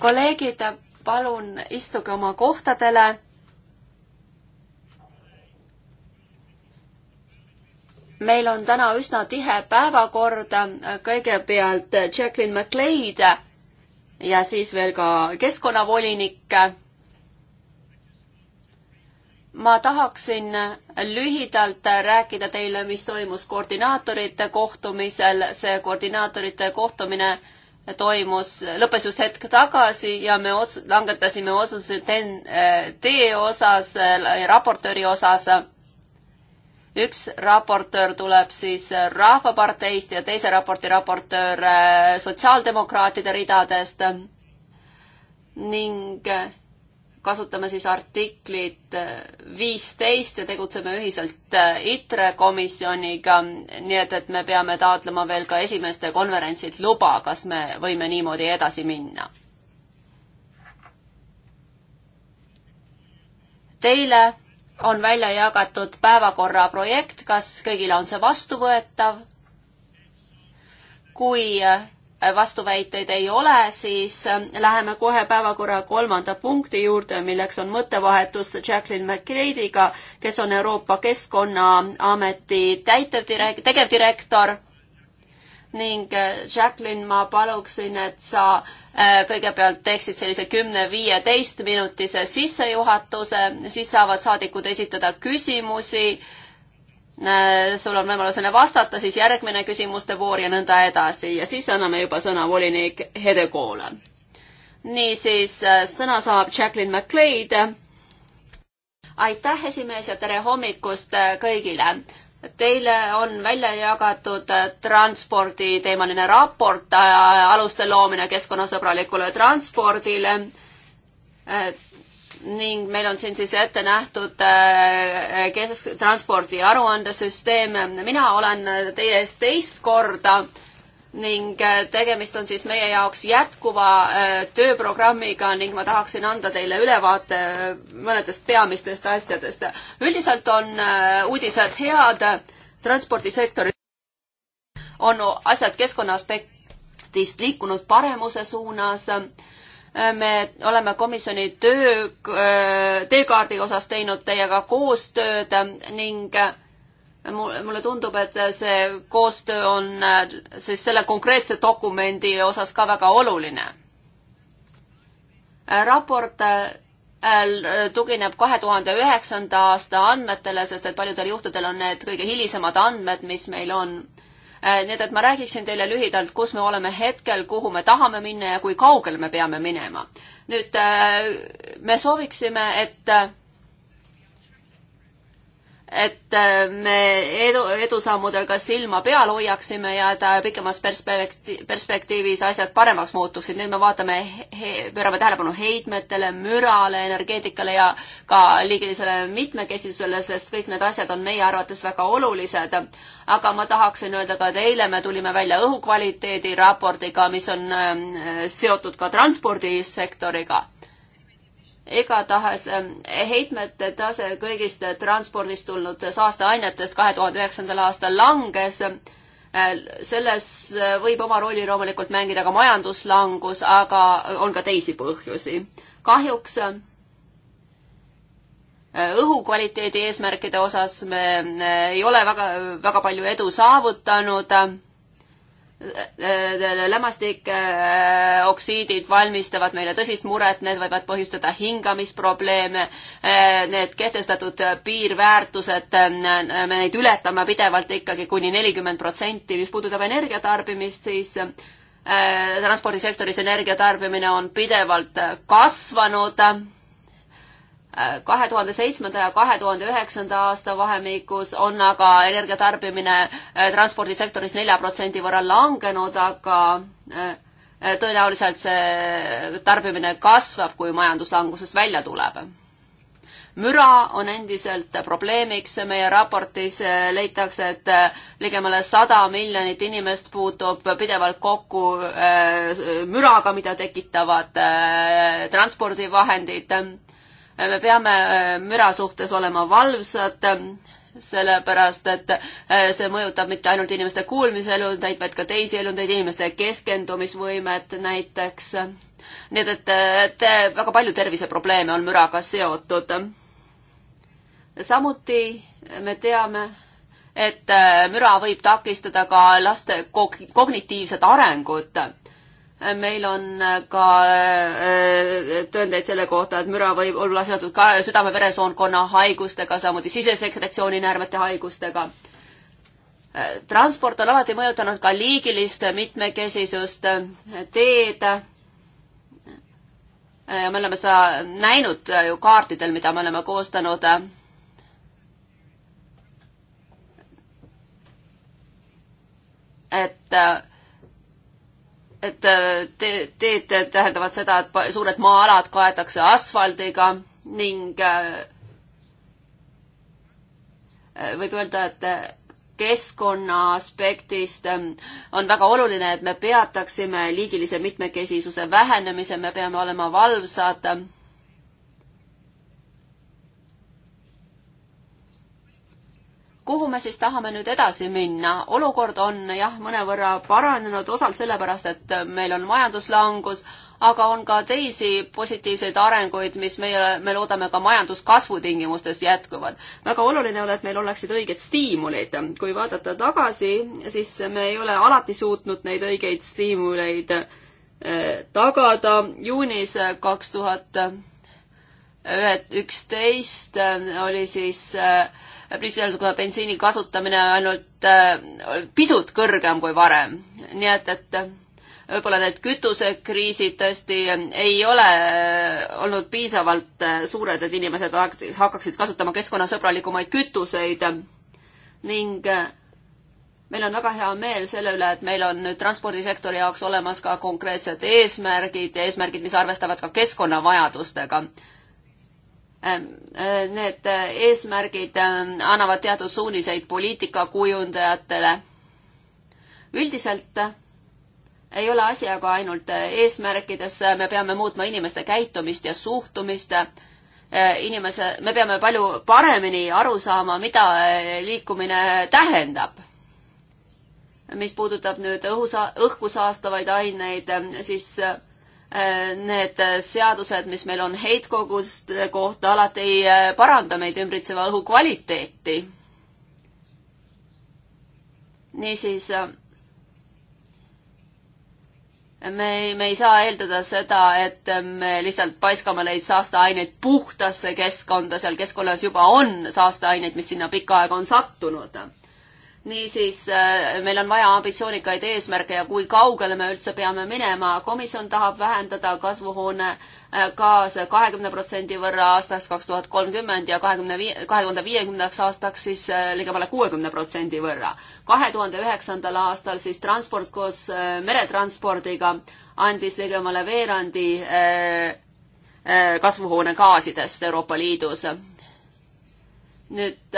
kolleegid, palun istuge oma kohtadele. meil on täna üsna tihe päevakord, kõigepealt Jacqueline MacLeod ja siis veel ka keskkonnavolinik. ma tahaksin lühidalt rääkida teile, mis toimus koordinaatorite kohtumisel, see koordinaatorite kohtumine äh, toimus, lõppes just hetk tagasi ja me ots-, langetasime otsuse eh, tee osas, eh, raportööri osas. üks raportöör tuleb siis Rahvaparteist ja teise raporti raportöör eh, sotsiaaldemokraatide ridadest ning kasutame siis artiklit äh, viisteist ja tegutseme ühiselt äh, ITRE komisjoniga, nii et, et me peame taotlema veel ka esimeste konverentsilt luba, kas me võime niimoodi edasi minna. Teile on välja jagatud päevakorra projekt, kas kõigile on see vastuvõetav? kui äh, vastuväiteid ei ole, siis äh, läheme kohe päevakorra kolmanda punkti juurde, milleks on mõttevahetus Jacqueline McCreidiga, kes on Euroopa Keskkonnaameti täitevdirek-, tegevdirektor ning äh, Jacqueline, ma paluksin, et sa äh, kõigepealt teeksid sellise kümne-viieteist minutise sissejuhatuse, siis saavad saadikud esitada küsimusi Äh, sul on võimalus neile vastata, siis järgmine küsimuste voor ja nõnda edasi ja siis anname juba sõna volinik Hedekoole. niisiis, äh, sõna saab Jacqueline MacLeod. aitäh, esimees ja tere hommikust äh, kõigile. Teile on välja jagatud transporditeemaline raport, aluste loomine keskkonnasõbralikule transpordile ning meil on siin siis ette nähtud äh, kesktranspordi aruandesüsteem. mina olen teie ees teist korda ning äh, tegemist on siis meie jaoks jätkuva äh, tööprogrammiga ning ma tahaksin anda teile ülevaate mõnedest peamistest asjadest. üldiselt on uudised head, transpordisektor on asjad keskkonna aspektist liikunud paremuse suunas me oleme komisjoni töö, äh, teekaardi osas teinud teiega koostööd ning mulle tundub, et see koostöö on äh, siis selle konkreetse dokumendi osas ka väga oluline. raport äh, tugineb kahe tuhande üheksanda aasta andmetele, sest et paljudel juhtudel on need kõige hilisemad andmed, mis meil on Äh, nii et, et ma räägiksin teile lühidalt, kus me oleme hetkel, kuhu me tahame minna ja kui kaugele me peame minema. nüüd äh, me sooviksime, et äh, et äh, me edu, edusammudega silma peal hoiaksime ja et äh, pikemas perspekti-, perspektiivis asjad paremaks muutuksid. nüüd me vaatame, pöörame tähelepanu heitmetele, mürale, energeetikale ja ka liigilisele mitmekesisusele, sest kõik need asjad on meie arvates väga olulised. aga ma tahaksin öelda ka, et eile me tulime välja õhukvaliteedi raportiga, mis on äh, seotud ka transpordisektoriga igatahes ähm, heitmete tase kõigist transpordist tulnud saasteainetest kahe tuhande üheksandal aastal langes. Äh, selles äh, võib oma rolli loomulikult mängida ka majanduslangus, aga on ka teisi põhjusi. kahjuks äh, õhukvaliteedi eesmärkide osas me ei ole väga, väga palju edu saavutanud Äh, äh, lämmastikoksiidid äh, valmistavad meile tõsist muret, need võivad põhjustada hingamisprobleeme, need kehtestatud piirväärtused, me neid ületame pidevalt ikkagi kuni nelikümmend protsenti, mis puudutab energiatarbimist, siis transpordisektoris energia tarbimine on pidevalt kasvanud kahe tuhande seitsmenda ja kahe tuhande üheksanda aasta vahemikus on aga energiatarbimine äh, transpordisektoris nelja protsendi võrra langenud, aga äh, äh, tõenäoliselt see tarbimine kasvab, kui majanduslangusest välja tuleb. müra on endiselt probleemiks, meie raportis leitakse, et ligemale sada miljonit inimest puutub pidevalt kokku müraga, mida tekitavad transpordivahendid me peame äh, müra suhtes olema valvsad, äh, sellepärast et äh, see mõjutab mitte ainult inimeste kuulmiselundeid, vaid ka teisi elundeid, inimeste keskendumisvõimet näiteks. nii et, et, et väga palju terviseprobleeme on müraga seotud. samuti me teame, et müra võib takistada ka laste kognitiivset arengut meil on äh, ka äh, tõendeid selle kohta, et müra võib olla seotud ka südame-veresoonkonna haigustega, samuti sisesekretsiooninäärmete haigustega. Äh, transport on alati mõjutanud ka liigilist mitmekesisust, teed. me oleme seda näinud ju kaartidel, mida me oleme koostanud et et äh, te-, teed tähendavad seda, et suured maa-alad kaetakse asfaldiga ning äh, äh, võib öelda, et keskkonna aspektist ähm, on väga oluline, et me peataksime liigilise mitmekesisuse vähenemise, me peame olema valvsad ähm, kuhu me siis tahame nüüd edasi minna? olukord on jah, mõnevõrra paranenud, osalt sellepärast, et meil on majanduslangus, aga on ka teisi positiivseid arenguid, mis meie, me loodame ka majanduskasvu tingimustes jätkuvad. väga oluline on, et meil oleksid õiged stiimulid. kui vaadata tagasi, siis me ei ole alati suutnud neid õigeid stiimuleid eh, tagada. juunis kaks tuhat üksteist oli siis äh, diislikütuse bensiini kasutamine ainult äh, pisut kõrgem kui varem. nii et, et äh, võib-olla need kütusekriisid tõesti ei ole äh, olnud piisavalt suured, et inimesed hakkaksid kasutama keskkonnasõbralikumaid kütuseid ning meil on väga hea meel selle üle, et meil on nüüd transpordisektori jaoks olemas ka konkreetsed eesmärgid ja eesmärgid, mis arvestavad ka keskkonnavajadustega Ähm, äh, need äh, eesmärgid ähm, annavad teatud suuniseid poliitikakujundajatele. üldiselt äh, ei ole asi aga ainult eesmärkides, me peame muutma inimeste käitumist ja suhtumist. inimese, me peame palju paremini aru saama, mida liikumine tähendab. mis puudutab nüüd õhu, õhku saastavaid aineid, siis Äh, need seadused, mis meil on heitkoguste kohta, alati ei äh, paranda meid ümbritseva õhu kvaliteeti. niisiis äh, me, me ei saa eeldada seda, et me lihtsalt paiskame neid saasteaineid puhtasse keskkonda, seal keskkonnas juba on saasteaineid, mis sinna pikka aega on sattunud niisiis äh, meil on vaja ambitsioonikaid eesmärke ja kui kaugele me üldse peame minema. komisjon tahab vähendada kasvuhoone äh, gaase kahekümne protsendi võrra aastaks kaks tuhat kolmkümmend ja kahekümne viie, kahe tuhande viiekümnendaks aastaks siis äh, ligemale kuuekümne protsendi võrra. kahe tuhande üheksandal aastal siis transport koos meretranspordiga andis ligemale veerandi kasvuhoonegaasidest Euroopa Liidus. nüüd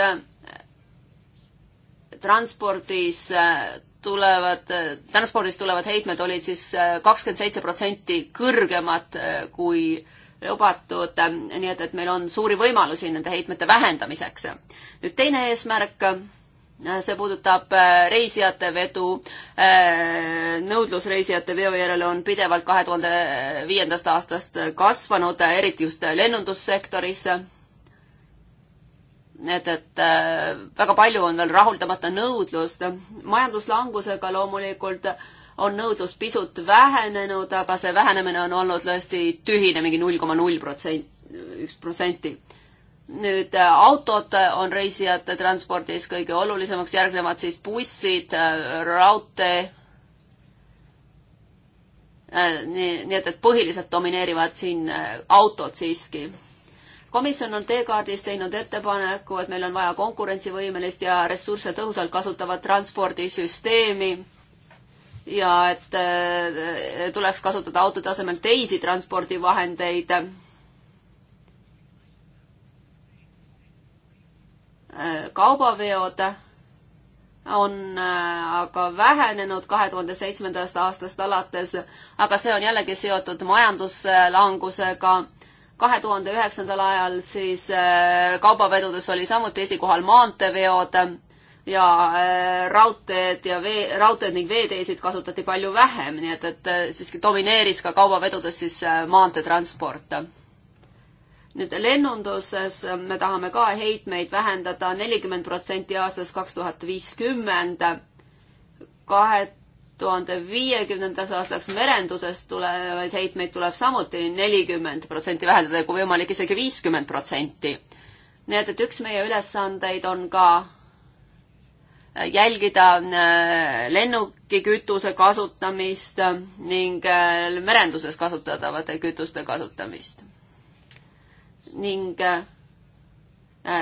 transpordis äh, tulevad, äh, transpordist tulevad heitmed olid siis äh, kakskümmend seitse protsenti kõrgemad kui lubatud, nii et, et meil on suuri võimalusi nende heitmete vähendamiseks. nüüd teine eesmärk, see puudutab reisijate vedu. nõudlus reisijate veo järele on pidevalt kahe tuhande viiendast aastast kasvanud, eriti just lennundussektoris et, et äh, väga palju on veel rahuldamata nõudlust. majanduslangusega loomulikult on nõudlus pisut vähenenud, aga see vähenemine on olnud tõesti tühine, mingi null koma null protsenti, üks protsenti. nüüd äh, autod on reisijate transpordis kõige olulisemaks, järgnevad siis bussid, äh, raudtee. nii, nii et, et põhiliselt domineerivad siin autod siiski komisjon on teekaardis teinud ettepaneku, et meil on vaja konkurentsivõimelist ja ressursse tõhusalt kasutavat transpordisüsteemi ja et äh, tuleks kasutada autode asemel teisi transpordivahendeid. Äh, kaubaveod on äh, aga vähenenud kahe tuhande seitsmendast aastast alates, aga see on jällegi seotud majanduslangusega kahe tuhande üheksandal ajal siis äh, kaubavedudes oli samuti esikohal maanteeveod ja äh, raudteed ja vee, raudteed ning veeteesid kasutati palju vähem, nii et, et äh, siiski domineeris ka kaubavedudes siis maanteetransport. nüüd lennunduses me tahame ka heitmeid vähendada nelikümmend protsenti aastast kaks tuhat viiskümmend, kahe tuhande viiekümnendaks aastaks merendusest tulevaid heitmeid tuleb samuti nelikümmend protsenti vähendada ja kui võimalik, isegi viiskümmend protsenti. nii et, et üks meie ülesandeid on ka äh, jälgida äh, lennukikütuse kasutamist ning äh, merenduses kasutatavate kütuste kasutamist. ning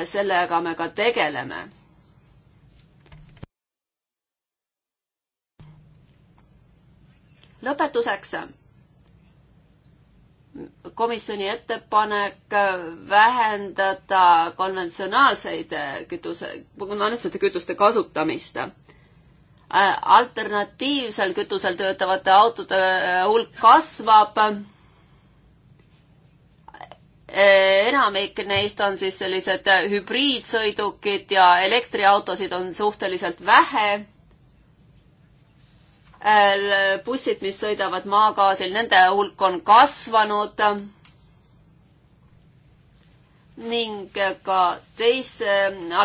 sellega me ka tegeleme. lõpetuseks komisjoni ettepanek vähendada konventsionaalseid kütuse, konventsionaalsete kütuste kasutamist. alternatiivsel kütusel töötavate autode hulk kasvab. enamik neist on siis sellised hübriidsõidukid ja elektriautosid on suhteliselt vähe Äh, bussid, mis sõidavad maagaasil, nende hulk on kasvanud ning ka teise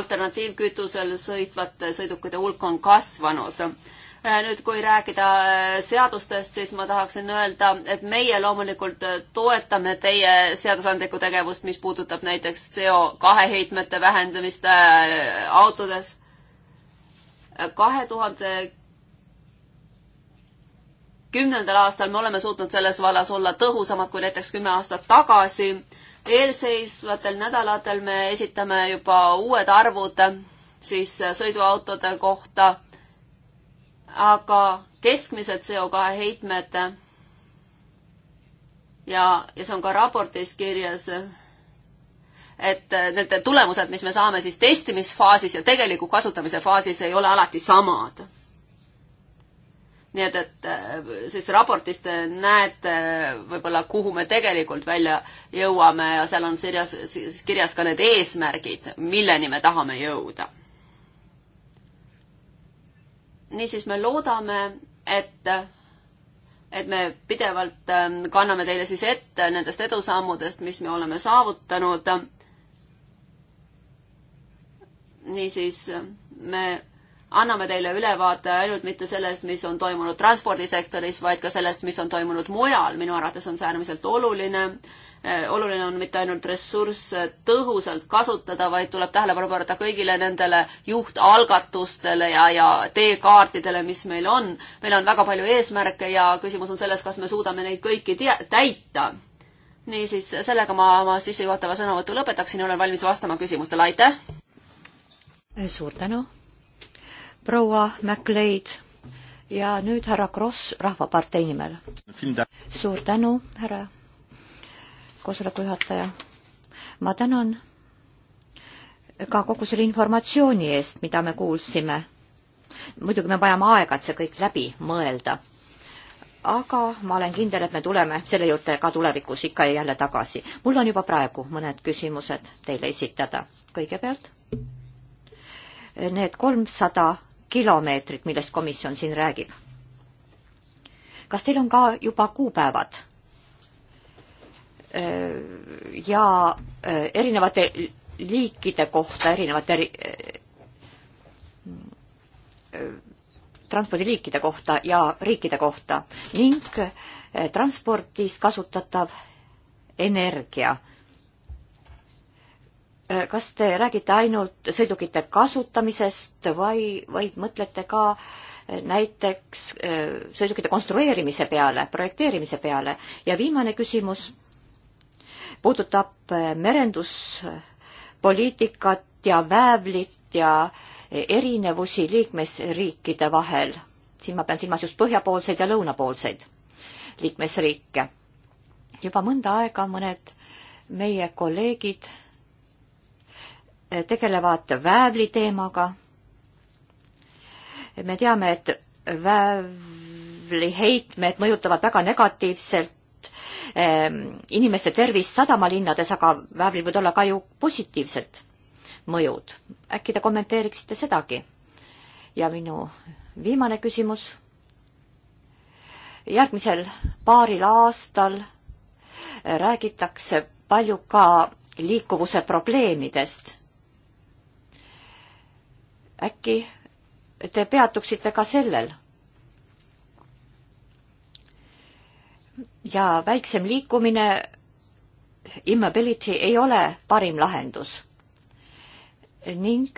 alternatiivkütusel sõitvate sõidukite hulk on kasvanud. Äh, nüüd, kui rääkida äh, seadustest, siis ma tahaksin öelda, et meie loomulikult toetame teie seadusandlikku tegevust, mis puudutab näiteks CO2 heitmete vähendamist autodes. kahe tuhande kümnendal aastal me oleme suutnud selles vallas olla tõhusamad kui näiteks kümme aastat tagasi. eelseisvatel nädalatel me esitame juba uued arvud siis sõiduautode kohta. aga keskmised CO2 heitmed ja, ja see on ka raportis kirjas, et need tulemused, mis me saame siis testimisfaasis ja tegeliku kasutamise faasis ei ole alati samad nii et, et äh, siis raportis te näete võib-olla, kuhu me tegelikult välja jõuame ja seal on kirjas, siis kirjas ka need eesmärgid, milleni me tahame jõuda. niisiis me loodame, et et me pidevalt ähm, kanname teile siis ette nendest edusammudest, mis me oleme saavutanud. niisiis me anname teile ülevaate ainult mitte sellest, mis on toimunud transpordisektoris, vaid ka sellest, mis on toimunud mujal, minu arvates on see äärmiselt oluline. Eh, oluline on mitte ainult ressursse tõhusalt kasutada, vaid tuleb tähelepanu pöörata kõigile nendele juhtalgatustele ja, ja teekaartidele, mis meil on. meil on väga palju eesmärke ja küsimus on selles, kas me suudame neid kõiki täita. niisiis, sellega ma oma sissejuhatava sõnavõtu lõpetaksin ja olen valmis vastama küsimustele, aitäh! suur tänu! proua MacLeod ja nüüd härra Kross Rahvapartei nimel. suur tänu, härra koosoleku juhataja. ma tänan ka kogu selle informatsiooni eest, mida me kuulsime. muidugi me vajame aega, et see kõik läbi mõelda. aga ma olen kindel, et me tuleme selle juurde ka tulevikus ikka ja jälle tagasi. mul on juba praegu mõned küsimused teile esitada. kõigepealt need kolmsada kilomeetrit, millest komisjon siin räägib. kas teil on ka juba kuupäevad? ja erinevate liikide kohta, erinevate eri, transpordiliikide kohta ja riikide kohta ning transpordis kasutatav energia Äh, kas te räägite ainult sõidukite kasutamisest või, vaid mõtlete ka äh, näiteks äh, sõidukite konstrueerimise peale, projekteerimise peale ja viimane küsimus puudutab merenduspoliitikat ja väävlit ja erinevusi liikmesriikide vahel. siin ma pean silmas just põhjapoolseid ja lõunapoolseid liikmesriike. juba mõnda aega mõned meie kolleegid tegelevad väävli teemaga. me teame, et väävli heitmed mõjutavad väga negatiivselt ehm, inimeste tervist sadamalinnades, aga väävlil võivad olla ka ju positiivsed mõjud. äkki te kommenteeriksite sedagi? ja minu viimane küsimus. järgmisel paaril aastal räägitakse palju ka liikuvuse probleemidest äkki te peatuksite ka sellel? ja väiksem liikumine, immobility ei ole parim lahendus. ning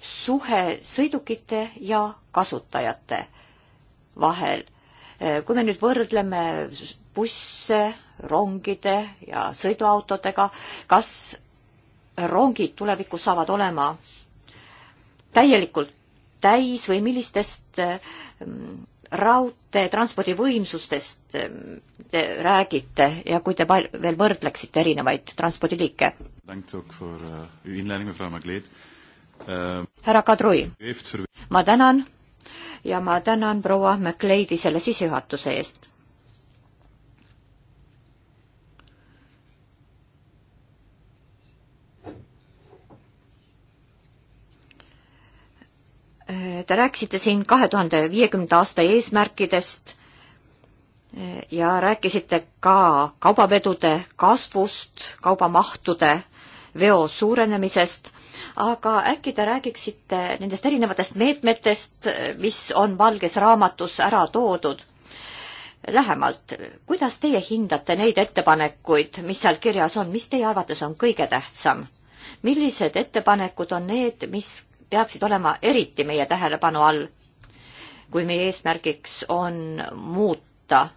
suhe sõidukite ja kasutajate vahel. kui me nüüd võrdleme busse, rongide ja sõiduautodega, kas rongid tulevikus saavad olema täielikult täis või millistest ähm, raudteetranspordivõimsustest ähm, te räägite ja kui te veel võrdleksite erinevaid transpordiliike? Eh, eh, härra Kadri, ma tänan ja ma tänan proua McLeodi selle sissejuhatuse eest Te rääkisite siin kahe tuhande viiekümnenda aasta eesmärkidest eh, ja rääkisite ka kaubavedude kasvust, kaubamahtude veo suurenemisest, aga äkki te räägiksite nendest erinevatest meetmetest, mis on valges raamatus ära toodud? lähemalt, kuidas teie hindate neid ettepanekuid, mis seal kirjas on, mis teie arvates on kõige tähtsam? millised ettepanekud on need, mis peaksid olema eriti meie tähelepanu all, kui meie eesmärgiks on muuta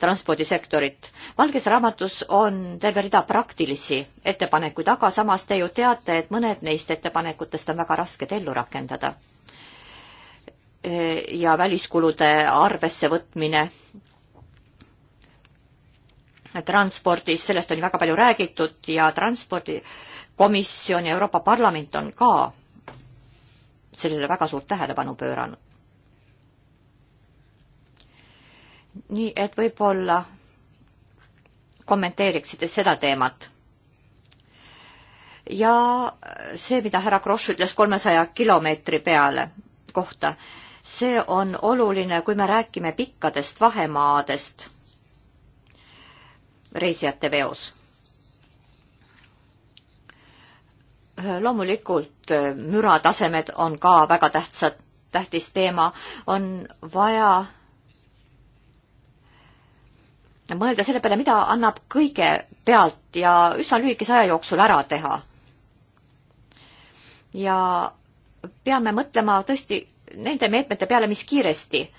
transpordisektorit. valges raamatus on terve rida praktilisi ettepanekuid, aga samas te ju teate, et mõned neist ettepanekutest on väga rasked ellu rakendada. ja väliskulude arvesse võtmine transpordis, sellest on ju väga palju räägitud ja transpordikomisjon ja Euroopa Parlament on ka sellele väga suurt tähelepanu pööranud. nii et võib-olla kommenteeriksite seda teemat. ja see, mida härra Kross ütles kolmesaja kilomeetri peale kohta, see on oluline, kui me räägime pikkadest vahemaadest reisijate veos Äh, loomulikult äh, müratasemed on ka väga tähtsad, tähtis teema, on vaja mõelda selle peale, mida annab kõigepealt ja üsna lühikese aja jooksul ära teha. ja peame mõtlema tõesti nende meetmete peale, mis kiiresti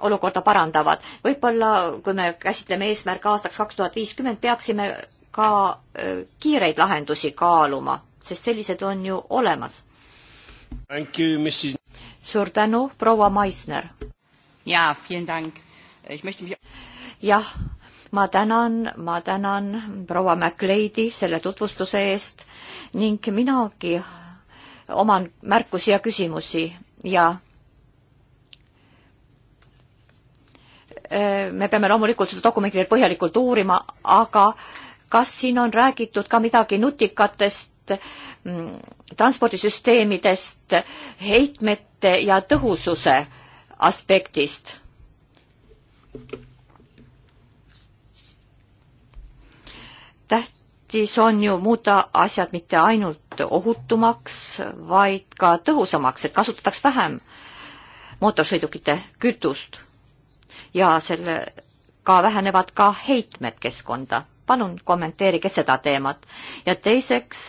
olukorda parandavad. võib-olla kui me käsitleme eesmärk aastaks kaks tuhat viiskümmend, peaksime ka äh, kiireid lahendusi kaaluma sest sellised on ju olemas. suur tänu, proua Maisner. jah, ma tänan, ma tänan proua MacLeidi selle tutvustuse eest ning minagi oman märkusi ja küsimusi ja äh, me peame loomulikult seda dokumenti veel põhjalikult uurima, aga kas siin on räägitud ka midagi nutikatest Mm, transpordisüsteemidest heitmete ja tõhususe aspektist. tähtis on ju muuta asjad mitte ainult ohutumaks, vaid ka tõhusamaks, et kasutataks vähem mootorsõidukite kütust ja selle ka vähenevad ka heitmed keskkonda palun kommenteerige seda teemat. ja teiseks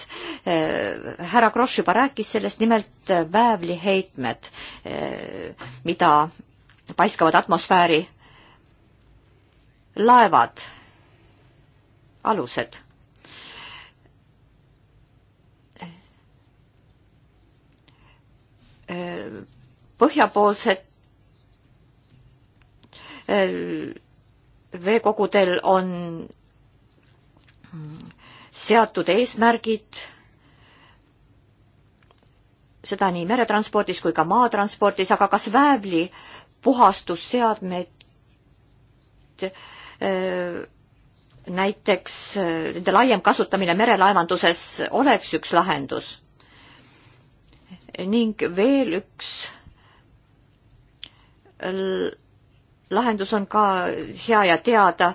äh,, härra Kross juba rääkis sellest, nimelt eh, väävliheitmed äh,, mida paiskavad atmosfääri laevad, alused. põhjapoolsed veekogudel on seatud eesmärgid, seda nii meretranspordis kui ka maatranspordis, aga kas väävli puhastusseadmed äh, näiteks äh, nende laiem kasutamine merelaevanduses oleks üks lahendus? ning veel üks äh, lahendus on ka hea ja teada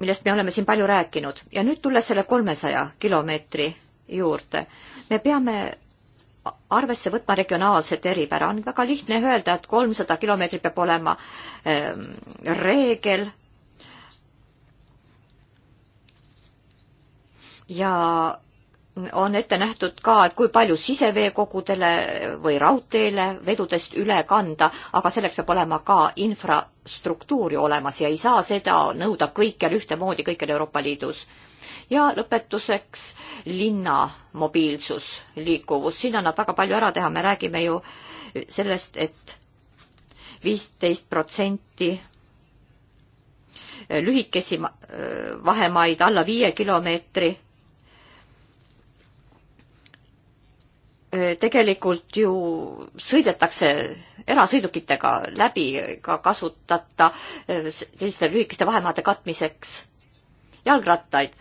millest me oleme siin palju rääkinud ja nüüd tulles selle kolmesaja kilomeetri juurde, me peame arvesse võtma regionaalset eripära, on väga lihtne öelda, et kolmsada kilomeetrit peab olema ähm, reegel ja on ette nähtud ka, et kui palju siseveekogudele või raudteele vedudest üle kanda, aga selleks peab olema ka infrastruktuur ju olemas ja ei saa seda nõuda kõikjal ühtemoodi, kõikjal Euroopa Liidus. ja lõpetuseks linna mobiilsus, liikuvus, siin annab väga palju ära teha, me räägime ju sellest et, et viisteist protsenti lühikesi äh, vahemaid alla viie kilomeetri tegelikult ju sõidetakse erasõidukitega läbi ka kasutata selliste lühikeste vahemaade katmiseks jalgrattaid,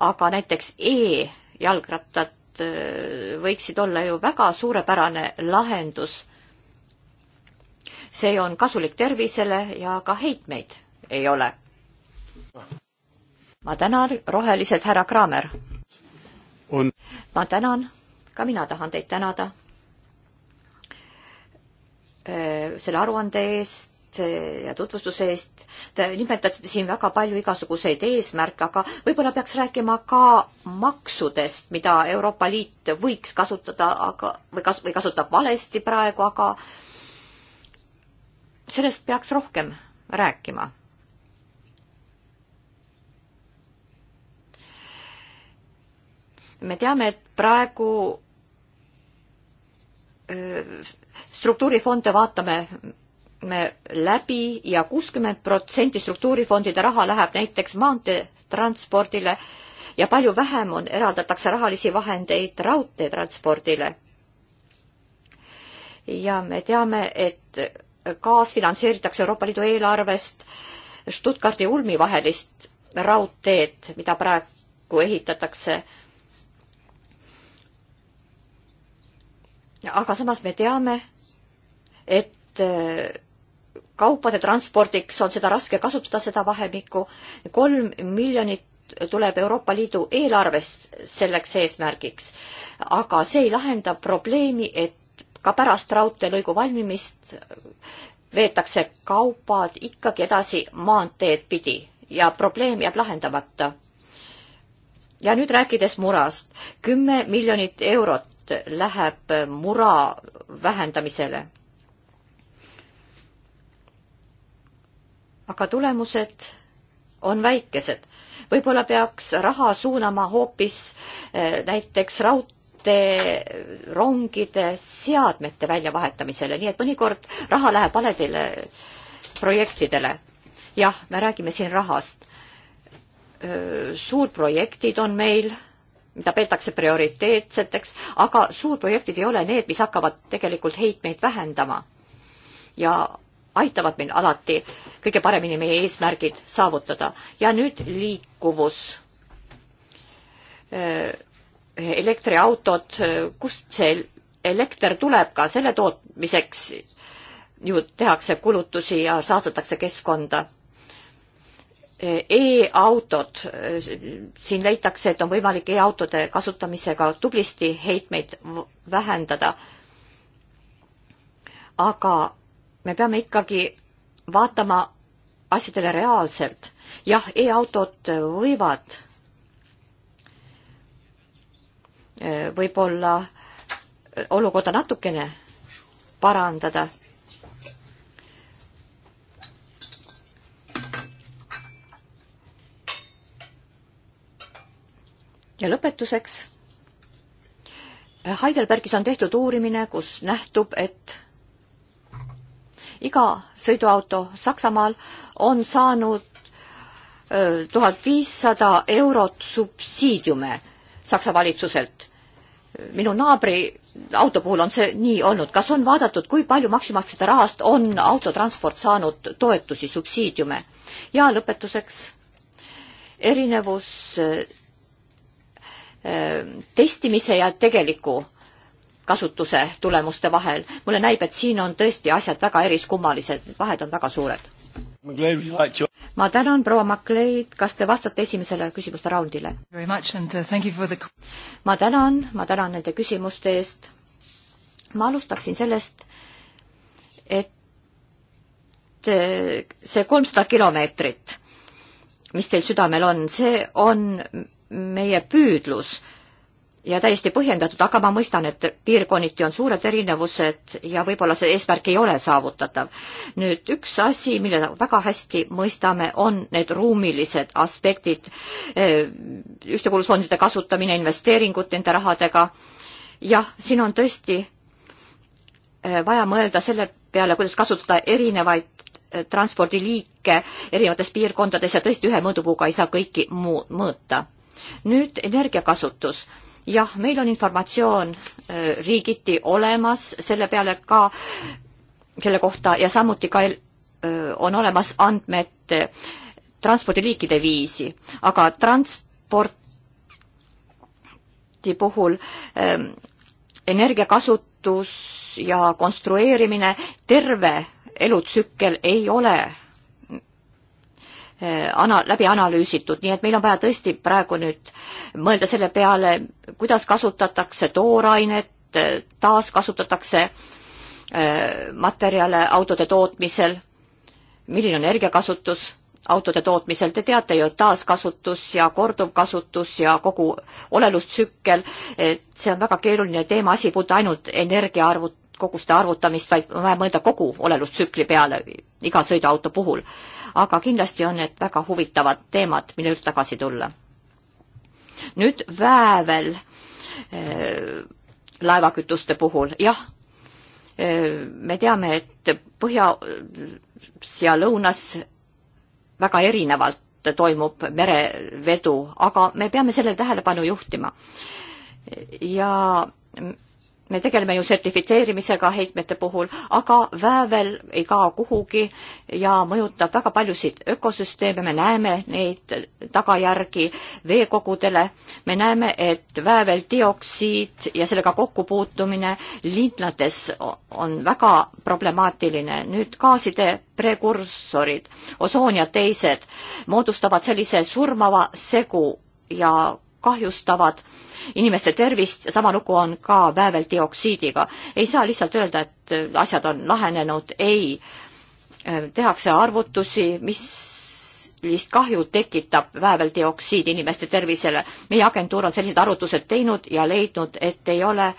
aga näiteks e-jalgrattad võiksid olla ju väga suurepärane lahendus. see on kasulik tervisele ja ka heitmeid ei ole. ma tänan, rohelised härra Kraamer. ma tänan ka mina tahan teid tänada äh, selle aruande eest äh, ja tutvustuse eest. Te nimetasite siin väga palju igasuguseid eesmärke, aga võib-olla peaks rääkima ka maksudest, mida Euroopa Liit võiks kasutada, aga, või kas-, või kasutab valesti praegu, aga sellest peaks rohkem rääkima. me teame, et praegu struktuurifonde vaatame me läbi ja kuuskümmend protsenti struktuurifondide raha läheb näiteks maanteetranspordile ja palju vähem on, eraldatakse rahalisi vahendeid raudteetranspordile. ja me teame, et kaasfinantseeritakse Euroopa Liidu eelarvest Stuttgardi-Ulmi vahelist raudteed, mida praegu ehitatakse aga samas me teame, et äh, kaupade transpordiks on seda raske kasutada, seda vahemikku. kolm miljonit tuleb Euroopa Liidu eelarvest selleks eesmärgiks. aga see ei lahenda probleemi, et ka pärast raudteelõigu valmimist veetakse kaubad ikkagi edasi maanteed pidi ja probleem jääb lahendamata. ja nüüd rääkides murast. kümme miljonit eurot ainult läheb mura vähendamisele. aga tulemused on väikesed. võib-olla peaks raha suunama hoopis eh, näiteks raudtee rongide seadmete väljavahetamisele, nii et mõnikord raha läheb valedele projektidele. jah, me räägime siin rahast. suurprojektid on meil mida peetakse prioriteetseteks, aga suurprojektid ei ole need, mis hakkavad tegelikult heitmeid vähendama ja aitavad meil alati kõige paremini meie eesmärgid saavutada. ja nüüd liikuvus. Äh, elektriautod, äh, kust see elekter tuleb, ka selle tootmiseks ju tehakse kulutusi ja saastatakse keskkonda e-autod, siin leitakse, et on võimalik e-autode kasutamisega tublisti heitmeid vähendada. aga me peame ikkagi vaatama asjadele reaalselt. jah, e-autod võivad e, võib-olla olukorda natukene parandada ja lõpetuseks. Heidelbergis on tehtud uurimine, kus nähtub, et iga sõiduauto Saksamaal on saanud tuhat viissada eurot subsiidiume Saksa valitsuselt. minu naabri auto puhul on see nii olnud. kas on vaadatud, kui palju maksumaksjate rahast on autotransport saanud toetusi, subsiidiume? ja lõpetuseks erinevus testimise ja tegeliku kasutuse tulemuste vahel. mulle näib, et siin on tõesti asjad väga eriskummalised, vahed on väga suured. ma tänan, proua MacLeod, kas te vastate esimesele küsimuste raundile? ma tänan, ma tänan nende küsimuste eest. ma alustaksin sellest, et see kolmsada kilomeetrit, mis teil südamel on, see on meie püüdlus ja täiesti põhjendatud, aga ma mõistan, et piirkonniti on suured erinevused ja võib-olla see eesmärk ei ole saavutatav. nüüd üks asi, mille väga hästi mõistame, on need ruumilised aspektid, eh, ühtekuuluvusfondide kasutamine, investeeringud nende rahadega. jah, siin on tõesti eh, vaja mõelda selle peale, kuidas kasutada erinevaid eh, transpordiliike erinevates piirkondades ja tõesti ühe mõõdupuuga ei saa kõiki muu mõõta nüüd energiakasutus jah, meil on informatsioon äh, riigiti olemas selle peale ka, selle kohta ja samuti ka äh, on olemas andmed äh, transpordiliikide viisi, aga transporti puhul ähm, energiakasutus ja konstrueerimine, terve elutsükkel ei ole Äh, ana-, läbi analüüsitud, nii et meil on vaja tõesti praegu nüüd mõelda selle peale, kuidas kasutatakse toorainet, äh, taaskasutatakse äh, materjale autode tootmisel, milline on energiakasutus autode tootmisel, te teate ju, taaskasutus ja korduvkasutus ja kogu olelustsükkel, et see on väga keeruline teema, asi ei puuduta ainult energia arvut-, koguste arvutamist, vaid on vaja mõelda kogu olelustsükli peale iga sõiduauto puhul aga kindlasti on need väga huvitavad teemad, mille juurde tagasi tulla. nüüd väävel äh, laevakütuste puhul, jah äh,, me teame, et põhjas äh, ja lõunas väga erinevalt toimub merevedu, aga me peame sellele tähelepanu juhtima. ja me tegeleme ju sertifitseerimisega heitmete puhul, aga väävel ei kao kuhugi ja mõjutab väga paljusid ökosüsteeme, me näeme neid tagajärgi veekogudele, me näeme, et vääveldioksiid ja sellega kokkupuutumine linlades on väga problemaatiline. nüüd gaaside prekursorid, osoon ja teised moodustavad sellise surmava segu ja kahjustavad inimeste tervist, sama lugu on ka vääveldioksiidiga. ei saa lihtsalt öelda, et äh, asjad on lahenenud, ei. Äh, tehakse arvutusi, mis millist kahju tekitab vääveldioksiid inimeste tervisele. meie agentuur on sellised arvutused teinud ja leidnud, et ei ole äh,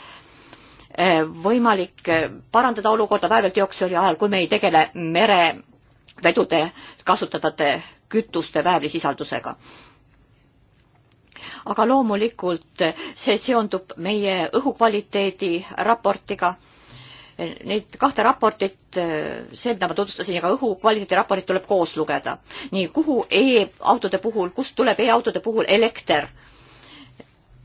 võimalik parandada olukorda vääveldioksüüri ajal, kui me ei tegele merevedude kasutatavate kütuste väävlisisaldusega aga loomulikult see seondub meie õhukvaliteedi raportiga. Neid kahte raportit, eh, see, mida ma tutvustasin, ja ka õhukvaliteedi raportit tuleb koos lugeda. nii, kuhu e-autode puhul, kust tuleb e-autode puhul elekter?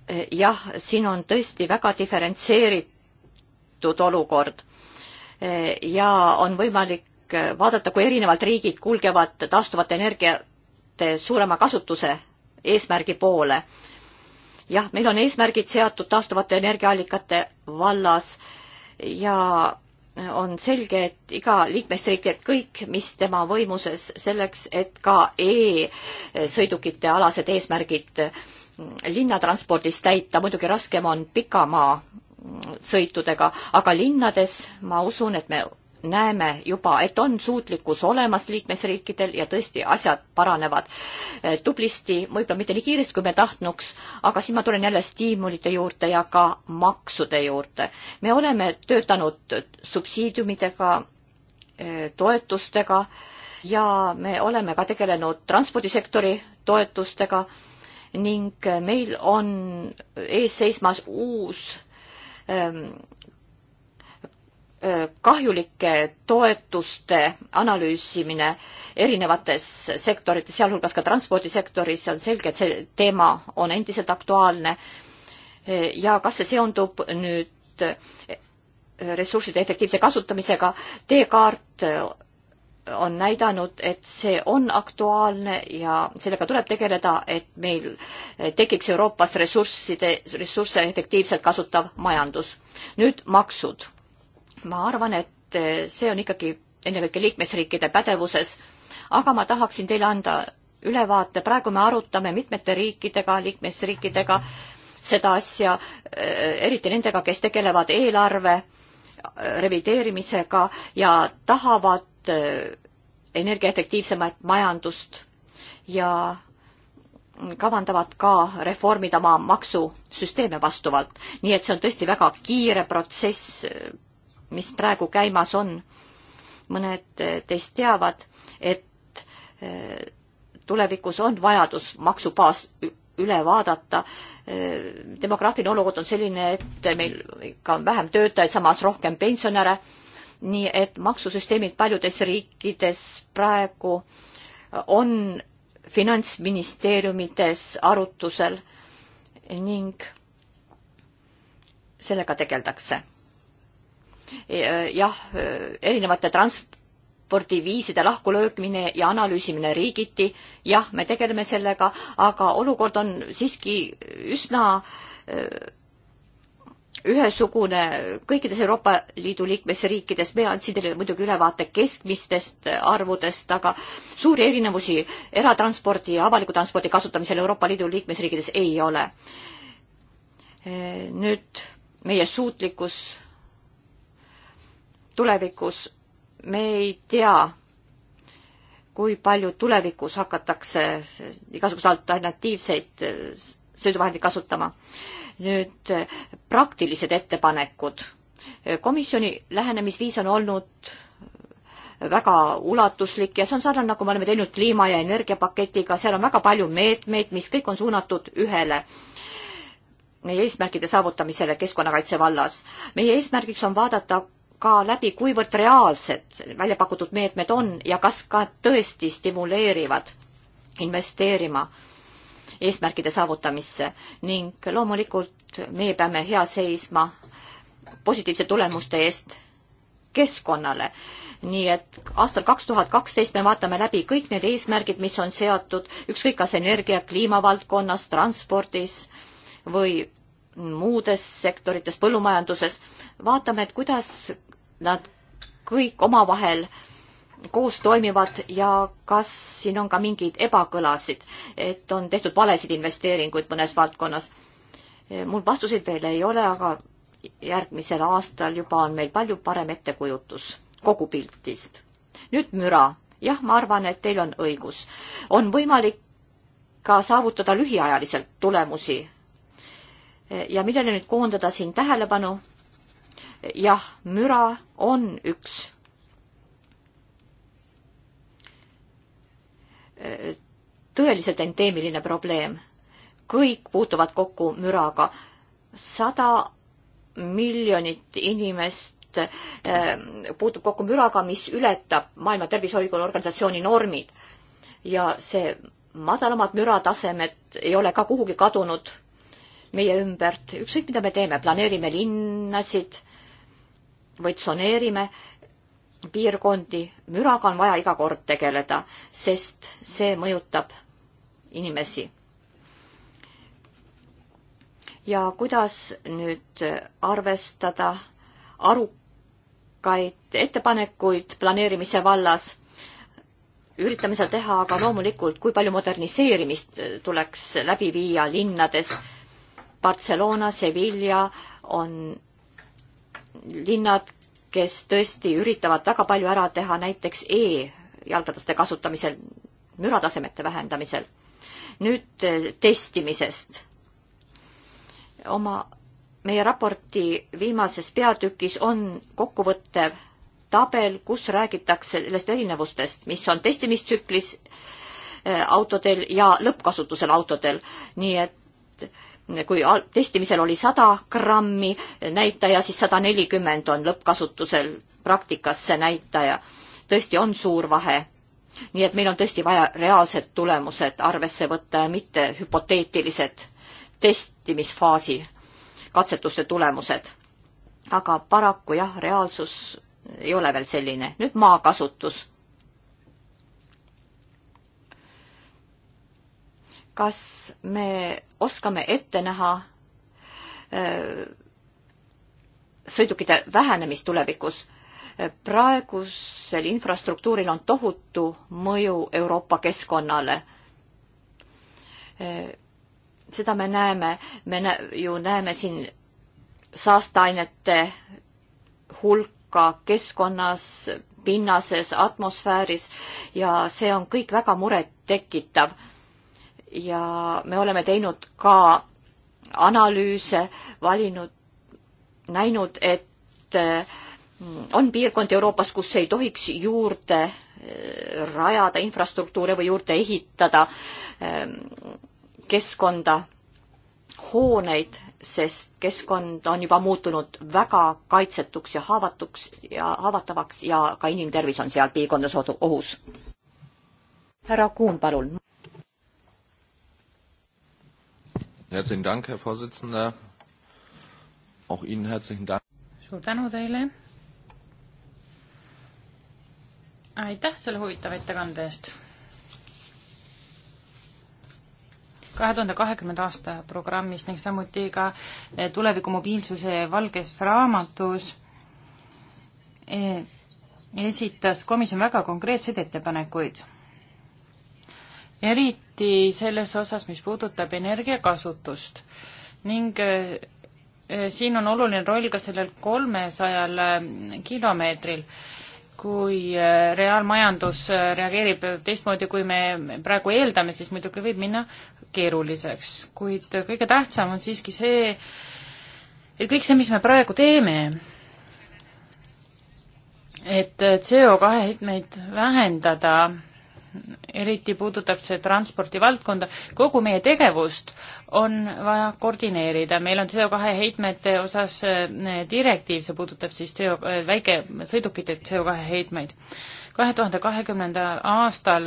Eh, jah, siin on tõesti väga diferentseeritud olukord. Eh, ja on võimalik vaadata, kui erinevalt riigid kulgevad taastuvate energiate suurema kasutuse eesmärgi poole. jah, meil on eesmärgid seatud taastuvate energiaallikate vallas ja on selge, et iga liikmesriik teeb kõik, mis tema võimuses, selleks et ka e-sõidukite alased eesmärgid linnatranspordis täita, muidugi raskem on pikamaa sõitudega, aga linnades ma usun, et me näeme juba, et on suutlikkus olemas liikmesriikidel ja tõesti asjad paranevad eh, tublisti, võib-olla mitte nii kiiresti, kui me tahtnuks, aga siin ma tulen jälle stiimulite juurde ja ka maksude juurde. me oleme töötanud subsiidiumidega, eh, toetustega ja me oleme ka tegelenud transpordisektori toetustega ning meil on ees seismas uus ehm, kahjulike toetuste analüüsimine erinevates sektorites, sealhulgas ka transpordisektoris, on selge, et see teema on endiselt aktuaalne. ja kas see seondub nüüd ressursside efektiivse kasutamisega, teekaart on näidanud, et see on aktuaalne ja sellega tuleb tegeleda, et meil tekiks Euroopas ressursside, ressursse efektiivselt kasutav majandus. nüüd maksud ma arvan, et see on ikkagi ennekõike liikmesriikide pädevuses, aga ma tahaksin teile anda ülevaate, praegu me arutame mitmete riikidega, liikmesriikidega seda asja, eriti nendega, kes tegelevad eelarve revideerimisega ja tahavad energiaefektiivsemat majandust ja kavandavad ka reformida oma maksusüsteeme vastavalt. nii et see on tõesti väga kiire protsess, mis praegu käimas on. mõned eh, teist teavad, et eh, tulevikus on vajadus maksubaas üle vaadata. Eh, demograafiline olukord on selline, et meil ikka on vähem töötajaid, samas rohkem pensionäre. nii et maksusüsteemid paljudes riikides praegu on finantsministeeriumides arutusel ning sellega tegeldakse Eh, jah, eh, erinevate transpordiviiside lahkulöökmine ja analüüsimine riigiti, jah, me tegeleme sellega, aga olukord on siiski üsna eh, ühesugune kõikides Euroopa Liidu liikmesriikides, me andsin teile muidugi ülevaate keskmistest arvudest, aga suuri erinevusi eratranspordi ja avaliku transpordi kasutamisel Euroopa Liidu liikmesriikides ei ole. nüüd meie suutlikkus tulevikus me ei tea, kui palju tulevikus hakatakse igasuguseid alternatiivseid äh, sõiduvahendeid kasutama. nüüd äh, praktilised ettepanekud. Äh, komisjoni lähenemisviis on olnud väga ulatuslik ja see on sarnane, nagu me oleme teinud kliima- ja energiapaketiga, seal on väga palju meetmeid, mis kõik on suunatud ühele meie eesmärkide saavutamisele keskkonnakaitse vallas. meie eesmärgiks on vaadata, ka läbi, kuivõrd reaalsed välja pakutud meetmed on ja kas ka tõesti stimuleerivad investeerima eesmärkide saavutamisse ning loomulikult meie peame hea seisma positiivse tulemuste eest keskkonnale. nii et aastal kaks tuhat kaksteist me vaatame läbi kõik need eesmärgid, mis on seatud ükskõik kas energia, kliimavaldkonnas, transpordis või muudes sektorites, põllumajanduses, vaatame, et kuidas nad kõik omavahel koos toimivad ja kas siin on ka mingeid ebakõlasid, et on tehtud valesid investeeringuid mõnes valdkonnas? mul vastuseid veel ei ole, aga järgmisel aastal juba on meil palju parem ettekujutus kogupiltist. nüüd müra. jah, ma arvan, et teil on õigus. on võimalik ka saavutada lühiajaliselt tulemusi. ja millele nüüd koondada siin tähelepanu jah, müra on üks e, tõeliselt endeemiline probleem. kõik puutuvad kokku müraga. sada miljonit inimest e, puutub kokku müraga, mis ületab Maailma Terviseorganisatsiooni normid. ja see madalamad müratasemed ei ole ka kuhugi kadunud meie ümbert, ükskõik mida me teeme, planeerime linnasid või tsoneerime piirkondi, müraga on vaja iga kord tegeleda, sest see mõjutab inimesi. ja kuidas nüüd arvestada arukaid ettepanekuid planeerimise vallas, üritame seda teha, aga loomulikult, kui palju moderniseerimist tuleks läbi viia linnades, Barcelona, Sevilla on linnad, kes tõesti üritavad väga palju ära teha näiteks e-jalgrataste kasutamisel, müratasemete vähendamisel. nüüd eh, testimisest. oma, meie raporti viimases peatükis on kokkuvõttev tabel, kus räägitakse sellest erinevustest, mis on testimistsüklis eh, autodel ja lõppkasutusel autodel, nii et kui testimisel oli sada grammi näitaja, siis sada nelikümmend on lõppkasutusel praktikas see näitaja. tõesti on suur vahe. nii et meil on tõesti vaja reaalsed tulemused arvesse võtta ja mitte hüpoteetilised testimisfaasi katsetuste tulemused. aga paraku jah, reaalsus ei ole veel selline. nüüd maakasutus kas me oskame ette näha äh, sõidukite vähenemist tulevikus? Äh, praegusel infrastruktuuril on tohutu mõju Euroopa keskkonnale. Äh, seda me näeme, me nä ju näeme siin saasteainete hulka keskkonnas, pinnases, atmosfääris ja see on kõik väga murettekitav ja me oleme teinud ka analüüse, valinud, näinud, et äh, on piirkondi Euroopas, kus ei tohiks juurde äh, rajada infrastruktuure või juurde ehitada äh, keskkonda hooneid, sest keskkond on juba muutunud väga kaitsetuks ja haavatuks ja haavatavaks ja ka inimtervis on seal piirkondades ohus. härra Kuhn, palun. Herzlichen Dank, Herr Vorsitzender. Auch Ihnen herzlichen Dank. suur tänu teile. aitäh selle huvitava ettekande eest. kahe tuhande kahekümnenda aasta programmis ning samuti ka eh, tuleviku mobiilsuse valges raamatus eh, esitas komisjon väga konkreetseid ettepanekuid. eri, eriti selles osas, mis puudutab energiakasutust ning eh, eh, siin on oluline roll ka sellel kolmesajal eh, kilomeetril, kui reaalmajandus reageerib teistmoodi, kui me praegu eeldame, siis muidugi võib minna keeruliseks, kuid kõige tähtsam on siiski see, et kõik see, mis me praegu teeme, et CO2 heitmeid vähendada eriti puudutab see transpordivaldkonda, kogu meie tegevust on vaja koordineerida, meil on CO2 heitmete osas eh, direktiiv, see puudutab siis CO, eh, väikesõidukite CO2 heitmeid. kahe tuhande kahekümnendal aastal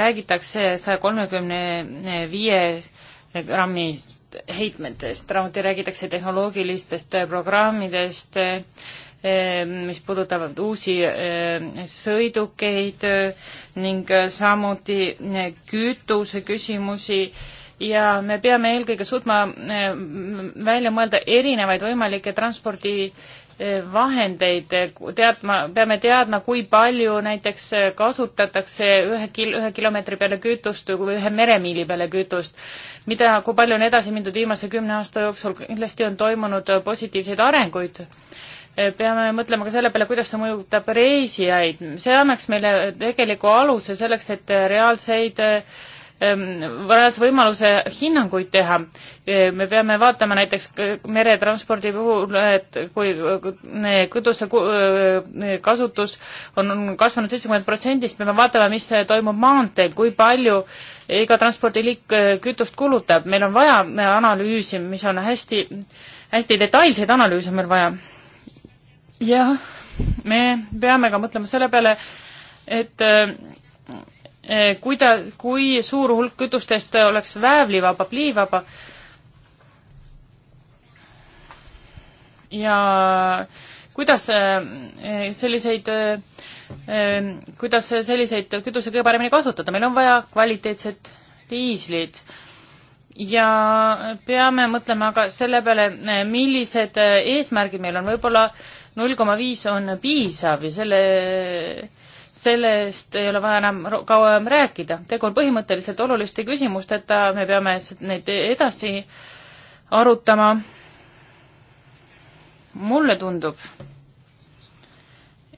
räägitakse saja kolmekümne viie grammist heitmetest, samuti räägitakse tehnoloogilistest programmidest, Ehm, mis puudutavad uusi ehm, sõidukeid ehm, ning samuti kütuse küsimusi ja me peame eelkõige suutma välja mõelda erinevaid võimalikke transpordi vahendeid, teadma, peame teadma, kui palju näiteks kasutatakse ühe kil-, ühe kilomeetri peale kütust või ühe meremiili peale kütust. mida, kui palju on edasi mindud viimase kümne aasta jooksul, kindlasti on toimunud positiivseid arenguid peame mõtlema ka selle peale, kuidas see mõjutab reisijaid. see annaks meile tegeliku aluse selleks, et reaalseid ähm, reaalse võimaluse hinnanguid teha. me peame vaatama näiteks meretranspordi puhul, et kui kütuse äh, kasutus on kasvanud seitsekümmend protsenti, siis peame vaatama, mis toimub maanteel, kui palju iga transpordiliik äh, kütust kulutab. meil on vaja analüüsi, mis on hästi, hästi detailseid analüüse on meil vaja jah, me peame ka mõtlema selle peale, et eh, eh, kui ta, kui suur hulk kütustest oleks väävlivaba, pliivaba ja kuidas eh, selliseid, kuidas selliseid kütuse kõige paremini kasutada, meil on vaja kvaliteetset diislit ja peame mõtlema ka selle peale, millised eesmärgid meil on, võib-olla äh, null koma viis on piisav ja selle, sellest ei ole vaja enam kauem rääkida. tegu on põhimõtteliselt oluliste küsimusteta, me peame neid edasi arutama. mulle tundub,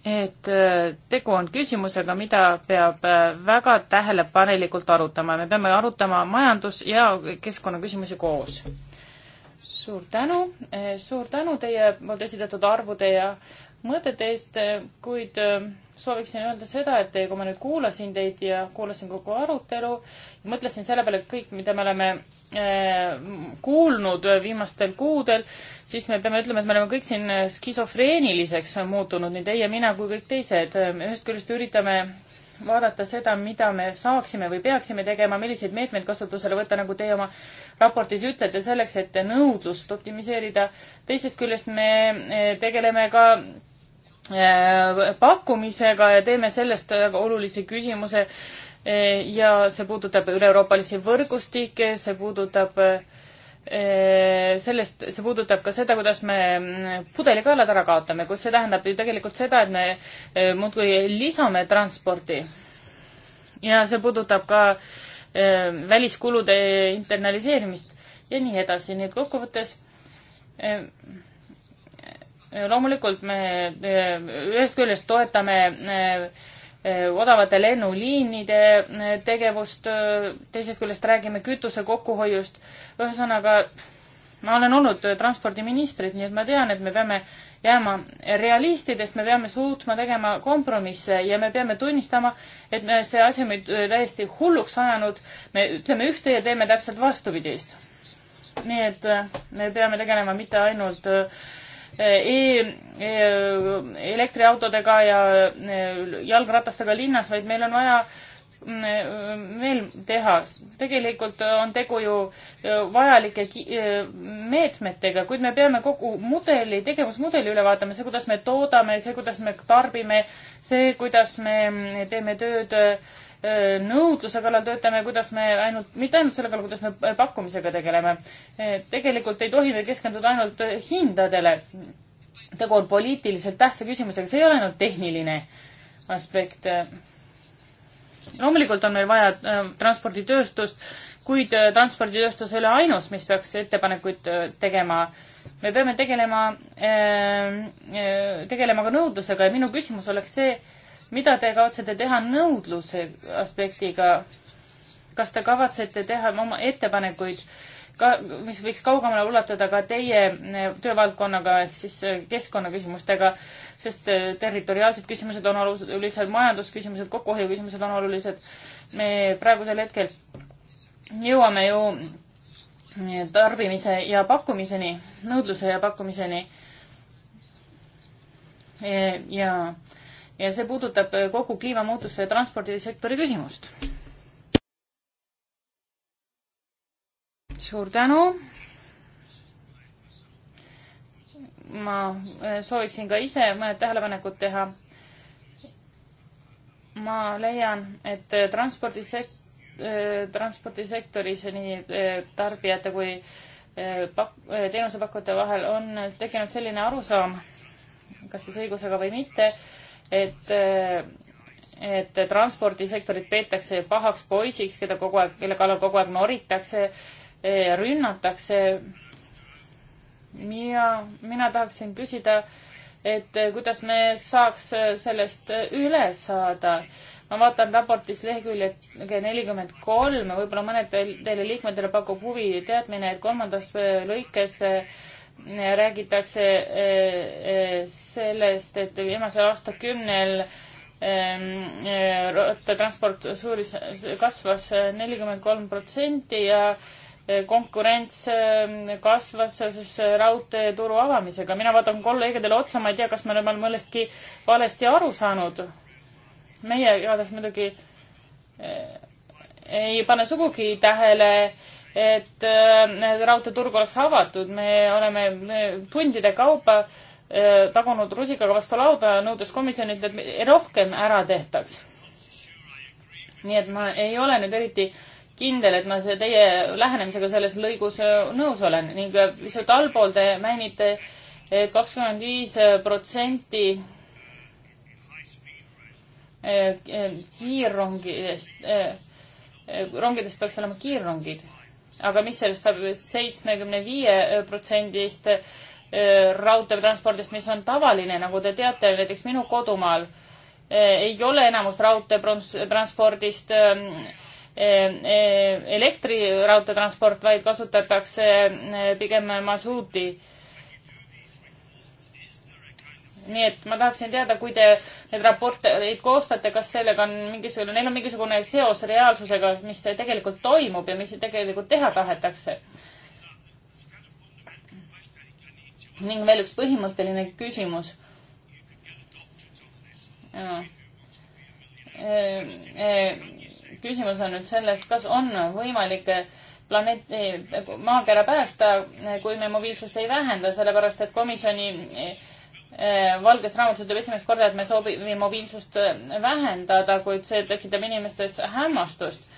et äh, tegu on küsimusega, mida peab äh, väga tähelepanelikult arutama. me peame arutama majandus- ja keskkonnaküsimusi koos suur tänu, e, suur tänu teie poolt esitatud arvude ja mõtete eest, e, kuid e, sooviksin öelda seda, et kui ma nüüd kuulasin teid ja kuulasin kogu arutelu, mõtlesin selle peale, et kõik, mida me oleme kuulnud viimastel kuudel, siis me peame ütlema, et me oleme kõik siin skisofreeniliseks muutunud, nii teie, mina kui kõik teised. ühest küljest üritame vaadata seda, mida me saaksime või peaksime tegema, milliseid meetmeid kasutusele võtta, nagu teie oma raportis ütlete, selleks, et nõudlust optimiseerida. teisest küljest me eh, tegeleme ka eh, pakkumisega ja teeme sellest olulise küsimuse eh, ja see puudutab üle-euroopalisi võrgustikke, see puudutab äh, sellest, see puudutab ka seda, kuidas me pudelikaelad ära kaotame, kuid see tähendab ju tegelikult seda, et me e, muudkui lisame transporti. ja see puudutab ka e, väliskulude internaliseerimist ja nii edasi, nii et kokkuvõttes e, loomulikult me ühest küljest toetame odavate lennuliinide tegevust, teisest küljest räägime kütuse kokkuhoiust ühesõnaga, ma olen olnud transpordiministrid, nii et ma tean, et me peame jääma realistidest, me peame suutma tegema kompromisse ja me peame tunnistama, et me, see asi on meid täiesti hulluks ajanud. me ütleme ühte ja teeme täpselt vastupidist. nii et äh, me peame tegelema mitte ainult äh, E, e elektriautodega ja e, jalgratastega linnas, vaid meil on vaja veel teha? tegelikult on tegu ju e, vajalike e, meetmetega, kuid me peame kogu mudeli, tegevusmudeli üle vaatama, see, kuidas me toodame, see, kuidas me tarbime, see, kuidas me teeme tööd e, nõudluse kallal töötame, kuidas me ainult, mitte ainult selle kallal, kuidas me pakkumisega tegeleme. tegelikult ei tohi me keskenduda ainult hindadele. tegu on poliitiliselt tähtsa küsimusega, see ei ole ainult tehniline aspekt loomulikult on meil vaja äh, transporditööstust, kuid äh, transporditööstus ei ole ainus, mis peaks ettepanekuid äh, tegema. me peame tegelema, ähm, äh, tegelema ka nõudlusega ja minu küsimus oleks see, mida te kavatsete teha nõudluse aspektiga? kas te kavatsete teha oma ettepanekuid äh, ka, mis võiks kaugemale ulatuda ka teie eh, töövaldkonnaga ehk siis eh, keskkonnaküsimustega, sest eh, territoriaalsed küsimused on olulised, majandusküsimused, kokkuhoiuküsimused on olulised. me praegusel hetkel jõuame ju tarbimise ja pakkumiseni, nõudluse ja pakkumiseni. ja, ja see puudutab kogu kliimamuutuse ja transpordisektori küsimust suur tänu. ma eh, sooviksin ka ise mõned tähelepanekud teha. ma leian, et transpordisek-, eh, transpordisektoris eh, nii tarbijate kui pak-, teenusepakkujate vahel on tekkinud selline arusaam, kas siis õigusega või mitte, et et transpordisektorit peetakse pahaks poisiks, keda kogu aeg, kelle kallal kogu aeg noritakse Eh, rünnatakse. ja mina tahaksin küsida, et eh, kuidas me saaks eh, sellest üle saada. ma vaatan raportis lehekülje nelikümmend kolm, võib-olla mõned teile liikmetele pakub huvi teadmine, et kolmandas lõikes räägitakse sellest, et viimasel aastakümnel ehm, rattatransport suuris, kasvas nelikümmend kolm protsenti ja konkurents ähm, kasvas seoses raudteeturu avamisega. mina vaatan kolleegidele otsa, ma ei tea, kas me oleme mõnestki valesti aru saanud. meie igatahes muidugi äh, ei pane sugugi tähele, et äh, raudteeturg oleks avatud, me oleme äh, tundide kaupa tagunud rusikaga vastu lauda, nõudes komisjonilt, et rohkem ära tehtaks. nii et ma ei ole nüüd eriti äh, kindel, et ma teie lähenemisega selles lõigus äh, nõus olen ning pisut äh, allpool te mainite et, et kakskümmend viis protsenti äh, kiirrongidest, rongidest peaks olema kiirrongid, aga mis sellest saab seitsmekümne viie protsendist raudteetranspordist, mis on tavaline, nagu te teate, näiteks minu kodumaal ei ole enamus raudteetranspordist äh, Eh, eh, elektriraudteetransport, vaid kasutatakse eh, pigem masuuti. nii et ma tahaksin teada, kui te neid raporteid koostate, kas sellega on mingisugune, neil on mingisugune seos reaalsusega, mis tegelikult toimub ja mis tegelikult teha tahetakse? ning veel üks põhimõtteline küsimus Ja küsimus on nüüd selles, kas on võimalik eh, planeet, eh, maakera päästa, eh, kui me mobiilsust ei vähenda, sellepärast et komisjoni valges raamatus ütleb esimest korda, et me soovime mobiilsust vähendada, kuid see tekitab inimestes hämmastust.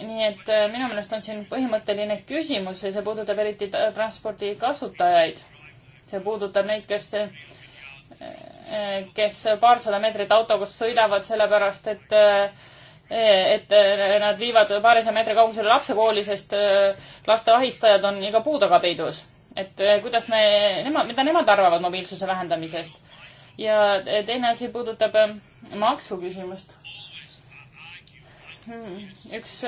nii et minu meelest on siin põhimõtteline küsimus ja see puudutab eriti transpordi kasutajaid. see puudutab neid, kes, kes paarsada meetrit autoga sõidavad sellepärast, et et eh, nad viivad paarisaja meetri kaugusele lapse kooli, sest eh, laste ahistajad on iga puu taga peidus. et eh, kuidas me, nemad, mida nemad arvavad mobiilsuse vähendamisest? ja teine asi puudutab maksuküsimust. Hmm, üks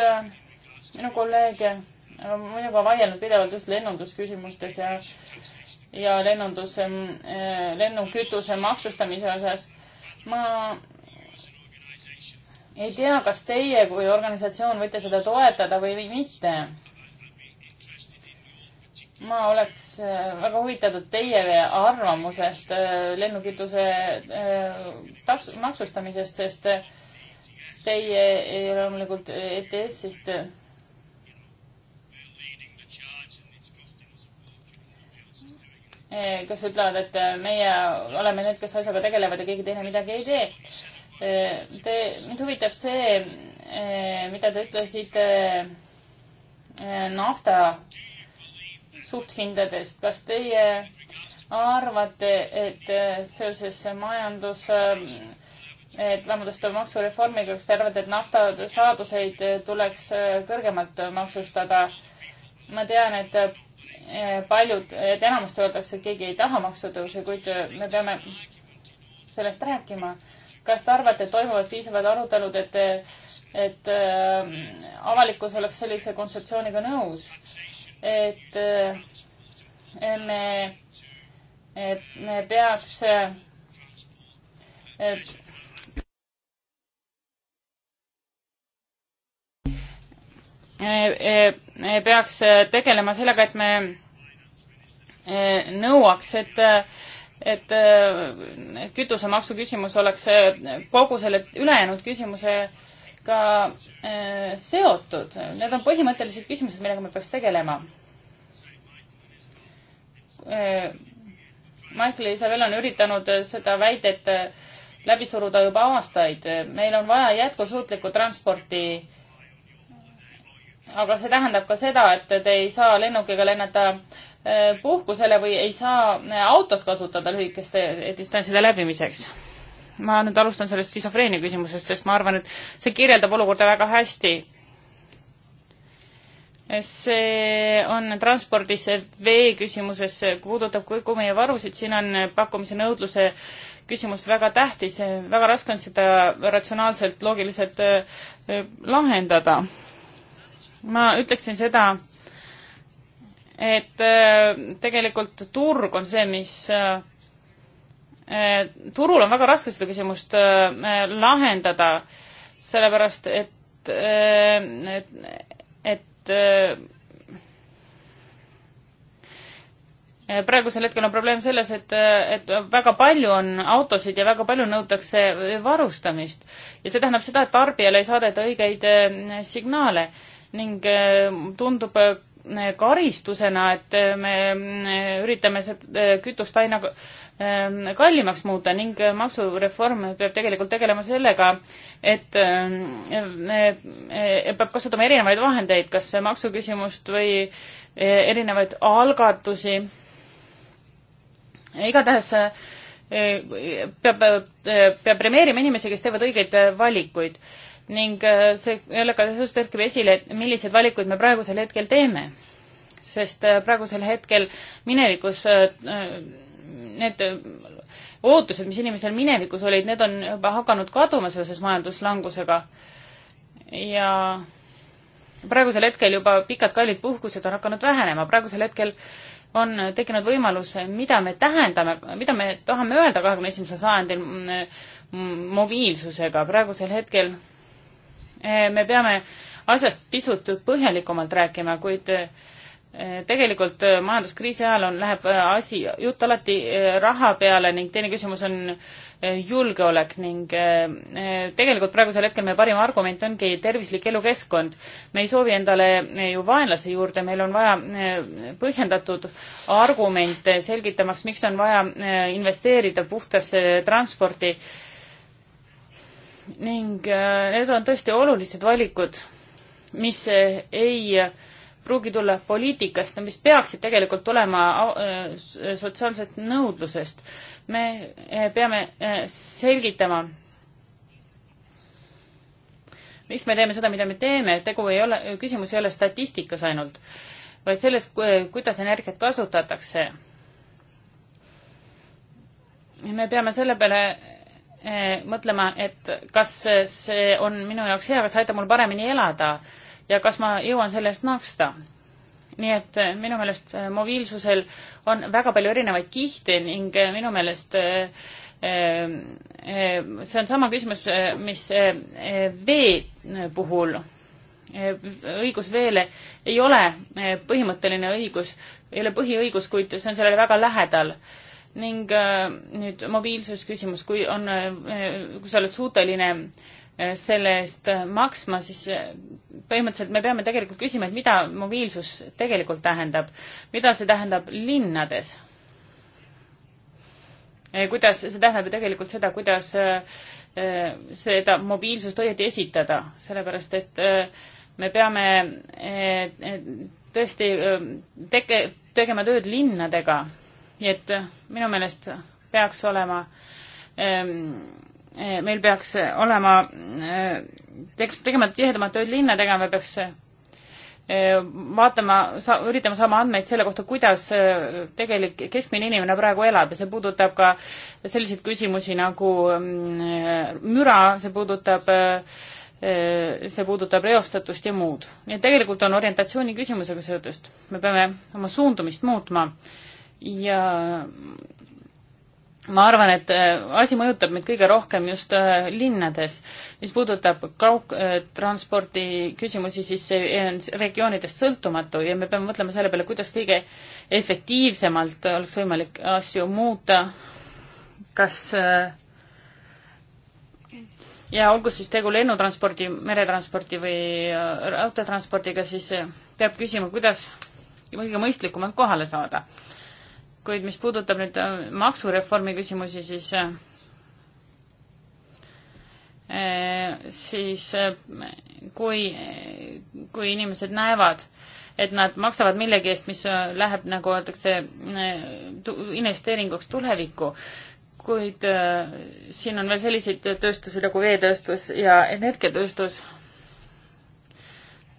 minu kolleeg on minuga vaielnud pidevalt just lennundusküsimustes ja ja lennunduse, lennukütuse maksustamise osas. ma ei tea, kas teie kui organisatsioon võite seda toetada või, või mitte. ma oleks äh, väga huvitatud teie arvamusest äh, lennukituse äh, taks-, maksustamisest, sest teie ei ole loomulikult ETS-ist kes ütlevad, et meie oleme need, kes asjaga tegelevad ja keegi teine midagi ei tee Äh, te, mind huvitab see, äh, mida te ütlesite äh, nafta suhthindadest. kas teie arvate, et seoses majandus, et vähemalt maksureformiga, kas te arvate, et naftasaaduseid tuleks kõrgemalt maksustada? ma tean, et paljud, et enamust öeldakse, et keegi ei taha maksutõuse, kuid me peame sellest rääkima kas te arvate, et toimuvad piisavad arutelud, et, et äh, avalikkus oleks sellise kontseptsiooniga nõus? et äh, me, et me peaks äh, et, peaks tegelema sellega, et me äh, nõuaks, et äh, Äh, et kütusemaksu küsimus oleks äh, kogu selle ülejäänud küsimusega äh, seotud. Need on põhimõttelised küsimused, millega me peaks tegelema. Michael Isabel on üritanud seda väidet läbi suruda juba aastaid. meil on vaja jätkusuutlikku transporti. aga see tähendab ka seda, et te ei saa lennukiga lennata Äh, puhkusele või ei saa äh, autot kasutada lühikeste äh, distantside läbimiseks. ma nüüd alustan sellest skisofreenia küsimusest, sest ma arvan, et see kirjeldab olukorda väga hästi. see on transpordis vee küsimuses, puudutab kogu meie varusid, siin on pakkumise nõudluse küsimus väga tähtis, väga raske on seda ratsionaalselt, loogiliselt lahendada. ma ütleksin seda, et äh, tegelikult turg on see, mis äh, äh, turul on väga raske seda küsimust lahendada, sellepärast et, et, et praegusel hetkel on probleem selles, et, et väga palju on autosid ja väga palju nõutakse varustamist ja see tähendab seda, et tarbijale ei saadeta õigeid signaale ning tundub karistusena, et me üritame seda äh, kütust aina äh, kallimaks muuta ning maksureform peab tegelikult tegelema sellega, et äh, peab kasutama erinevaid vahendeid, kas maksuküsimust või erinevaid algatusi. igatahes peab, peab premeerima inimesi, kes teevad õigeid valikuid ning äh, see, sellega just tõrkib esile, et milliseid valikuid me praegusel hetkel teeme. sest äh, praegusel hetkel minevikus äh, need ootused, mis inimesel minevikus olid, need on juba hakanud kaduma seoses majanduslangusega. ja praegusel hetkel juba pikad kallid puhkused on hakanud vähenema, praegusel hetkel on tekkinud võimalus, mida me tähendame, mida me tahame öelda kahekümne esimesel sajandil mm, mm, mobiilsusega, praegusel hetkel Eh, me peame asjast pisut põhjalikumalt rääkima, kuid eh, tegelikult eh, majanduskriisi ajal on, läheb asi, jutt alati raha peale ning teine küsimus on julgeolek ning tegelikult praegusel hetkel meie parim argument ongi tervislik elukeskkond. me ei soovi endale ju vaenlase juurde, meil on vaja põhjendatud argumente selgitamaks, miks on vaja investeerida puhtasse transporti ning äh, need on tõesti olulised valikud, mis äh, ei pruugi tulla poliitikast, no mis peaksid tegelikult tulema äh, sotsiaalsest nõudlusest. me peame selgitama, miks me teeme seda, mida me teeme, tegu ei ole, küsimus ei ole statistikas ainult, vaid selles, kuidas energiat kasutatakse. me peame selle peale Eh, mõtlema, et kas see on minu jaoks hea, kas aitab mul paremini elada ja kas ma jõuan selle eest maksta. nii et eh, minu meelest eh, mobiilsusel on väga palju erinevaid kihte ning minu meelest see on sama küsimus, mis vee puhul. õigus veele ei ole põhimõtteline õigus, ei ole põhiõigus, kuid see on sellele väga lähedal ning äh, nüüd mobiilsusküsimus, kui on, äh, kui sa oled suuteline äh, selle eest maksma, siis põhimõtteliselt me peame tegelikult küsima, et mida mobiilsus tegelikult tähendab, mida see tähendab linnades. kuidas, see tähendab ju tegelikult seda, kuidas seda mobiilsust õieti esitada, sellepärast et me peame tõesti tege-, tegema tööd linnadega nii et äh, minu meelest peaks olema ähm, äh, meil peaks äh, olema, peaks tegema tihedamat tööd linna tegema, peaks vaatama, sa-, üritama saama andmeid selle kohta, kuidas tegelik keskmine inimene praegu elab ja see puudutab ka selliseid küsimusi nagu mm, müra, see puudutab see puudutab reostatust ja muud. nii et tegelikult on orientatsiooni küsimusega seotust. me peame oma suundumist muutma äh, ja ma arvan, et äh, asi mõjutab meid kõige rohkem just äh, linnades. mis puudutab kaugtranspordi äh, küsimusi, siis see on regioonidest sõltumatu ja me peame mõtlema selle peale, kuidas kõige efektiivsemalt oleks võimalik asju muuta. kas ja olgu siis tegu lennutranspordi, meretranspordi või autotranspordiga, siis peab küsima, kuidas kõige mõistlikumalt kohale saada kuid mis puudutab nüüd äh, maksureformi küsimusi, siis äh, äh, siis kui, kui inimesed näevad, et nad maksavad millegi eest, mis läheb, nagu öeldakse, investeeringuks tulevikku, kuid siin on veel selliseid tööstusi nagu veetööstus ja energiatööstus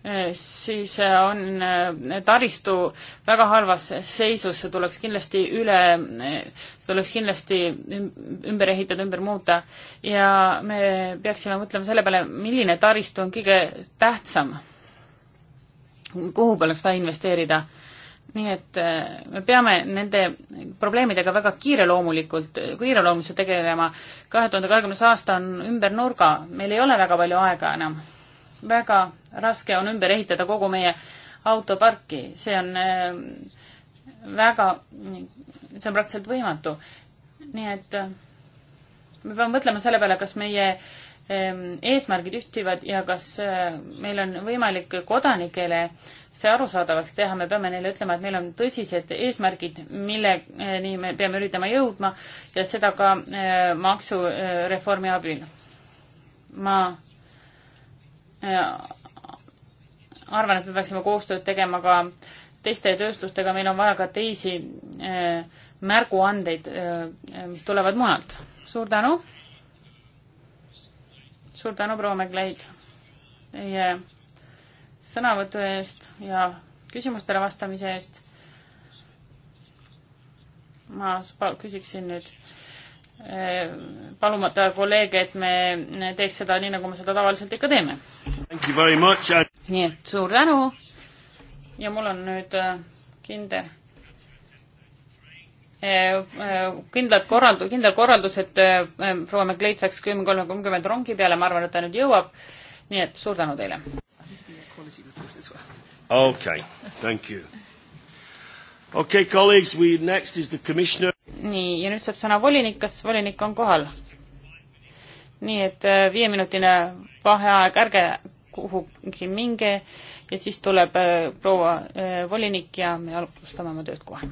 Eh, siis eh, on eh, taristu väga halvas seisus, see tuleks kindlasti üle, see tuleks kindlasti ümber ehitada, ümber muuta ja me peaksime mõtlema selle peale, milline taristu on kõige tähtsam, kuhu poleks vaja investeerida. nii et me peame nende probleemidega väga kiireloomulikult, kiireloomuliselt tegelema. kahe tuhande kahekümnes aasta on ümber nurga, meil ei ole väga palju aega enam väga raske on ümber ehitada kogu meie autoparki, see on äh, väga, see on praktiliselt võimatu. nii et äh, me peame mõtlema selle peale, kas meie ähm, eesmärgid ühtivad ja kas äh, meil on võimalik kodanikele see arusaadavaks teha, me peame neile ütlema, et meil on tõsised eesmärgid, milleni me peame üritama jõudma ja seda ka maksureformi abil. ma Äh, arvan, et me peaksime koostööd tegema ka teiste tööstustega, meil on vaja ka teisi äh, märguandeid, äh, mis tulevad mujalt. suur tänu. suur tänu, proua Megleid, teie sõnavõtu eest ja küsimustele vastamise eest. ma küsiksin nüüd äh, Eh, paluma kolleege, et me teeks seda nii, nagu me seda tavaliselt ikka teeme. nii et suur tänu ja mul on nüüd äh, kindel eh, eh, kindlad korraldu-, kindel korraldus, et äh, proua McLeod saaks kümme kolmekümmend rongi peale, ma arvan, et ta nüüd jõuab, nii et suur tänu teile! okei okay,, thank you! okei okay,, colleagues, we next is the commissioner nii, ja nüüd saab sõna volinik, kas volinik on kohal? nii et äh, viieminutine vaheaeg, ärge kuhugi minge ja siis tuleb äh, proua äh, volinik ja me alustame oma tööd kohe.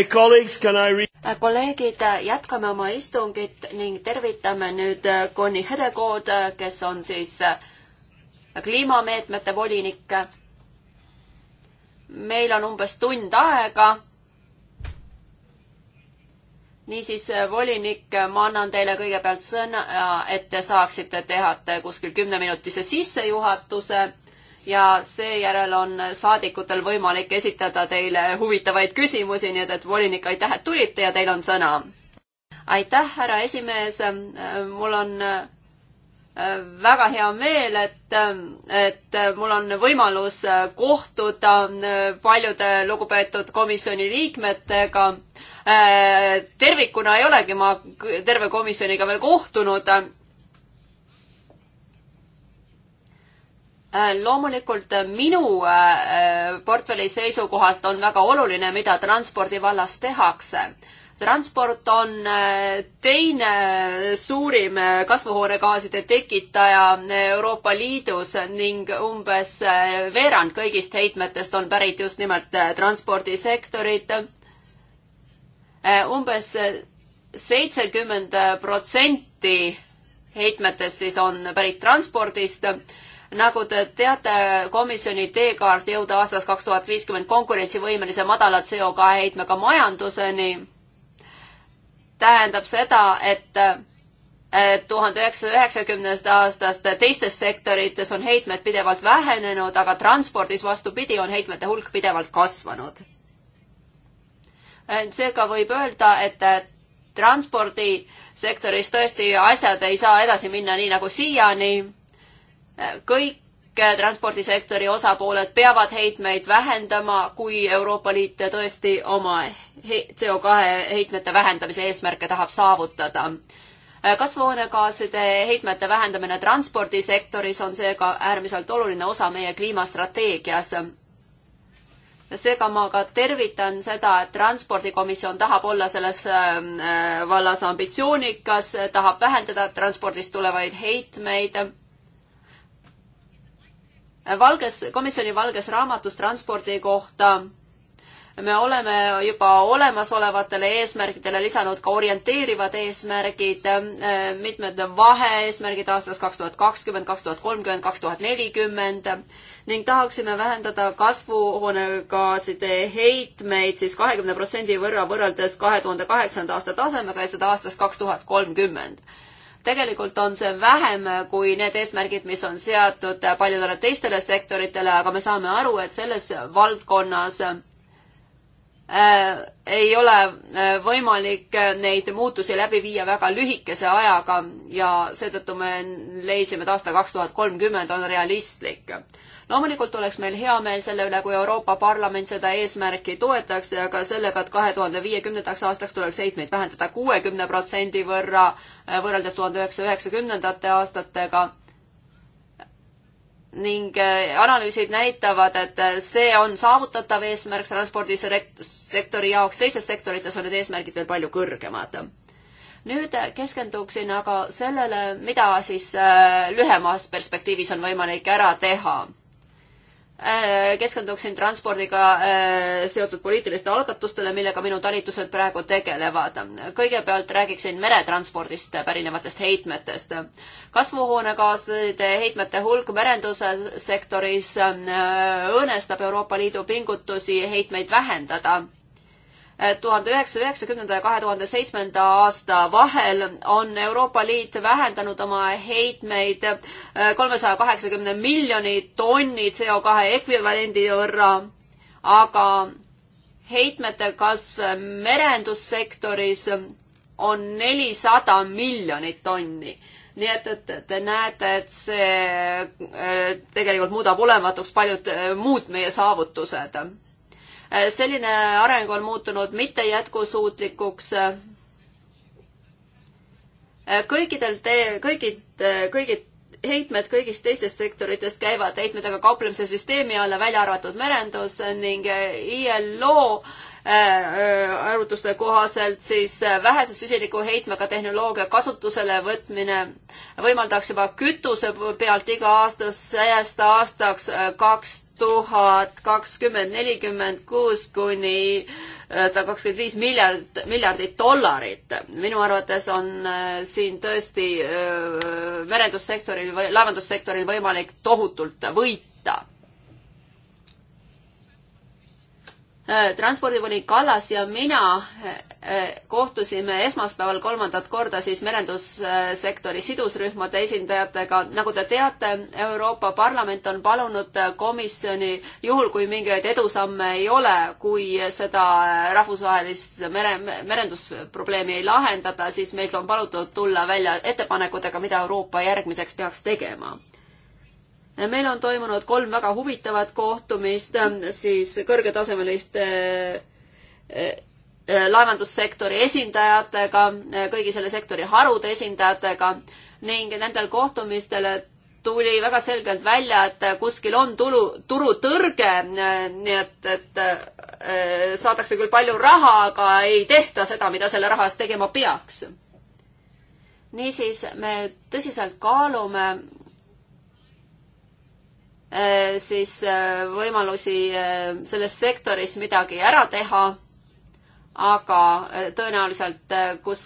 okay,. Äh, kolleegid, äh, jätkame oma istungit ning tervitame nüüd äh, Conny Hedekood, kes on siis kliimameetmete volinik. meil on umbes tund aega. niisiis, volinik, ma annan teile kõigepealt sõna, et te saaksite teha kuskil kümneminutise sissejuhatuse ja seejärel on saadikutel võimalik esitada teile huvitavaid küsimusi, nii et, et volinik, aitäh, et tulite ja teil on sõna. aitäh, härra esimees, mul on äh, väga hea meel, et, et mul on võimalus kohtuda äh, paljude lugupeetud komisjoni liikmetega. Äh, tervikuna ei olegi ma terve komisjoniga veel kohtunud Äh, loomulikult äh, minu äh, portfelli seisukohalt on väga oluline, mida transpordi vallas tehakse. transport on teine suurim kasvuhoonegaaside tekitaja Euroopa Liidus ning umbes veerand kõigist heitmetest on pärit just nimelt transpordisektorit. umbes seitsekümmend protsenti heitmetest siis on pärit transpordist nagu te teate, komisjoni teekaart jõuda aastast kaks tuhat viiskümmend konkurentsivõimelise madala CO2 heitmega majanduseni tähendab seda, et tuhande üheksasaja üheksakümnendast aastast teistes sektorites on heitmed pidevalt vähenenud, aga transpordis vastupidi, on heitmete hulk pidevalt kasvanud. seega võib öelda, et transpordisektoris tõesti asjad ei saa edasi minna nii nagu siiani kõik transpordisektori osapooled peavad heitmeid vähendama, kui Euroopa Liit tõesti oma CO2 heitmete vähendamise eesmärke tahab saavutada. kasvuhoonegaaside heitmete vähendamine transpordisektoris on seega äärmiselt oluline osa meie kliimastrateegias seega ma ka tervitan seda, et transpordikomisjon tahab olla selles ähm, äh, vallas ambitsioonikas, tahab vähendada transpordist tulevaid heitmeid valges, komisjoni valges raamatus transpordi kohta me oleme juba olemasolevatele eesmärkidele lisanud ka orienteerivad eesmärgid, mitmed vaheeesmärgid aastast kaks tuhat kakskümmend, kaks tuhat kolmkümmend, kaks tuhat nelikümmend ning tahaksime vähendada kasvuhoonegaaside heitmeid siis kahekümne protsendi võrra võrreldes kahe tuhande kaheksanda aasta tasemega ja seda aastast kaks tuhat kolmkümmend tegelikult on see vähem kui need eesmärgid, mis on seatud paljudele teistele sektoritele, aga me saame aru, et selles valdkonnas äh, ei ole äh, võimalik neid muutusi läbi viia väga lühikese ajaga ja seetõttu me leidsime, et aasta kaks tuhat kolmkümmend on realistlik loomulikult oleks meil hea meel selle üle, kui Euroopa Parlament seda eesmärki toetaks ja ka sellega, et kahe tuhande viiekümnendaks aastaks tuleks heitmeid vähendada kuuekümne protsendi võrra äh, võrreldes tuhande üheksasaja üheksakümnendate aastatega ning äh, analüüsid näitavad, et äh, see on saavutatav eesmärk transpordisektori jaoks, teistes sektorites on need eesmärgid veel palju kõrgemad. nüüd keskenduksin aga sellele, mida siis lühemas perspektiivis on võimalik ära teha. Äh, keskenduksin transpordiga äh, seotud poliitilistele algatustele, millega minu talitused praegu tegelevad. kõigepealt räägiksin meretranspordist pärinevatest heitmetest. kasvuhoonegaaside heitmete hulk merenduse sektoris äh, õõnestab Euroopa Liidu pingutusi heitmeid vähendada tuhande üheksasaja üheksakümnenda ja kahe tuhande seitsmenda aasta vahel on Euroopa Liit vähendanud oma heitmeid äh, kolmesaja kaheksakümne miljoni tonni CO kahe ekvivalendi võrra, aga heitmete kasv merendussektoris on nelisada miljonit tonni nii et, et te näete, et see äh, tegelikult muudab olematuks paljud äh, muud meie saavutused Äh, selline areng on muutunud mitte jätkusuutlikuks. Äh, kõikidel tee, kõigid, äh, kõigid heitmed kõigist teistest sektoritest käivad heitmetega kauplemise süsteemi alla, välja arvatud merendus ning ILO arvutuste kohaselt siis vähese süsinikuheitmega tehnoloogia kasutusele võtmine võimaldaks juba kütuse pealt iga aasta sajast aastaks kaks tuhat kakskümmend, nelikümmend kuus kuni äh, sada kakskümmend viis miljard, miljardit dollarit. minu arvates on äh, siin tõesti äh, merendussektoril või laevandussektoril võimalik tohutult võita Äh, transpordivolinik Kallas ja mina äh, äh, kohtusime esmaspäeval kolmandat korda siis merendussektori sidusrühmade esindajatega. nagu te teate, Euroopa Parlament on palunud komisjoni, juhul kui mingeid edusamme ei ole, kui seda rahvusvahelist mere, merendusprobleemi ei lahendata, siis meilt on palutud tulla välja ettepanekutega, mida Euroopa järgmiseks peaks tegema meil on toimunud kolm väga huvitavat kohtumist ähm, siis kõrgetasemeliste äh, äh, laevandussektori esindajatega, äh, kõigi selle sektori harude esindajatega ning nendel kohtumistel tuli väga selgelt välja, et kuskil on tulu, turutõrge, nii et, et saadakse küll palju raha, aga ei tehta seda, mida selle raha eest tegema peaks. niisiis, me tõsiselt kaalume Äh, siis äh, võimalusi äh, selles sektoris midagi ära teha, aga tõenäoliselt, kus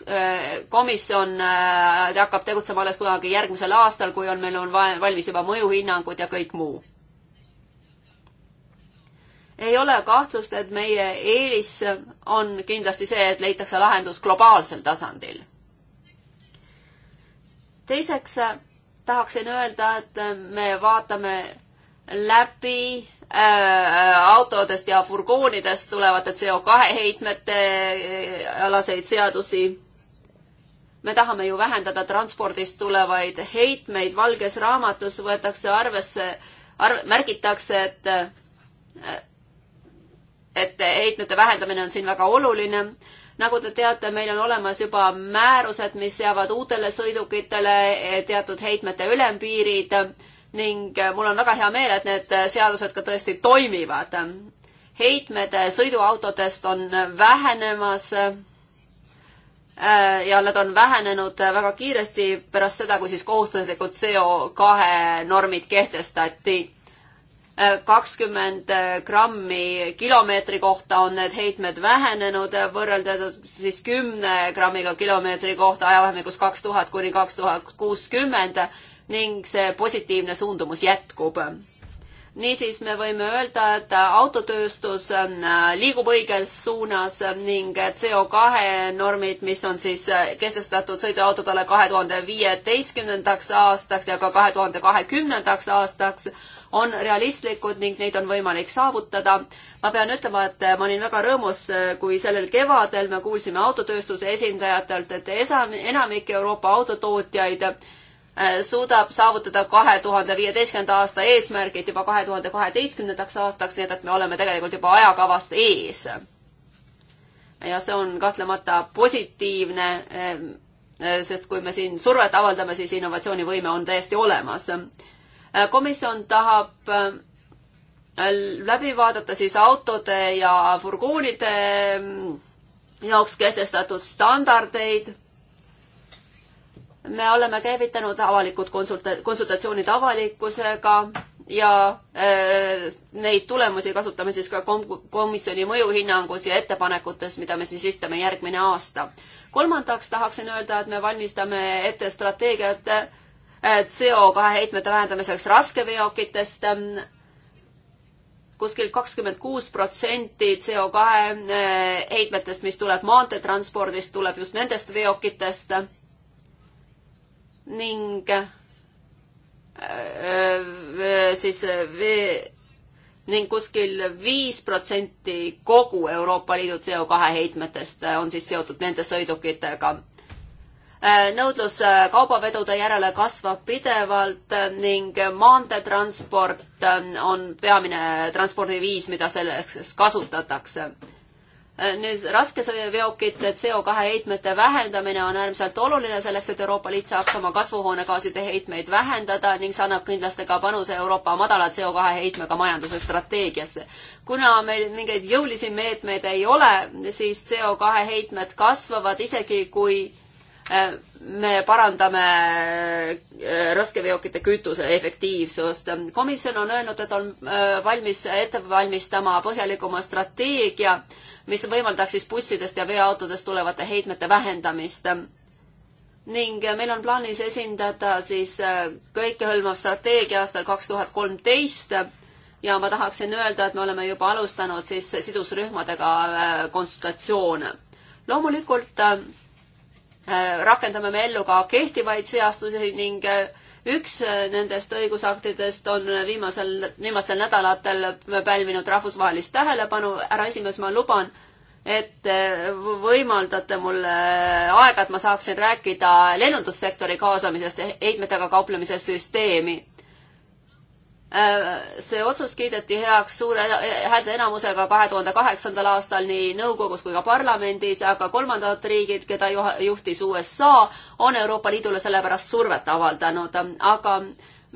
komisjon hakkab tegutsema alles kunagi järgmisel aastal, kui on, meil on valmis juba mõjuhinnangud ja kõik muu ei ole kahtlust, et meie eelis on kindlasti see, et leitakse lahendus globaalsel tasandil. teiseks tahaksin öelda, et me vaatame läbi äh, äh, autodest ja furgoonidest tulevate CO2 heitmete äh, alaseid seadusi. me tahame ju vähendada transpordist tulevaid heitmeid, valges raamatus võetakse arvesse, arv-, märgitakse, et äh, et heitmete vähendamine on siin väga oluline. nagu te teate, meil on olemas juba määrused, mis seavad uutele sõidukitele eh, teatud heitmete ülempiirid ning äh, mul on väga hea meel, et need äh, seadused ka tõesti toimivad. heitmed äh, sõiduautodest on vähenemas ja nad on vähenenud väga kiiresti pärast seda, kui siis kohustuslikud CO kahe normid kehtestati. kakskümmend grammi kilomeetri kohta on need heitmed vähenenud võrreldes siis kümne grammiga kilomeetri kohta ajavahemikus kaks tuhat kuni kaks tuhat kuuskümmend ning see positiivne suundumus jätkub. niisiis me võime öelda, et autotööstus äh, liigub õiges suunas ning CO2 normid, mis on siis äh, kehtestatud sõiduautodele kahe tuhande viieteistkümnendaks aastaks ja ka kahe tuhande kahekümnendaks aastaks, on realistlikud ning neid on võimalik saavutada. ma pean ütlema, et äh, ma olin väga rõõmus, kui sellel kevadel me kuulsime autotööstuse esindajatelt, et esa, enamik Euroopa autotootjaid Äh, suudab saavutada kahe tuhande viieteistkümnenda aasta eesmärgid juba kahe tuhande kaheteistkümnendaks aastaks, nii et, et me oleme tegelikult juba ajakavast ees. ja see on kahtlemata positiivne, ehm, äh, sest kui me siin survet avaldame, siis innovatsioonivõime on täiesti olemas. Äh, komisjon tahab läbi vaadata siis autode ja furgoonide ehm, jaoks kehtestatud standardeid me oleme käivitanud avalikud konsulta-, konsultatsioonid avalikkusega ja äh, neid tulemusi kasutame siis ka kom-, komisjoni mõjuhinnangus ja ettepanekutes, mida me siis esitame järgmine aasta. kolmandaks tahaksin öelda, et me valmistame ette strateegiat äh, CO2 heitmete vähendamiseks raskeveokitest äh, kuskil kakskümmend kuus protsenti CO2 äh, heitmetest, mis tuleb maanteetranspordist, tuleb just nendest veokitest äh, ning äh, äh, siis äh, vee ning kuskil viis protsenti kogu Euroopa Liidu CO kahe heitmetest on siis seotud nende sõidukitega. nõudlus kaubavedude järele kasvab pidevalt ning maanteetransport on peamine transpordiviis, mida selleks kasutatakse Äh, nüüd raskesõjaveokite CO2 heitmete vähendamine on äärmiselt oluline selleks, et Euroopa Liit saaks oma kasvuhoonegaaside heitmeid vähendada ning see annab kindlasti ka panuse Euroopa madala CO2 heitmega majanduse strateegiasse. kuna meil mingeid jõulisi meetmeid ei ole, siis CO2 heitmed kasvavad isegi, kui äh, me parandame äh, raskeveokite kütuse efektiivsust. komisjon on öelnud, et on äh, valmis ette valmistama põhjalikuma strateegia, mis võimaldaks siis bussidest ja veoautodest tulevate heitmete vähendamist. ning meil on plaanis esindada siis äh, kõikehõlmav strateegia aastal kaks tuhat kolmteist ja ma tahaksin öelda, et me oleme juba alustanud siis sidusrühmadega konsultatsioone. loomulikult Äh, rakendame me ellu ka kehtivaid seadusi ning äh, üks äh, nendest õigusaktidest on viimasel, viimastel nädalatel pälvinud rahvusvahelist tähelepanu. härra esimees, ma luban, et võimaldate mulle aega, et ma saaksin rääkida lennundussektori kaasamisest heitmetega kauplemise süsteemi Äh, see otsus kiideti heaks suure e-, häälteenamusega kahe tuhande kaheksandal aastal nii nõukogus kui ka parlamendis, aga kolmandad riigid, keda juhtis USA, on Euroopa Liidule selle pärast survet avaldanud, aga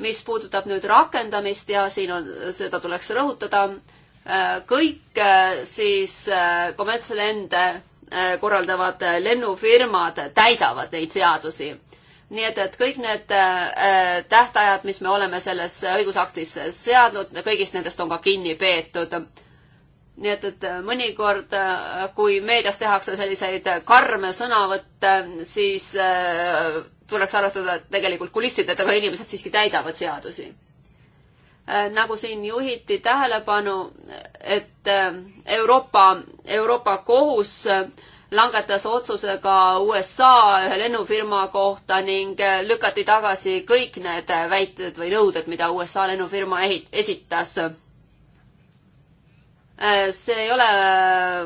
mis puudutab nüüd rakendamist ja siin on, seda tuleks rõhutada, äh, kõik äh, siis kommertslende korraldavad lennufirmad täidavad neid seadusi nii et, et kõik need äh, tähtajad, mis me oleme selles õigusaktis seadnud, kõigist nendest on ka kinni peetud. nii et, et äh, mõnikord, äh, kui meedias tehakse selliseid karme sõnavõtte, siis tuleks arvestada, et tegelikult kulisside taga inimesed siiski täidavad seadusi nagu siin juhiti tähelepanu, et Euroopa, Euroopa Kohus langetas otsuse ka USA ühe lennufirma kohta ning eh, lükati tagasi kõik need eh, väited või nõuded, mida USA lennufirma ehit-, esitas eh, see ei ole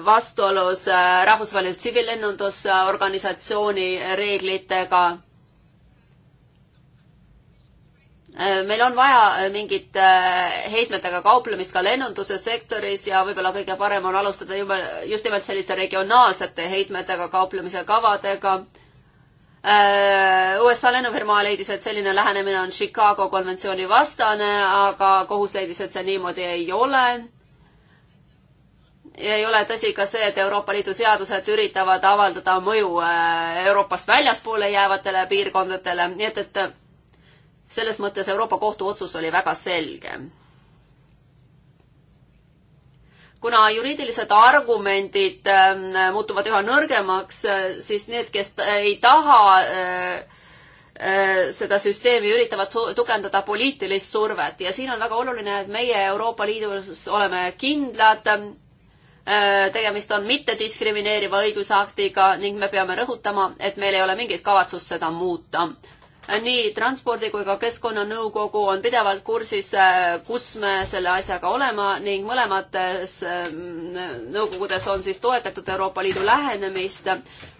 vastuolus rahvusvahelise tsiviillennundusorganisatsiooni reeglitega. Äh, meil on vaja äh, mingit äh, heitmetega kauplemist ka lennunduse sektoris ja võib-olla kõige parem on alustada juba just nimelt selliste regionaalsete heitmetega kauplemise kavadega. USA lennufirma leidis, et selline lähenemine on Chicago konventsiooni vastane, aga kohus leidis, et see niimoodi ei ole ja ei ole tõsi ka see, et Euroopa Liidu seadused üritavad avaldada mõju Euroopast väljaspoole jäävatele piirkondadele, nii et, et selles mõttes Euroopa Kohtu otsus oli väga selge. kuna juriidilised argumendid äh, muutuvad üha nõrgemaks äh,, siis need, kes ei taha äh, äh, seda süsteemi üritavad tugevdada poliitilist survet ja siin on väga oluline, et meie Euroopa Liidus oleme kindlad. Äh, tegemist on mittediskrimineeriva õigusaktiga ning me peame rõhutama, et meil ei ole mingit kavatsust seda muuta nii Transpordi kui ka Keskkonnanõukogu on pidevalt kursis, äh, kus me selle asjaga olema ning mõlemates ähm, nõukogudes on siis toetatud Euroopa Liidu lähenemist.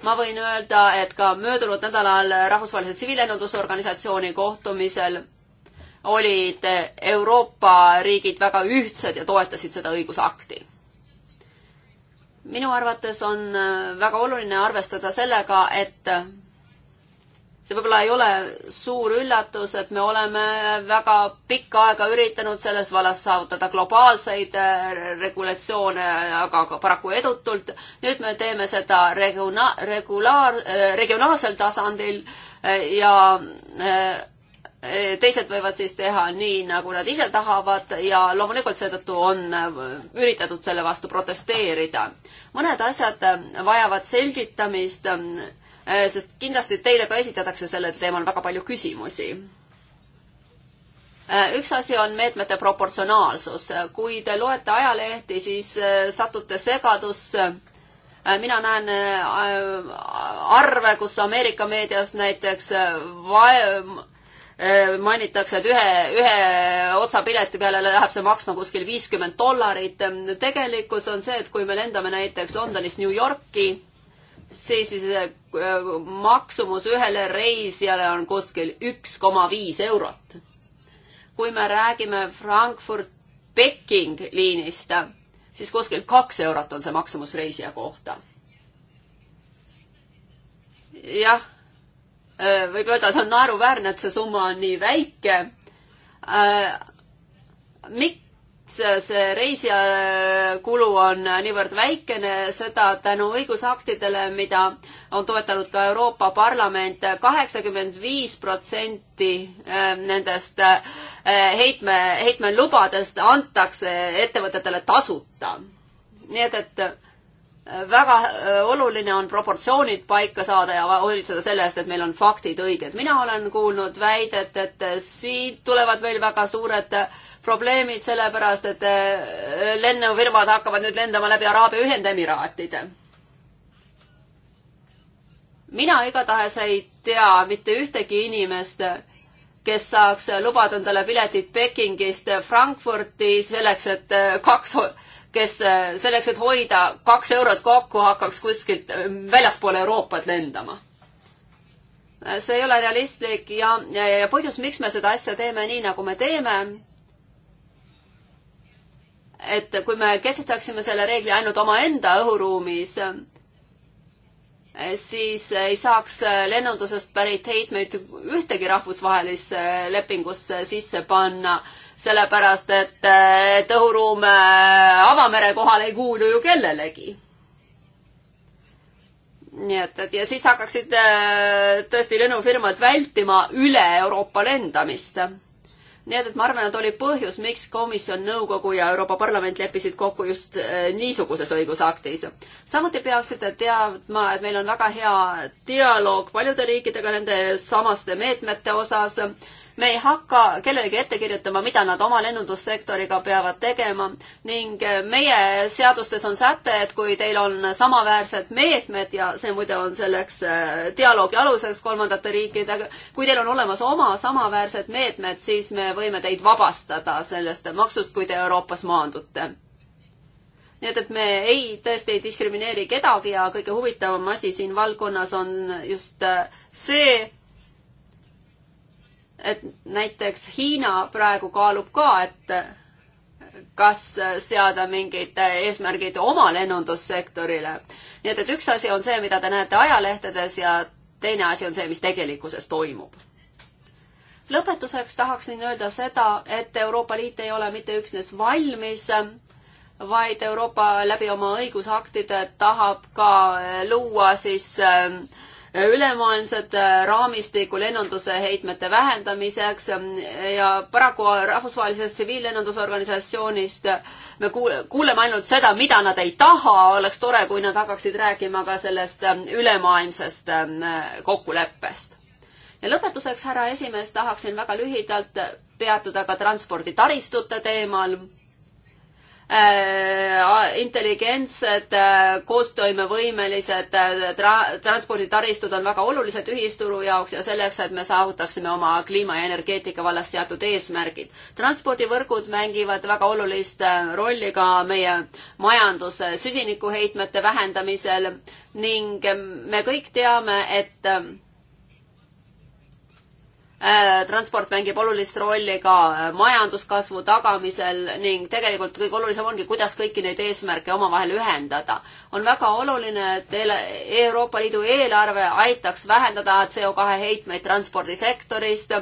ma võin öelda, et ka möödunud nädalal Rahvusvahelise Tsiviillennundusorganisatsiooni kohtumisel olid Euroopa riigid väga ühtsed ja toetasid seda õigusakti minu arvates on äh, väga oluline arvestada sellega, et see võib-olla ei ole suur üllatus, et me oleme väga pikka aega üritanud selles vallas saavutada globaalseid äh, regulatsioone, aga paraku edutult. nüüd me teeme seda regula-, regulaar-, äh, regionaalsel tasandil äh, ja teised võivad siis teha nii, nagu nad ise tahavad ja loomulikult seetõttu on üritatud selle vastu protesteerida. mõned asjad vajavad selgitamist Äh, sest kindlasti teile ka esitatakse sellel teemal väga palju küsimusi. Äh, üks asi on meetmete proportsionaalsus. kui te loete ajalehti, siis äh, satute segadusse mina näen arve, kus Ameerika meedias näiteks mainitakse, et ühe, ühe otsa pileti peale läheb see maksma kuskil viiskümmend dollarit. tegelikkus on see, et kui me lendame näiteks Londonist New Yorki, see siis äh, maksumus ühele reisijale on kuskil üks koma viis eurot. kui me räägime Frankfurt-Peking liinist, siis kuskil kaks eurot on see maksumus reisija kohta. jah, äh, võib öelda, et on naeruväärne, et see summa on nii väike. Äh, mik-, see reisijakulu on niivõrd väikene, seda tänu õigusaktidele, mida on toetanud ka Euroopa Parlament, kaheksakümmend viis protsenti äh, nendest äh, heitme, heitmelubadest antakse ettevõtetele tasuta. nii et, et väga äh, oluline on proportsioonid paika saada ja hoolitseda selle eest, et meil on faktid õiged. mina olen kuulnud väidet, et äh, siit tulevad meil väga suured äh, probleemid, sellepärast et lennufirmad hakkavad nüüd lendama läbi Araabia Ühendemiraatide. mina igatahes ei tea mitte ühtegi inimest, kes saaks lubada endale piletid Pekingist Frankfurti selleks, et kaks kes äh, selleks, et hoida kaks eurot kokku, hakkaks kuskilt äh, väljaspool Euroopat lendama. Äh, see ei ole realistlik ja, ja, ja põhjus, miks me seda asja teeme nii, nagu me teeme, et kui me kehtestaksime selle reegli ainult omaenda õhuruumis, siis ei saaks lennundusest pärit heitmeid ühtegi rahvusvahelisse lepingusse sisse panna sellepärast et õhuruum äh, avamere kohal ei kuulu ju kellelegi. nii et, et ja siis hakkaksid äh, tõesti lennufirmad vältima üle Euroopa lendamist. nii et, et ma arvan, et oli põhjus, miks komisjon, nõukogu ja Euroopa Parlament leppisid kokku just äh, niisuguses õigusaktis. samuti peaksite teadma, et meil on väga hea dialoog paljude riikidega nende samaste meetmete osas me ei hakka kellelegi ette kirjutama, mida nad oma lennundussektoriga peavad tegema ning eh, meie seadustes on säte, et kui teil on samaväärsed meetmed ja see muide on selleks eh, dialoogi aluseks kolmandate riikidega, kui teil on olemas oma samaväärsed meetmed, siis me võime teid vabastada sellest maksust, kui te Euroopas maandute nii et, et me ei, tõesti ei diskrimineeri kedagi ja kõige huvitavam asi siin valdkonnas on just eh, see, et näiteks Hiina praegu kaalub ka, et kas seada mingid eesmärgid oma lennundussektorile. nii et, et üks asi on see, mida te näete ajalehtedes ja teine asi on see, mis tegelikkuses toimub. lõpetuseks tahaksin öelda seda, et Euroopa Liit ei ole mitte üksnes valmis vaid Euroopa läbi oma õigusaktide tahab ka luua siis äh, ülemaailmset äh, raamistikku lennunduse heitmete vähendamiseks ähm, ja paraku rahvusvahelisest tsiviillennundusorganisatsioonist äh, me kuuleme ainult seda, mida nad ei taha, oleks tore, kui nad hakkaksid rääkima ka sellest ähm, ülemaailmsest ähm, kokkuleppest ja lõpetuseks, härra esimees, tahaksin väga lühidalt peatuda ka transporditaristute teemal Äh, intelligentsed, äh, koostoimevõimelised äh, tra-, transporditaristud on väga olulised ühisturu jaoks ja selleks, et me saavutaksime oma kliima ja energeetika vallas seatud eesmärgid. transpordivõrgud mängivad väga olulist rolli ka meie majanduse süsinikuheitmete vähendamisel ning ähm, me kõik teame, et ähm, Äh, transport mängib olulist rolli ka äh, majanduskasvu tagamisel ning tegelikult kõige olulisem ongi, kuidas kõiki neid eesmärke omavahel ühendada. on väga oluline, et Euroopa Liidu eelarve aitaks vähendada CO2 heitmeid transpordisektorist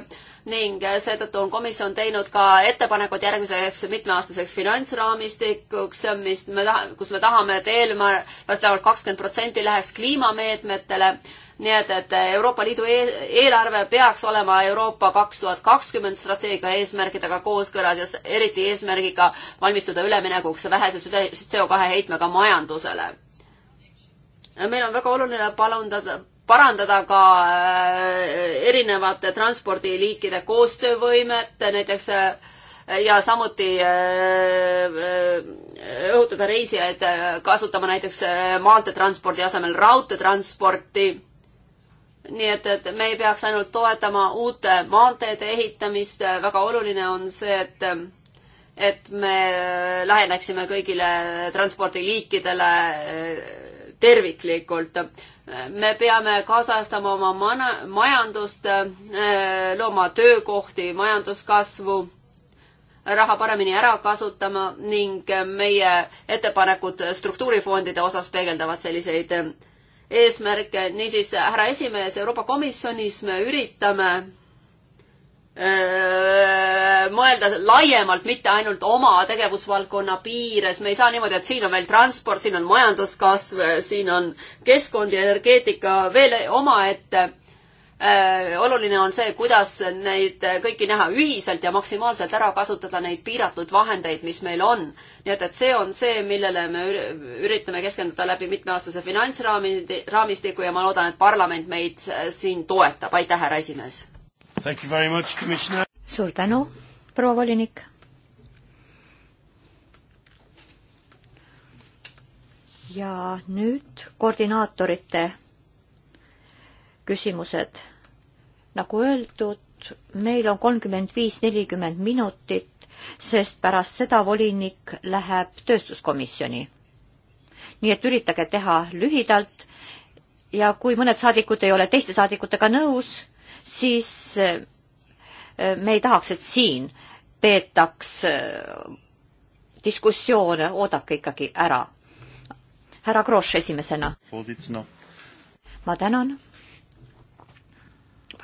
ning äh, seetõttu on komisjon teinud ka ettepanekud järgmiseks mitmeaastaseks finantsraamistikuks, mis me taha-, kus me tahame et eelmär, et eelmärk, vastavalt kakskümmend protsenti läheks kliimameetmetele nii et, et Euroopa Liidu e-, eelarve peaks olema Euroopa kaks tuhat kakskümmend strateegia eesmärkidega kooskõlas ja eriti eesmärgiga valmistuda üleminekuks vähese CO kahe heitmega majandusele. meil on väga oluline palundada, parandada ka äh, erinevate transpordiliikide koostöövõimet, näiteks äh, ja samuti äh, õhutada reisijaid kasutama näiteks maanteetranspordi asemel raudteetransporti nii et, et me ei peaks ainult toetama uute maanteede ehitamist, väga oluline on see, et, et me läheneksime kõigile transpordiliikidele eh, terviklikult. me peame kaasajastama oma mana-, majandust, eh, looma töökohti, majanduskasvu, raha paremini ära kasutama ning meie ettepanekud struktuurifondide osas peegeldavad selliseid eh, eesmärke. niisiis, härra esimees, Euroopa Komisjonis me üritame öö, äh, mõelda laiemalt, mitte ainult oma tegevusvaldkonna piires, me ei saa niimoodi, et siin on meil transport, siin on majanduskasv, siin on keskkond ja energeetika veel omaette Äh, oluline on see, kuidas neid kõiki näha ühiselt ja maksimaalselt ära kasutada neid piiratud vahendeid, mis meil on. nii et, et see on see, millele me üritame keskenduda läbi mitmeaastase finantsraami, raamistiku ja ma loodan, et parlament meid äh, siin toetab. aitäh, härra esimees! suur tänu, proua volinik! ja nüüd koordinaatorite küsimused nagu öeldud, meil on kolmkümmend viis, nelikümmend minutit, sest pärast seda volinik läheb tööstuskomisjoni. nii et üritage teha lühidalt ja kui mõned saadikud ei ole teiste saadikutega nõus, siis eh, me ei tahaks, et siin peetaks eh, diskussioone, oodake ikkagi ära. härra Grosch esimesena. ma tänan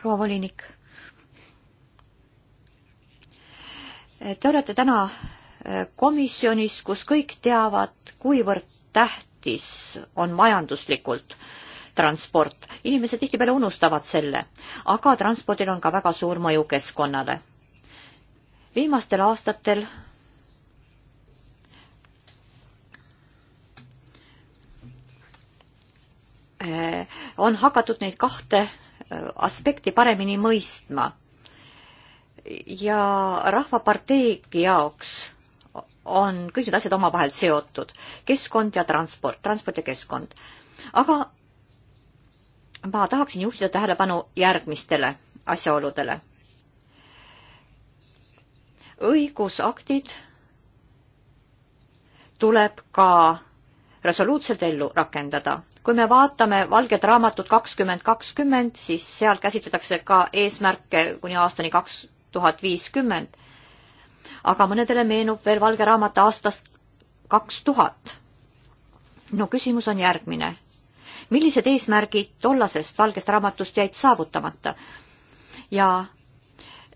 proua volinik. Te olete täna äh, komisjonis, kus kõik teavad, kuivõrd tähtis on majanduslikult transport. inimesed tihtipeale unustavad selle, aga transpordil on ka väga suur mõju keskkonnale. viimastel aastatel äh, on hakatud neid kahte Äh, aspekti paremini mõistma. ja Rahvaparteigi jaoks on kõik need asjad omavahel seotud, keskkond ja transport, transport ja keskkond. aga ma tahaksin juhtida tähelepanu järgmistele asjaoludele. õigusaktid tuleb ka resoluutselt ellu rakendada kui me vaatame Valget Raamatut kakskümmend kakskümmend, siis seal käsitletakse ka eesmärke kuni aastani kaks tuhat viiskümmend. aga mõnedele meenub veel Valge Raamat aastast kaks tuhat. no küsimus on järgmine. millised eesmärgid tollasest Valgest Raamatust jäid saavutamata? ja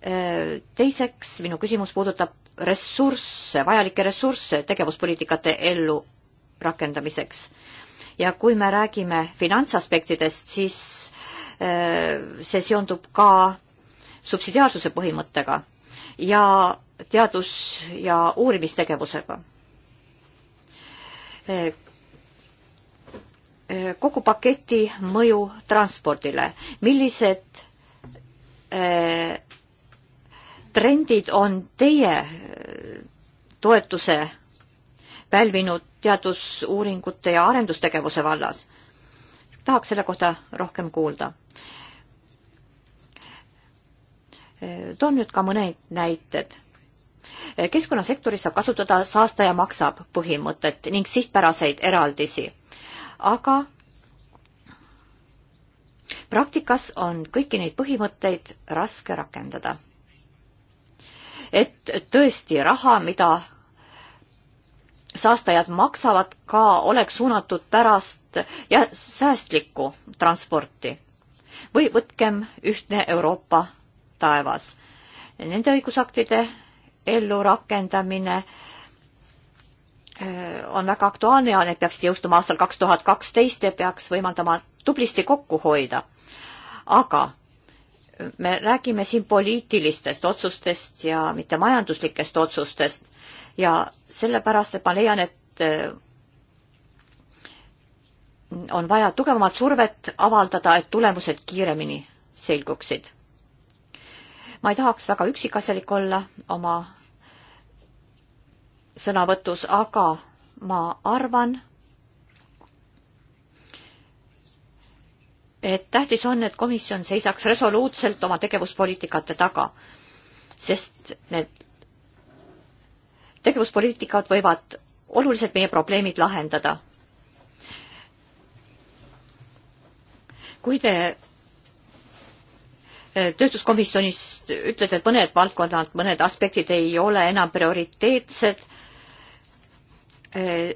äh, teiseks minu küsimus puudutab ressursse, vajalikke ressursse tegevuspoliitikate ellu rakendamiseks ja kui me räägime finantsaspektidest, siis äh, see seondub ka subsidiaarsuse põhimõttega ja teadus- ja uurimistegevusega. Äh, äh, kogu paketi mõju transpordile, millised trendid on teie toetuse pälvinud teadusuuringute ja arendustegevuse vallas. tahaks selle kohta rohkem kuulda. toon nüüd ka mõned näited keskkonnasektoris saab kasutada saastaja maksab põhimõtet ning sihtpäraseid eraldisi. aga praktikas on kõiki neid põhimõtteid raske rakendada. et tõesti raha, mida saastajad maksavad ka oleks suunatud pärast ja säästlikku transporti. või võtkem ühtne Euroopa taevas. Nende õigusaktide ellurakendamine äh, on väga aktuaalne ja need peaksid jõustuma aastal kaks tuhat kaksteist ja peaks võimaldama tublisti kokku hoida. aga me räägime siin poliitilistest otsustest ja mitte majanduslikest otsustest ja sellepärast, et ma leian, et äh, on vaja tugevamat survet avaldada, et tulemused kiiremini selguksid. ma ei tahaks väga üksikasjalik olla oma sõnavõtus, aga ma arvan, et tähtis on, et komisjon seisaks resoluutselt oma tegevuspoliitikate taga, sest need tegevuspoliitikad võivad oluliselt meie probleemid lahendada. kui te eh, tööstuskomisjonist ütlete, et mõned valdkonnad, mõned aspektid ei ole enam prioriteetsed, eh,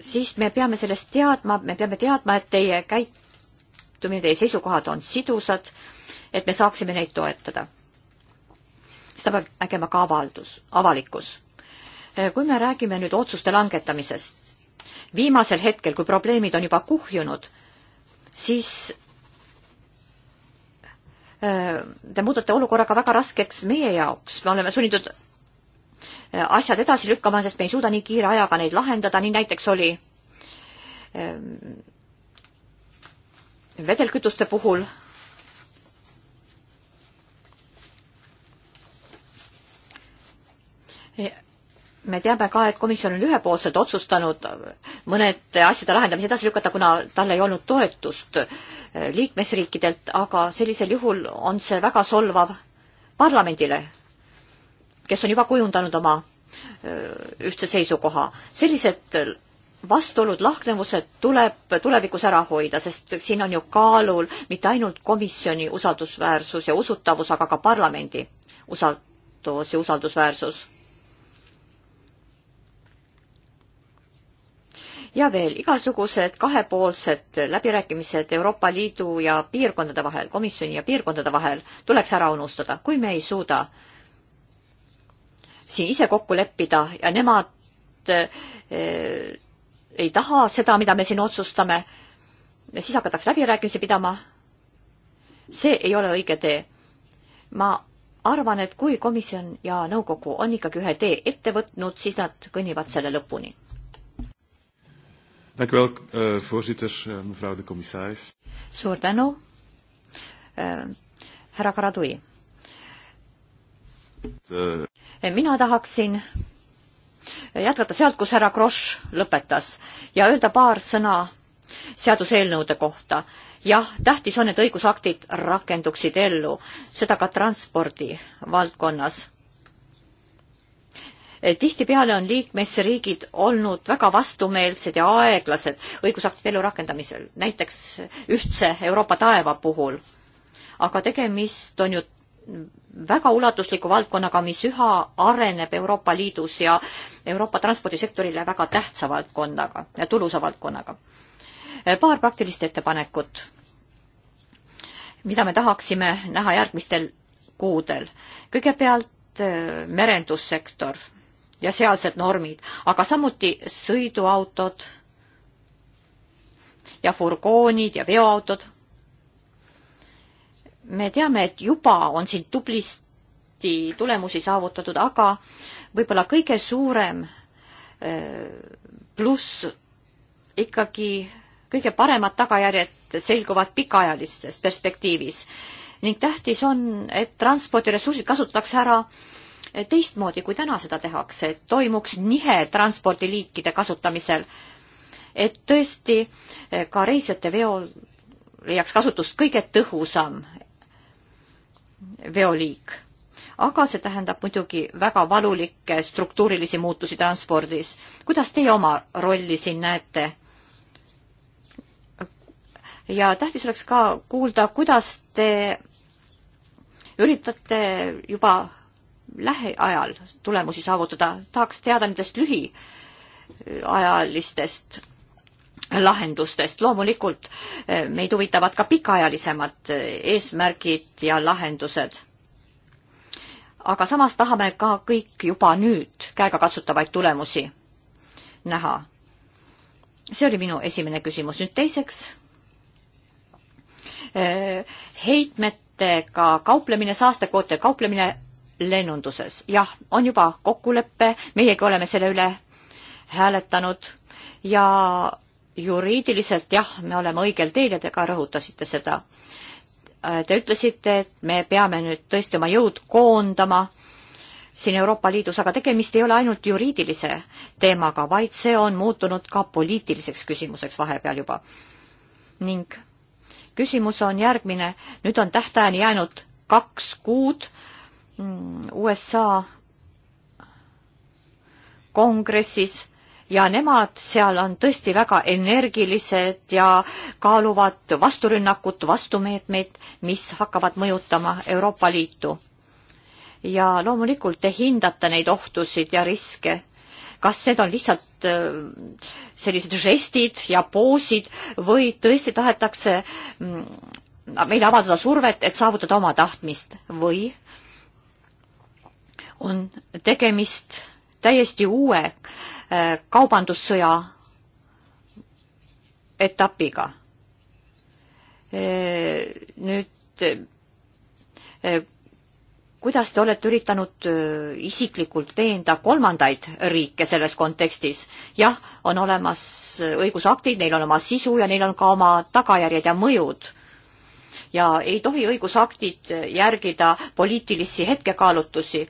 siis me peame sellest teadma, me peame teadma, et teie käitumine, teie seisukohad on sidusad, et me saaksime neid toetada seda peab nägema ka avaldus, avalikkus. Äh, kui me räägime nüüd otsuste langetamisest, viimasel hetkel, kui probleemid on juba kuhjunud, siis äh, te muudate olukorraga väga raskeks meie jaoks, me oleme sunnitud äh, asjad edasi lükkama, sest me ei suuda nii kiire ajaga neid lahendada, nii näiteks oli ähm, vedelkütuste puhul me teame ka, et komisjon on ühepoolselt otsustanud mõnede asjade lahendamise edasi lükata, kuna tal ei olnud toetust eh, liikmesriikidelt, aga sellisel juhul on see väga solvav parlamendile, kes on juba kujundanud oma eh, ühtse seisukoha. sellised vastuolud, lahknevused tuleb tulevikus ära hoida, sest siin on ju kaalul mitte ainult komisjoni usaldusväärsus ja usutavus, aga ka parlamendi usaldus ja usaldusväärsus ja veel igasugused kahepoolsed läbirääkimised Euroopa Liidu ja piirkondade vahel, komisjoni ja piirkondade vahel tuleks ära unustada, kui me ei suuda siin ise kokku leppida ja nemad eh, ei taha seda, mida me siin otsustame, siis hakatakse läbirääkimisi pidama. see ei ole õige tee. ma arvan, et kui komisjon ja nõukogu on ikkagi ühe tee ette võtnud, siis nad kõnnivad selle lõpuni Dank u wel, uh, voorzitter, uh, mevrouw de commissaris. suur tänu äh,, härra Karadui uh.... mina tahaksin jätkata sealt, kus härra Kross lõpetas ja öelda paar sõna seaduseelnõude kohta. jah, tähtis on, et õigusaktid rakenduksid ellu, seda ka transpordi valdkonnas Eh, tihtipeale on liikmesriigid olnud väga vastumeelsed ja aeglased õigusaktide elu rakendamisel, näiteks ühtse Euroopa taeva puhul. aga tegemist on ju väga ulatusliku valdkonnaga, mis üha areneb Euroopa Liidus ja Euroopa transpordisektorile väga tähtsa valdkonnaga ja tulusa valdkonnaga. Eh, paar praktilist ettepanekut, mida me tahaksime näha järgmistel kuudel. kõigepealt eh, merendussektor ja sealsed normid, aga samuti sõiduautod ja furgoonid ja veoautod. me teame, et juba on siin tublisti tulemusi saavutatud, aga võib-olla kõige suurem äh, pluss ikkagi kõige paremad tagajärjed selguvad pikaajalises perspektiivis ning tähtis on, et transpordiressursid kasutatakse ära äh, teistmoodi, kui täna seda tehakse, et toimuks nihe transpordiliikide kasutamisel, et tõesti eh, ka reisijate veol leiaks kasutust kõige tõhusam veoliik. aga see tähendab muidugi väga valulikke struktuurilisi muutusi transpordis. kuidas teie oma rolli siin näete? ja tähtis oleks ka kuulda, kuidas te üritate juba lähiajal tulemusi saavutada, tahaks teada nendest lühiajalistest lahendustest. loomulikult eh, meid huvitavad ka pikaajalisemad eh, eesmärgid ja lahendused. aga samas tahame ka kõik juba nüüd käegakatsutavaid tulemusi näha. see oli minu esimene küsimus. nüüd teiseks. Eh, heitmetega kauplemine, saastekvootidega kauplemine lennunduses. jah, on juba kokkulepe, meiegi oleme selle üle hääletanud ja juriidiliselt jah, me oleme õigel teel ja te ka rõhutasite seda. Äh, te ütlesite, et me peame nüüd tõesti oma jõud koondama siin Euroopa Liidus, aga tegemist ei ole ainult juriidilise teemaga, vaid see on muutunud ka poliitiliseks küsimuseks vahepeal juba. ning küsimus on järgmine, nüüd on tähtajani jäänud kaks kuud äh, Mm, USA kongressis ja nemad seal on tõesti väga energilised ja kaaluvad vasturünnakut, vastumeetmeid, mis hakkavad mõjutama Euroopa Liitu. ja loomulikult te hindate neid ohtusid ja riske. kas need on lihtsalt äh, sellised žestid ja poosid või tõesti tahetakse mm, meile avaldada survet, et saavutada oma tahtmist või äh, on tegemist täiesti uue äh, kaubandussõja etapiga. Äh, nüüd äh, kuidas te olete üritanud isiklikult veenda kolmandaid riike selles kontekstis? jah, on olemas õigusaktid, neil on oma sisu ja neil on ka oma tagajärjed ja mõjud. ja ei tohi õigusaktid järgida poliitilisi hetkekaalutusi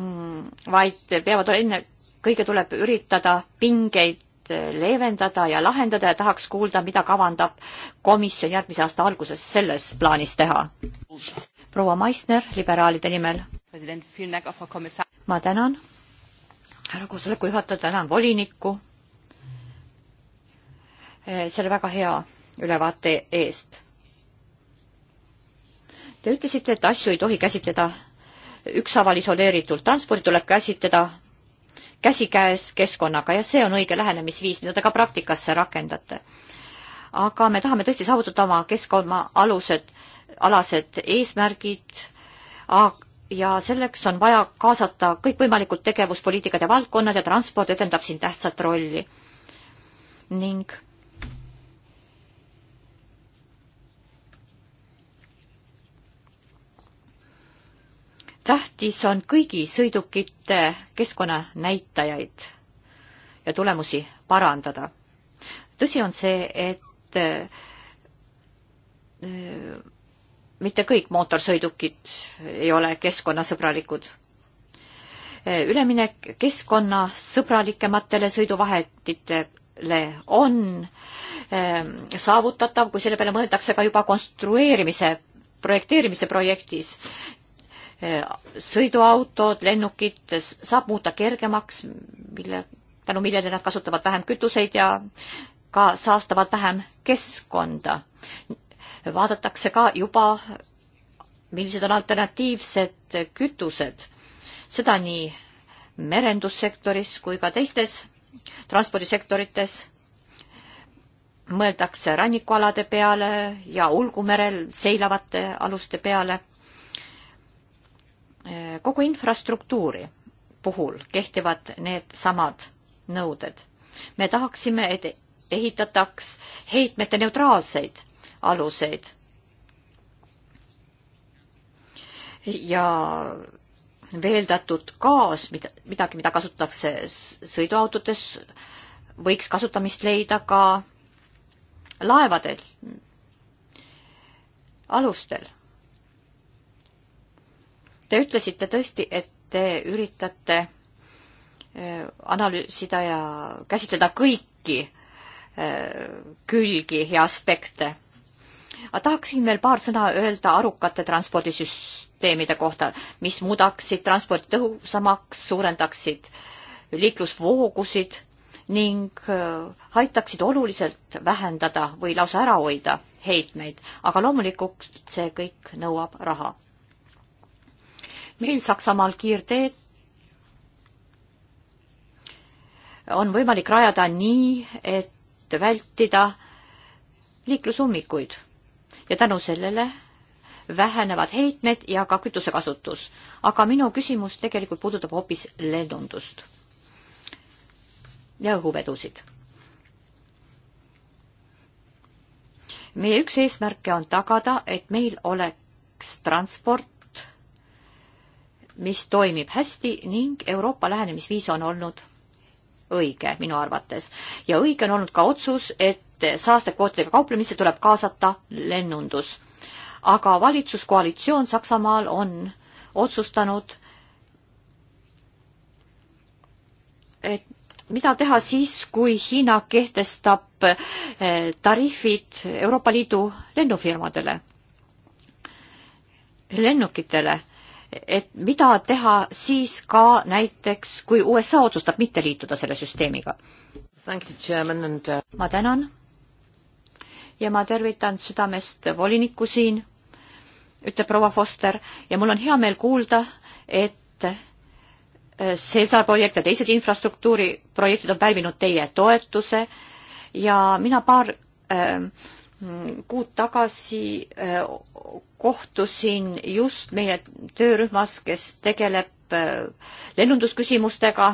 Mm, vaid peavad enne, kõige tuleb üritada pingeid äh, leevendada ja lahendada ja tahaks kuulda, mida kavandab komisjon järgmise aasta alguses selles plaanis teha. proua Maisner liberaalide nimel. ma tänan, härra koosoleku juhataja, tänan volinikku äh, selle väga hea ülevaate eest. Te ütlesite, et asju ei tohi käsitleda ükshaaval isoleeritult. transporti tuleb käsitleda käsikäes keskkonnaga ja see on õige lähenemisviis, mida te ka praktikasse rakendate. aga me tahame tõesti saavutada oma keskkonna alused, alased eesmärgid ja selleks on vaja kaasata kõikvõimalikud tegevuspoliitikad ja valdkonnad ja transport etendab siin tähtsat rolli. ning tähtis on kõigi sõidukite keskkonnanäitajaid ja tulemusi parandada. tõsi on see, et äh, mitte kõik mootorsõidukid ei ole keskkonnasõbralikud. Äh, üleminek keskkonnasõbralikematele sõiduvahenditele on ähm, saavutatav, kui selle peale mõeldakse ka juba konstrueerimise projekteerimise projektis sõiduautod, lennukid saab muuta kergemaks, mille, tänu millele nad kasutavad vähem kütuseid ja ka saastavad vähem keskkonda. vaadatakse ka juba, millised on alternatiivsed kütused, seda nii merendussektoris kui ka teistes transpordisektorites. mõeldakse rannikualade peale ja ulgumerel seilavate aluste peale Äh, kogu infrastruktuuri puhul kehtivad need samad nõuded. me tahaksime, et ehitataks heitmete neutraalseid aluseid. ja veeldatud gaas, mida, midagi, mida kasutatakse sõiduautodes, võiks kasutamist leida ka laevadel, alustel Te ütlesite tõesti, et te üritate äh, analüüsida ja käsitleda kõiki äh, külgi ja aspekte. aga tahaksin veel paar sõna öelda arukate transpordisüsteemide kohta, mis muudaksid transporti tõhusamaks, suurendaksid liiklusvoogusid ning äh, aitaksid oluliselt vähendada või lausa ära hoida heitmeid, aga loomulikult see kõik nõuab raha meil Saksamaal kiirteed on võimalik rajada nii, et vältida liiklusummikuid ja tänu sellele vähenevad heitmed ja ka kütusekasutus. aga minu küsimus tegelikult puudutab hoopis lennundust ja õhuvedusid. meie üks eesmärke on tagada, et meil oleks transport, mis toimib hästi ning Euroopa lähenemisviis on olnud õige minu arvates. ja õige on olnud ka otsus, et saastekvootidega kauplemisse tuleb kaasata lennundus. aga valitsuskoalitsioon Saksamaal on otsustanud, et mida teha siis, kui Hiina kehtestab eh, tariifid Euroopa Liidu lennufirmadele, lennukitele et mida teha siis ka näiteks, kui USA otsustab mitte liituda selle süsteemiga. And... Uh, ma tänan ja ma tervitan südamest volinikku siin, ütleb proua Foster ja mul on hea meel kuulda, et äh, Cesar projekt ja teised infrastruktuuriprojektid on pälvinud teie toetuse ja mina paar äh, kuud tagasi äh, kohtusin just meie töörühmas, kes tegeleb äh, lennundusküsimustega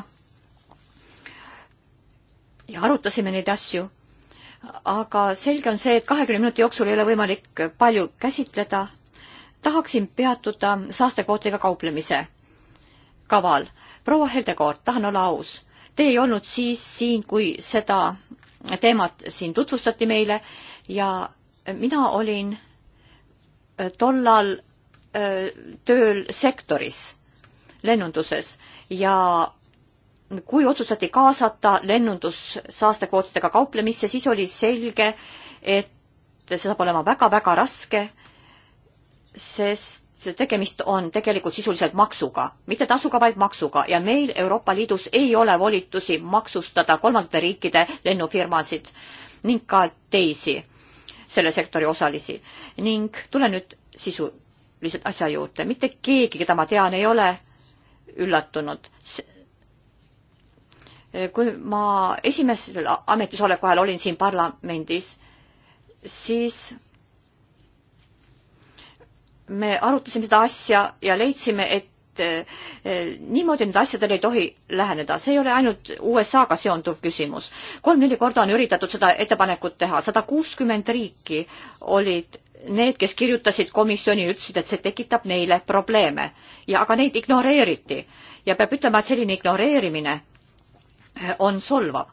ja arutasime neid asju. aga selge on see, et kahekümne minuti jooksul ei ole võimalik palju käsitleda. tahaksin peatuda saastekvootidega kauplemise kaval. proua Heldekoort, tahan olla aus. Te ei olnud siis siin, kui seda teemat siin tutvustati meile ja mina olin äh, tollal äh, tööl sektoris, lennunduses ja kui otsustati kaasata lennundus saastekvootidega kauplemisse, siis oli selge, et see saab olema väga-väga raske, sest tegemist on tegelikult sisuliselt maksuga, mitte tasuga, vaid maksuga ja meil Euroopa Liidus ei ole volitusi maksustada kolmandate riikide lennufirmasid ning ka teisi selle sektori osalisi. ning tulen nüüd sisuliselt asja juurde, mitte keegi, keda ma tean, ei ole üllatunud. kui ma esimesel ametisoleku ajal olin siin parlamendis, siis me arutasime seda asja ja leidsime, et eh, niimoodi nüüd asjadele ei tohi läheneda, see ei ole ainult USA-ga seonduv küsimus. kolm-neli korda on üritatud seda ettepanekut teha, sada kuuskümmend riiki olid need, kes kirjutasid komisjoni, ütlesid, et see tekitab neile probleeme ja aga neid ignoreeriti ja peab ütlema, et selline ignoreerimine on solvav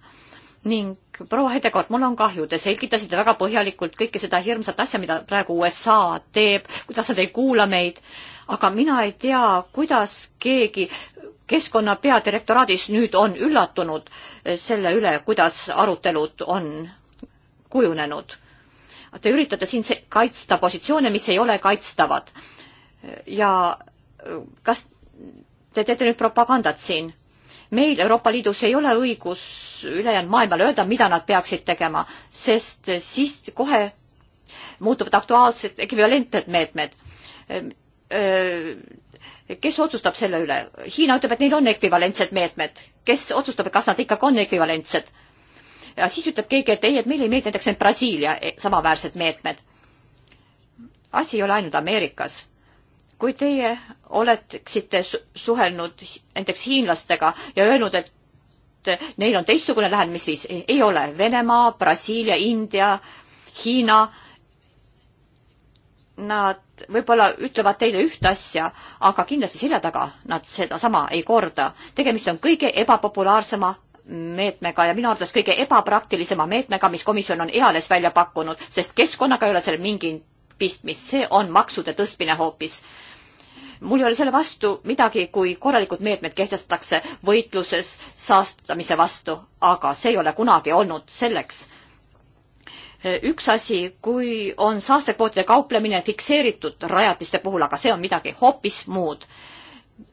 ning proua Hedekord, mul on kahju, te selgitasite väga põhjalikult kõike seda hirmsat asja, mida praegu USA teeb, kuidas nad ei kuula meid, aga mina ei tea, kuidas keegi keskkonna peadirektoraadis nüüd on üllatunud selle üle, kuidas arutelud on kujunenud. Te üritate siin kaitsta positsioone, mis ei ole kaitstavad. ja kas te teete nüüd propagandat siin? meil Euroopa Liidus ei ole õigus ülejäänud maailmale öelda, mida nad peaksid tegema, sest siis kohe muutuvad aktuaalsed ekvivalentsed meetmed. Ehm, ehm, kes otsustab selle üle? Hiina ütleb, et neil on ekvivalentsed meetmed. kes otsustab, kas nad ikkagi on ekvivalentsed? ja siis ütleb keegi, et ei, et meile ei meeldi näiteks need Brasiilia eh, samaväärsed meetmed. asi ei ole ainult Ameerikas kui teie oleksite suhelnud näiteks hiinlastega ja öelnud, et neil on teistsugune lähenemisviis, ei ole Venemaa, Brasiilia, India, Hiina. Nad võib-olla ütlevad teile ühte asja, aga kindlasti selja taga nad sedasama ei korda. tegemist on kõige ebapopulaarsema meetmega ja minu arvates kõige ebapraktilisema meetmega, mis komisjon on eales välja pakkunud, sest keskkonnaga ei ole sellel mingi pistmist, see on maksude tõstmine hoopis. mul ei ole selle vastu midagi, kui korralikud meetmed kehtestatakse võitluses saastamise vastu, aga see ei ole kunagi olnud selleks. üks asi, kui on saastekvootide kauplemine fikseeritud rajatiste puhul, aga see on midagi hoopis muud.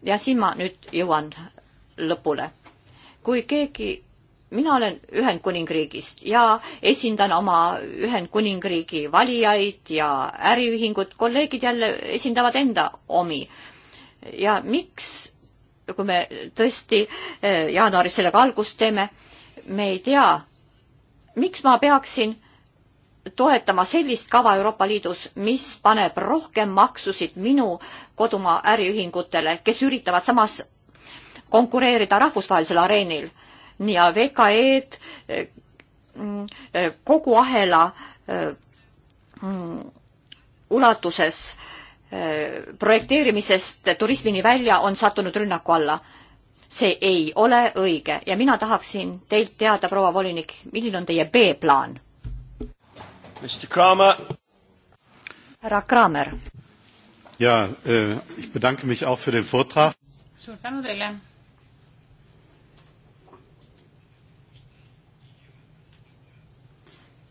ja siin ma nüüd jõuan lõpule. kui keegi mina olen Ühendkuningriigist ja esindan oma Ühendkuningriigi valijaid ja äriühingut, kolleegid jälle esindavad enda omi. ja miks, kui me tõesti eh, jaanuaris sellega algust teeme, me ei tea, miks ma peaksin toetama sellist kava Euroopa Liidus, mis paneb rohkem maksusid minu kodumaa äriühingutele, kes üritavad samas konkureerida rahvusvahelisel areenil ja VKE-d eh, kogu ahela eh, mm, ulatuses eh, projekteerimisest turismini välja on sattunud rünnaku alla. see ei ole õige ja mina tahaksin teilt teada, proua volinik, milline on teie B-plaan? härra Kramer. jaa, äh, suur tänu teile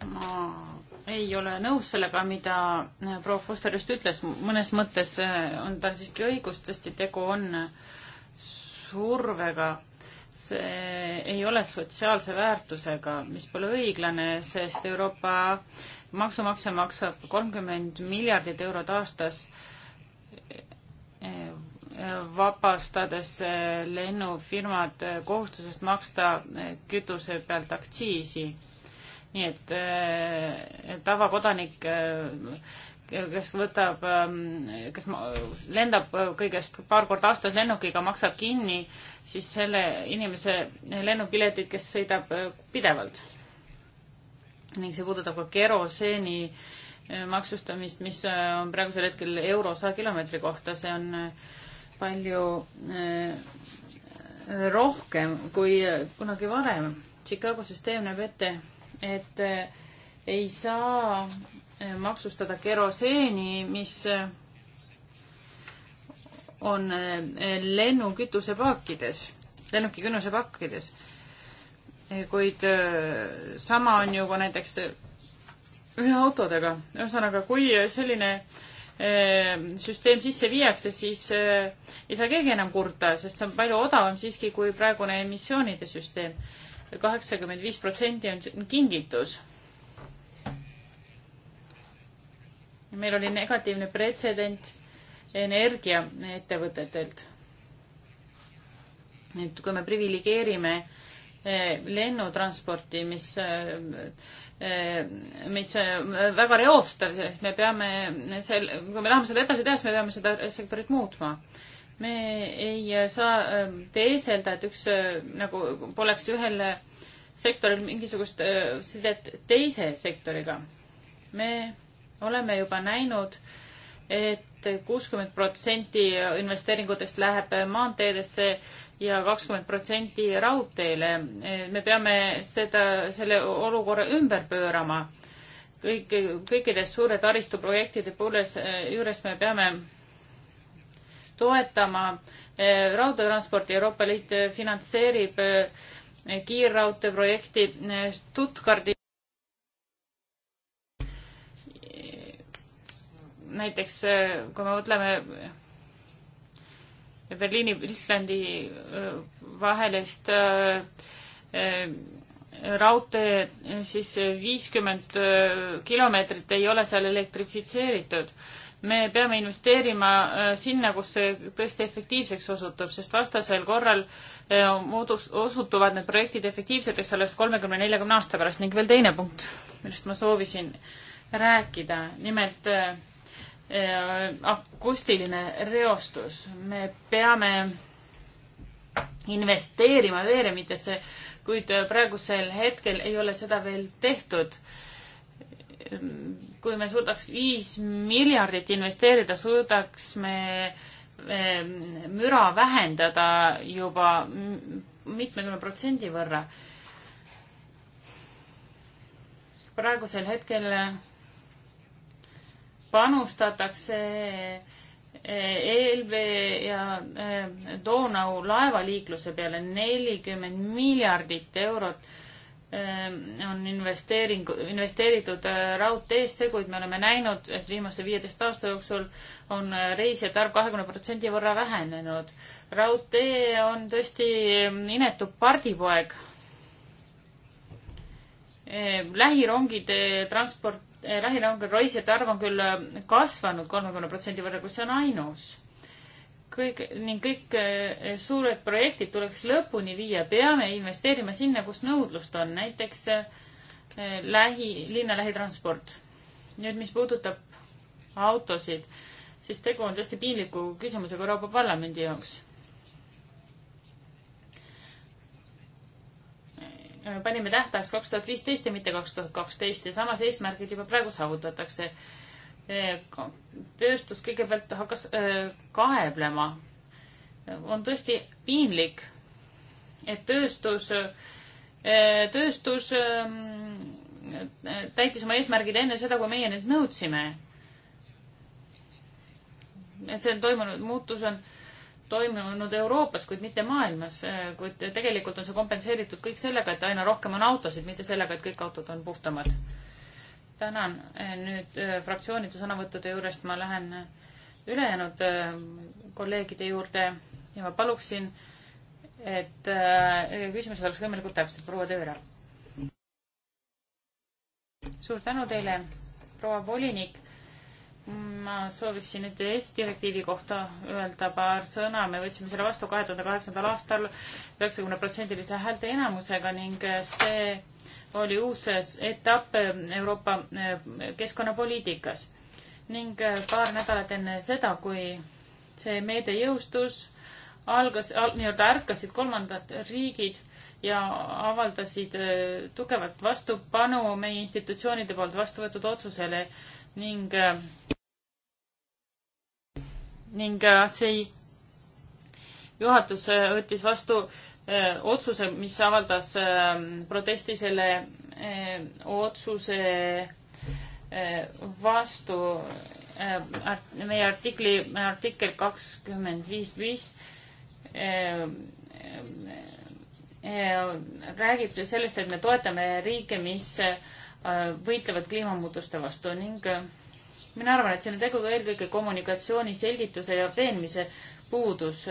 ma ei ole nõus sellega, mida äh, proua Foster just ütles, mõnes mõttes äh, on tal siiski õigus, tõesti tegu on survega. see ei ole sotsiaalse väärtusega, mis pole õiglane, sest Euroopa maksumaksja maksab kolmkümmend miljardit eurot aastas äh, vabastades lennufirmad kohustusest maksta kütuse pealt aktsiisi nii et äh, tavakodanik, äh, kes võtab, ähm, kes lendab äh, kõigest paar korda aastas lennukiga, maksab kinni, siis selle inimese lennupiletid, kes sõidab pidevalt. ning see puudutab ka keroseeni maksustamist, mis on praegusel hetkel euro saja kilomeetri kohta, see on palju rohkem kui kunagi varem. Chicago süsteem näeb ette et äh, ei saa äh, maksustada keroseeni, mis äh, on lennukütusepaakides, lennukikütusepakkides. kuid sama on ju ka näiteks veoautodega. ühesõnaga, kui selline süsteem sisse viiakse, siis ei saa keegi enam kurta, sest see on palju odavam siiski kui praegune emissioonide süsteem kaheksakümmend viis protsenti on kingitus. meil oli negatiivne pretsedent energiaettevõtetelt. et kui me priviligeerime eh, lennutransporti, mis, eh, eh, mis väga reostav, me peame sel-, kui me tahame seda edasi teha, siis me peame seda sektorit muutma me ei saa ähm, teeselda, et üks äh, nagu poleks ühel äh, sektoril mingisugust äh, sidet teise sektoriga. me oleme juba näinud et, et kuuskümmend protsenti investeeringutest läheb maanteedesse ja kakskümmend protsenti raudteele. me peame seda, selle olukorra ümber pöörama. kõik, kõikides suure taristuprojektide puules, juures me peame toetama. Eh, raudteetransporti Euroopa Liit eh, finantseerib eh, kiirraudteeprojekti Stuttgardi. näiteks kui me mõtleme Berliini, Islandi vahelist raudtee, siis viiskümmend kilomeetrit ei ole seal elektrifitseeritud me peame investeerima äh, sinna, kus see tõesti efektiivseks osutub, sest vastasel korral äh, muudus, osutuvad need projektid efektiivseteks alles kolmekümne, neljakümne aasta pärast ning veel teine punkt, millest ma soovisin rääkida, nimelt äh, äh akustiline reostus. me peame investeerima veeremitesse, kuid praegusel hetkel ei ole seda veel tehtud äh, kui me suudaks viis miljardit investeerida, suudaks me müra vähendada juba mitmekümne protsendi võrra. praegusel hetkel panustatakse e, ELV ja e, Donau laevaliikluse peale nelikümmend miljardit eurot Ehm, on investeering, investeeritud äh, raudteesse, kuid me oleme näinud, et viimase viieteist aasta jooksul on äh, reisijate arv kahekümne protsendi võrra vähenenud. raudtee on tõesti ehm, inetu pardipoeg. Ehm, lähirongide transport, lähirongide reisijate arv on küll äh, kasvanud kolmekümne protsendi võrra, kuid see on ainus kõik ning kõik eh, suured projektid tuleks lõpuni viia, peame investeerima sinna, kus nõudlust on, näiteks eh, lähi, linna lähitransport. nüüd, mis puudutab autosid, siis tegu on tõesti piinliku küsimusega Euroopa Parlamendi jaoks. Eh, panime tähtajaks kaks tuhat viisteist ja mitte kaks tuhat kaksteist ja samas eesmärgid juba praegu saavutatakse tööstus kõigepealt hakkas äh, kaeblema. on tõesti piinlik, et tööstus, äh, tööstus ähm, täitis oma eesmärgid enne seda, kui meie neid nõudsime. et see on toimunud, muutus on toimunud Euroopas, kuid mitte maailmas, äh, kuid tegelikult on see kompenseeritud kõik sellega, et aina rohkem on autosid, mitte sellega, et kõik autod on puhtamad tänan, nüüd äh, fraktsioonide sõnavõttude juurest ma lähen äh, ülejäänud äh, kolleegide juurde ja ma paluksin, et küsimused oleks võimalikult täpsed, proua Tööra. suur tänu teile, proua volinik. ma sooviksin nüüd eesdirektiivi kohta öelda paar sõna, me võtsime selle vastu kahe tuhande kaheksandal aastal üheksakümneprotsendilise häälteenamusega ning see oli uus etapp eh, Euroopa eh, keskkonnapoliitikas ning eh, paar nädalat enne seda, kui see meede jõustus, algas al,, nii-öelda ärkasid kolmandad riigid ja avaldasid tugevat vastupanu meie institutsioonide poolt vastu võetud otsusele ning, ning see juhatus võttis vastu otsuse, mis avaldas protesti selle otsuse vastu meie artikli, artikkel kakskümmend viis viis räägib sellest, et me toetame riike, mis võitlevad kliimamuutuste vastu ning mina arvan, et siin on tegu eelkõige kommunikatsiooni, selgituse ja veenmise puudus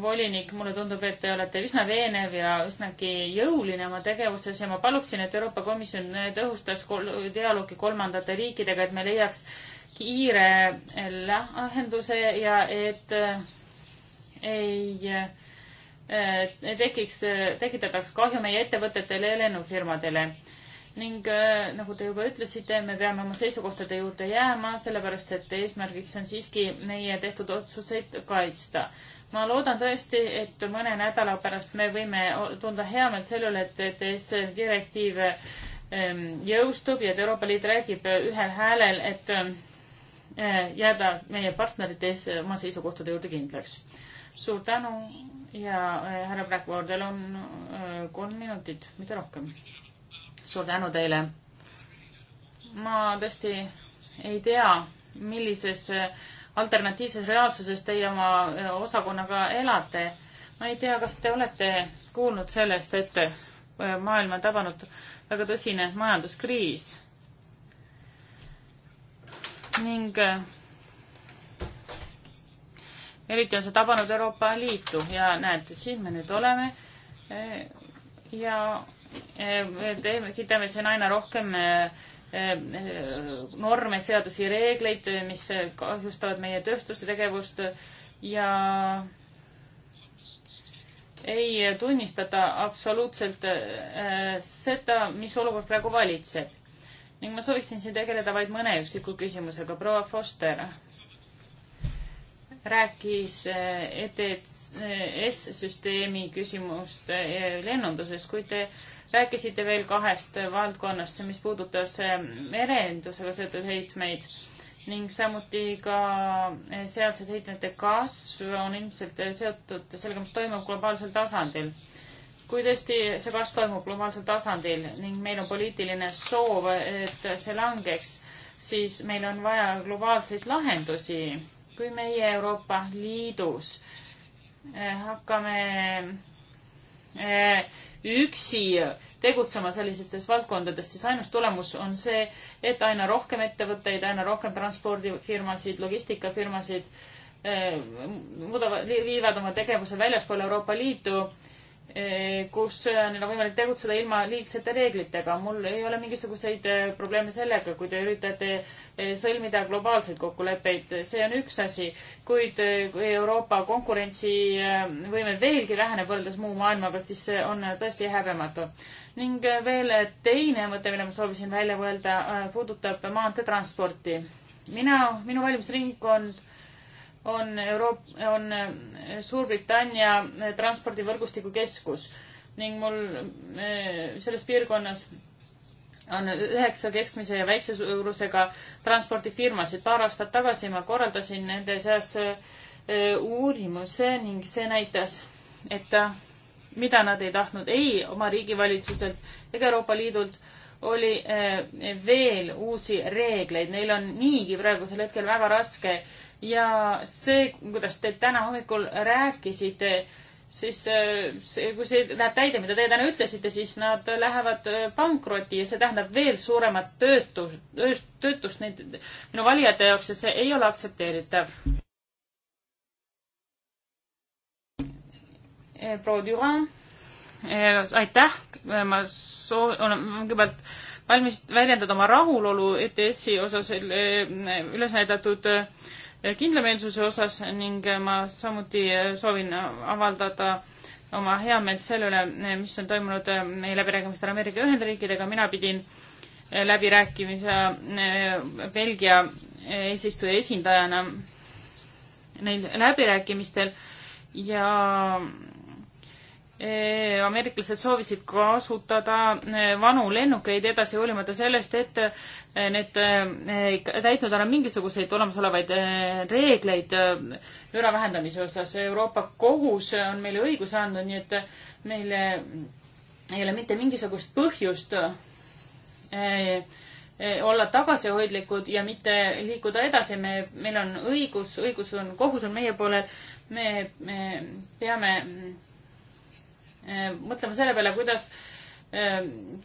volinik, mulle tundub, et te olete üsna veenev ja üsnagi jõuline oma tegevuses ja ma paluksin, et Euroopa Komisjon tõhustas kol dialoogi kolmandate riikidega, et me leiaks kiire lahenduse ja et äh, ei äh, tekiks, tekitataks kahju meie ettevõtetele ja lennufirmadele ning äh, nagu te juba ütlesite, me peame oma seisukohtade juurde jääma, sellepärast et eesmärgiks on siiski meie tehtud otsuseid kaitsta. ma loodan tõesti, et mõne nädala pärast me võime tunda heameelt selle üle, et see direktiiv ähm, jõustub ja et Euroopa Liit räägib ühel häälel, et äh, jääda meie partnerite ees oma seisukohtade juurde kindlaks. suur tänu ja äh, härra Blackboardil on kolm minutit, mitte rohkem suur tänu teile. ma tõesti ei tea, millises äh, alternatiivses reaalsuses teie oma äh, osakonnaga elate. ma ei tea, kas te olete kuulnud sellest, et äh, maailma on tabanud väga tõsine majanduskriis. ning eriti on see tabanud Euroopa Liitu ja näed, siin me nüüd oleme. ja Äh, teeme, kiidame siin aina rohkem äh, äh, norme, seadusi, reegleid, mis kahjustavad meie tööstuse tegevust ja ei tunnistata absoluutselt seda, mis olukord praegu valitseb. ning ma sooviksin siin tegeleda vaid mõne üksiku küsimusega. proua Foster rääkis ETS-süsteemi küsimust lennunduses, kui te rääkisite veel kahest valdkonnast, mis puudutas eh, merendusega seotud heitmeid ning samuti ka eh, sealsed heitmete kasv on ilmselt eh, seotud sellega, mis toimub globaalsel tasandil. kui tõesti see kasv toimub globaalsel tasandil ning meil on poliitiline soov, et see langeks, siis meil on vaja globaalseid lahendusi. kui meie Euroopa Liidus hakkame üksi tegutsema sellistes valdkondades, siis ainus tulemus on see, et aina rohkem ettevõtteid, aina rohkem transpordifirmasid, logistikafirmasid eh, muudavad, viivad oma tegevuse väljaspool Euroopa Liitu Eh, kus eh, neil on võimalik tegutseda ilma liigsete reeglitega. mul ei ole mingisuguseid eh, probleeme sellega, kui te üritate sõlmida globaalseid kokkuleppeid, see on üks asi, kuid kui Euroopa konkurentsivõime veelgi väheneb võrreldes muu maailmaga, siis see on tõesti häbematu. ning veel teine mõte, mille ma soovisin välja mõelda, puudutab maanteetransporti. mina, minu valimisringkond on Euroop-, on Suurbritannia transpordivõrgustiku keskus ning mul selles piirkonnas on üheksa keskmise ja väikse suurusega transpordifirmasid. paar aastat tagasi ma korraldasin nende seas e, uurimuse ning see näitas, et mida nad ei tahtnud ei oma riigi valitsuselt ega Euroopa Liidult, oli äh, veel uusi reegleid, neil on niigi praegusel hetkel väga raske ja see, kuidas te täna hommikul rääkisite, siis äh, see, kui see läheb täide, mida te täna ütlesite, siis nad lähevad äh, pankrotti ja see tähendab veel suuremat töötust, töötust neid, minu valijate jaoks ja see ei ole aktsepteeritav. proua Düran aitäh, ma soo-, olen kõigepealt valmis väljendada oma rahulolu ETS-i osas eh, üles näidatud eh, kindlameelsuse osas ning eh, ma samuti soovin avaldada oma heameelt selle üle, mis on toimunud meie läbirääkimistel Ameerika Ühendriikidega, mina pidin läbirääkimise Belgia eesistuja esindajana neil läbirääkimistel ja Eh, ameeriklased soovisid kasutada eh, vanu lennukeid edasi, hoolimata sellest, et eh, need ei täitnud ära mingisuguseid olemasolevaid reegleid müra vähendamise osas. Euroopa Kohus on meile õiguse andnud, nii et meil ei ole mitte mingisugust põhjust olla tagasihoidlikud ja mitte liikuda edasi. me, meil on õigus, õigus on, kohus on meie poolel. me, me peame Äh, mõtlema selle peale, kuidas äh,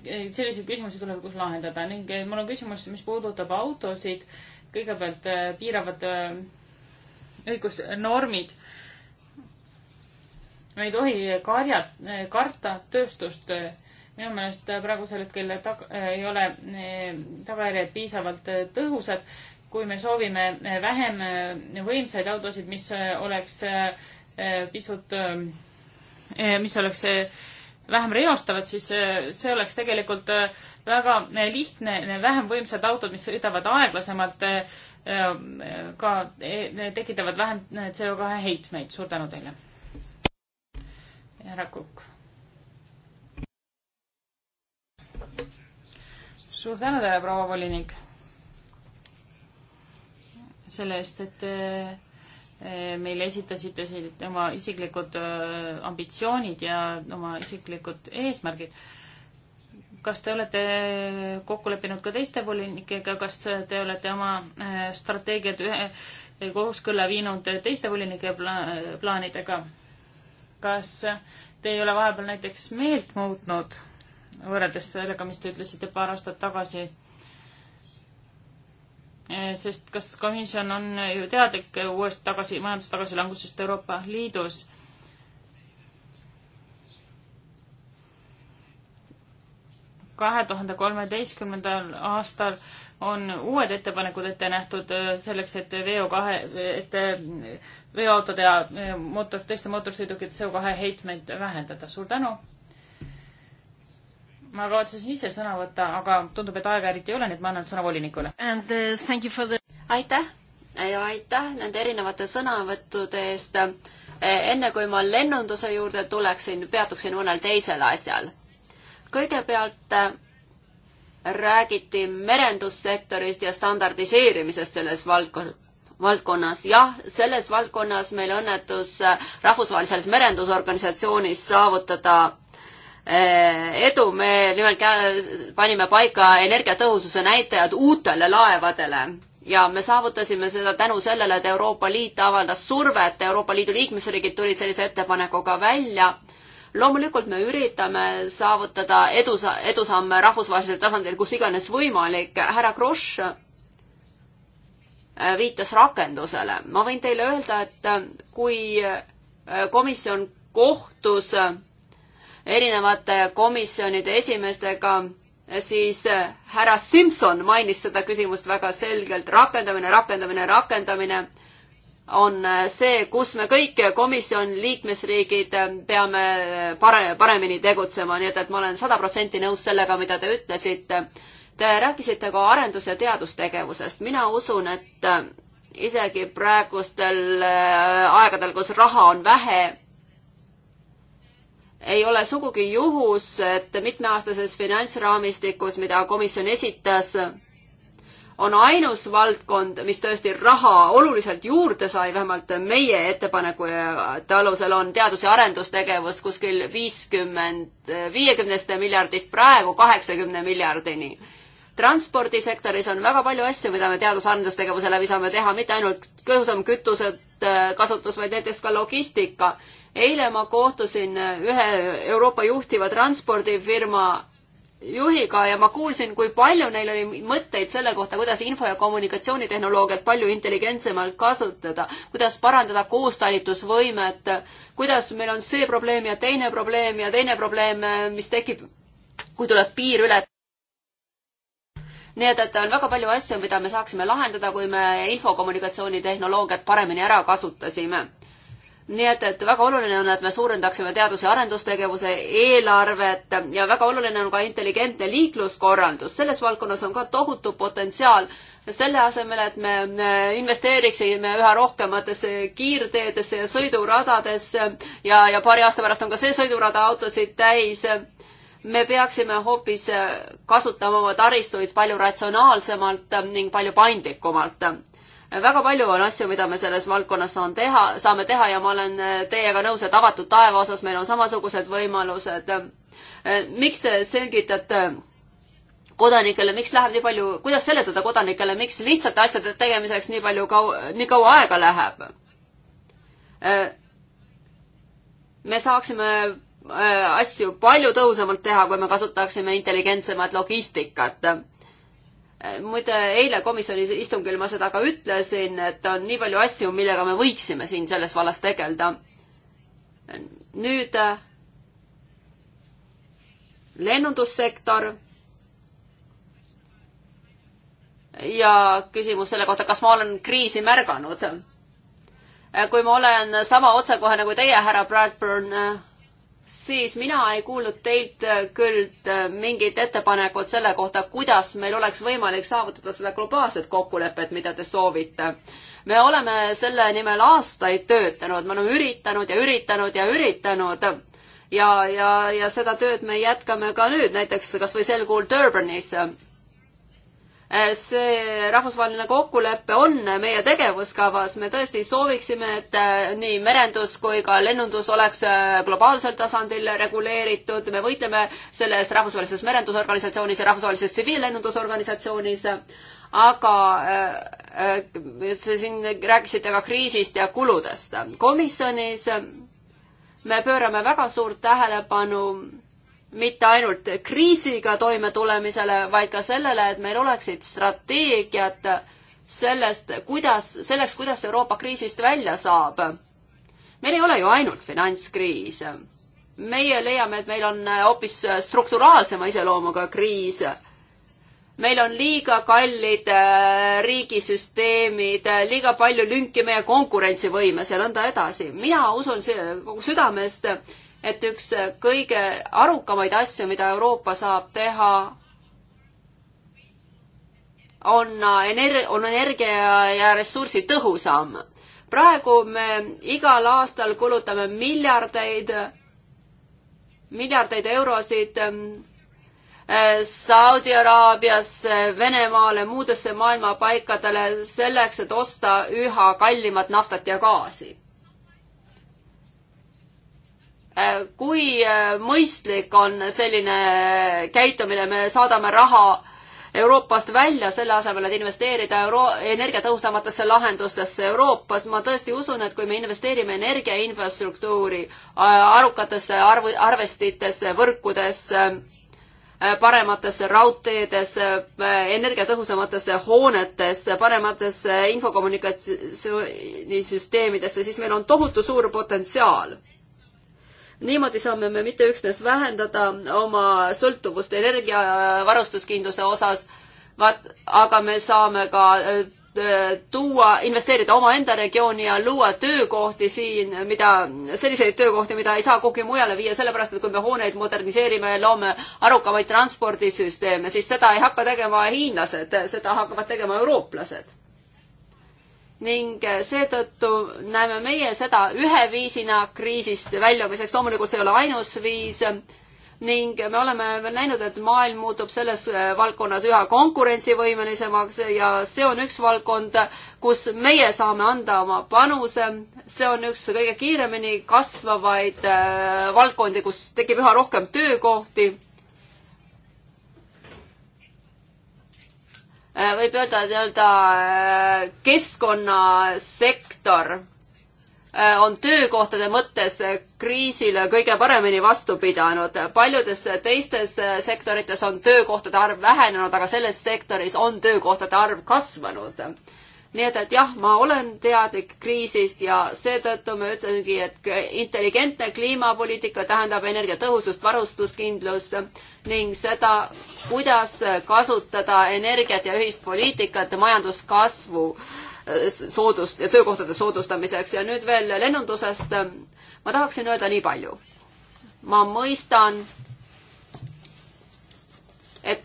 selliseid küsimusi tulevikus lahendada ning äh, mul on küsimus, mis puudutab autosid, kõigepealt piiravad õigusnormid. me ei tohi karja, karta tööstust. minu meelest praegusel hetkel tag-, ei ole tagajärjed piisavalt tõhusad, kui me soovime vähem võimsaid autosid, mis oleks pisut Eh, mis oleks eh, vähem reostavad, siis eh, see oleks tegelikult väga lihtne, vähem võimsad autod, mis sõidavad aeglasemalt, ka tekitavad vähem CO2 heitmeid. suur tänu teile. härra Kukk. suur tänu teile, proua volinik, selle eest, et Eh, meile esitasite siin oma isiklikud eh, ambitsioonid ja oma isiklikud eesmärgid. kas te olete kokku leppinud ka teiste volinikega, kas te olete oma eh, strateegiad kooskõlla viinud teiste volinike pla-, plaanidega? kas te ei ole vahepeal näiteks meelt muutnud võrreldes sellega, mis te ütlesite paar aastat tagasi? Eh, sest kas komisjon on ju teadlik uuest tagasi, majandustagasilangusest Euroopa Liidus? kahe tuhande kolmeteistkümnendal aastal on uued ettepanekud ette nähtud eh, selleks, et VO2, et eh, veoautode ja mootor, teiste mootorsõidukite CO2 heitmeid vähendada. suur tänu! ma kavatsesin ise sõna võtta, aga tundub, et aega eriti ei ole, nii et ma annan sõna volinikule. Uh, the... aitäh ja aitäh nende erinevate sõnavõttude eest. E, enne kui ma lennunduse juurde tuleksin, peatuksin mõnel teisel asjal. kõigepealt e, räägiti merendussektorist ja standardiseerimisest selles valdkonnas valdkonnas. jah, selles valdkonnas meil õnnetus e, rahvusvahelises merendusorganisatsioonis saavutada Eh, edu, me nimelt panime paika energiatõhususe näitajad uutele laevadele ja me saavutasime seda tänu sellele, et Euroopa Liit avaldas survet, Euroopa Liidu liikmesriigid tulid sellise ettepanekuga välja. loomulikult me üritame saavutada edu, edusamme rahvusvahelisel tasandil, kus iganes võimalik. härra Kross eh, viitas rakendusele. ma võin teile öelda, et eh, kui komisjon kohtus erinevate komisjonide esimeestega, siis äh, härra Simson mainis seda küsimust väga selgelt, rakendamine, rakendamine, rakendamine on äh, see, kus me kõik äh, komisjoni liikmesriigid peame pare-, paremini tegutsema, nii et, et ma olen sada protsenti nõus sellega, mida te ütlesite. Te rääkisite ka arendus- ja teadustegevusest. mina usun, et isegi praegustel aegadel, kus raha on vähe, ei ole sugugi juhus, et mitmeaastases finantsraamistikus, mida komisjon esitas, on ainus valdkond, mis tõesti raha oluliselt juurde sai, vähemalt meie ettepanekute alusel on teadus- ja arendustegevus kuskil viiskümmend, viiekümnest miljardist praegu kaheksakümne miljardini. transpordisektoris on väga palju asju, mida me teadus-arendustegevuse läbi saame teha, mitte ainult kõhusam kütused äh, kasutus, vaid näiteks ka logistika eile ma kohtusin ühe Euroopa juhtiva transpordifirma juhiga ja ma kuulsin, kui palju neil oli mõtteid selle kohta, kuidas info- ja kommunikatsioonitehnoloogiat palju intelligentsemalt kasutada, kuidas parandada koostalitusvõimet, kuidas meil on see probleem ja teine probleem ja teine probleem, mis tekib, kui tuleb piir üle. nii et, et on väga palju asju, mida me saaksime lahendada, kui me info-kommunikatsioonitehnoloogiat paremini ära kasutasime nii et, et väga oluline on, et me suurendaksime teadus- ja arendustegevuse eelarvet ja väga oluline on ka intelligentne liikluskorraldus. selles valdkonnas on ka tohutu potentsiaal. selle asemel, et me investeeriksime üha rohkematesse kiirteedesse ja sõiduradadesse ja, ja paari aasta pärast on ka see sõidurada autosid täis, me peaksime hoopis kasutama oma taristuid palju ratsionaalsemalt ning palju paindlikumalt väga palju on asju, mida me selles valdkonnas saan teha, saame teha ja ma olen äh, teiega nõus, et avatud taeva osas meil on samasugused võimalused. Äh, miks te selgitate kodanikele, miks läheb nii palju, kuidas seletada kodanikele, miks lihtsate asjade tegemiseks nii palju kau-, nii kaua aega läheb? Äh, me saaksime asju palju tõhusamalt teha, kui me kasutaksime intelligentsemat logistikat Äh, muide, eile komisjoni istungil ma seda ka ütlesin, et on nii palju asju, millega me võiksime siin selles vallas tegeleda. nüüd äh, lennundussektor ja küsimus selle kohta, kas ma olen kriisi märganud. Äh, kui ma olen sama otsekohene nagu kui teie, härra Bradburn, siis mina ei kuulnud teilt äh, küll äh, mingit ettepanekut selle kohta, kuidas meil oleks võimalik saavutada seda globaalset kokkulepet, mida te soovite. me oleme selle nimel aastaid töötanud, me oleme üritanud ja üritanud ja üritanud ja, ja, ja seda tööd me jätkame ka nüüd, näiteks kas või sel kuul Durbanis Äh, see rahvusvaheline kokkulepe on meie tegevuskavas, me tõesti sooviksime, et äh, nii merendus kui ka lennundus oleks äh, globaalsel tasandil reguleeritud, me võitleme selle eest rahvusvahelises merendusorganisatsioonis ja rahvusvahelises tsiviillennundusorganisatsioonis, aga see siin rääkisite ka kriisist ja kuludest. komisjonis me pöörame väga suurt tähelepanu mitte ainult kriisiga toimetulemisele, vaid ka sellele, et meil oleksid strateegiad sellest, kuidas, selleks, kuidas Euroopa kriisist välja saab. meil ei ole ju ainult finantskriis. meie leiame, et meil on hoopis strukturaalsema iseloomuga kriis. meil on liiga kallid äh, riigisüsteemid, äh, liiga palju lünki meie konkurentsivõimes ja nõnda edasi. mina usun kogu südamest, et üks kõige arukamaid asju, mida Euroopa saab teha, on ener-, on energia ja ressursi tõhusam. praegu me igal aastal kulutame miljardeid, miljardeid eurosid ähm, äh, Saudi Araabiasse, Venemaale, muudesse maailma paikadele selleks, et osta üha kallimat naftat ja gaasi Äh, kui äh, mõistlik on selline käitumine, me saadame raha Euroopast välja, selle asemel, et investeerida euro-, energiatõhusamatesse lahendustesse Euroopas, ma tõesti usun, et kui me investeerime energia infrastruktuuri, äh, arukatesse arv-, arvestitesse, võrkudesse, parematesse raudteedesse, energiatõhusamatesse hoonetesse, parematesse infokommunikatsioonisüsteemidesse, siis meil on tohutu suur potentsiaal niimoodi saame me mitte üksnes vähendada oma sõltuvust energiavarustuskindluse osas, vaat, aga me saame ka äh, tuua, investeerida omaenda regiooni ja luua töökohti siin, mida, selliseid töökohti, mida ei saa kuhugi mujale viia, sellepärast et kui me hooneid moderniseerime ja loome arukamaid transpordisüsteeme, siis seda ei hakka tegema hiinlased, seda hakkavad tegema eurooplased ning äh, seetõttu näeme meie seda ühe viisina kriisist väljumiseks, loomulikult see ei ole ainus viis, ning me oleme veel näinud, et maailm muutub selles äh, valdkonnas üha konkurentsivõimelisemaks ja see on üks valdkond, kus meie saame anda oma panuse. see on üks kõige kiiremini kasvavaid äh, valdkondi, kus tekib üha rohkem töökohti Äh, võib öelda, et nii-öelda äh, keskkonnasektor äh, on töökohtade mõttes kriisile kõige paremini vastu pidanud. paljudes teistes sektorites on töökohtade arv vähenenud, aga selles sektoris on töökohtade arv kasvanud nii et, et jah, ma olen teadlik kriisist ja seetõttu ma ütlengi, et intelligentne kliimapoliitika tähendab energiatõhusust, varustuskindlust ning seda, kuidas kasutada energiat ja ühist poliitikat majanduskasvu äh, soodust- ja töökohtade soodustamiseks ja nüüd veel lennundusest. ma tahaksin öelda nii palju. ma mõistan, et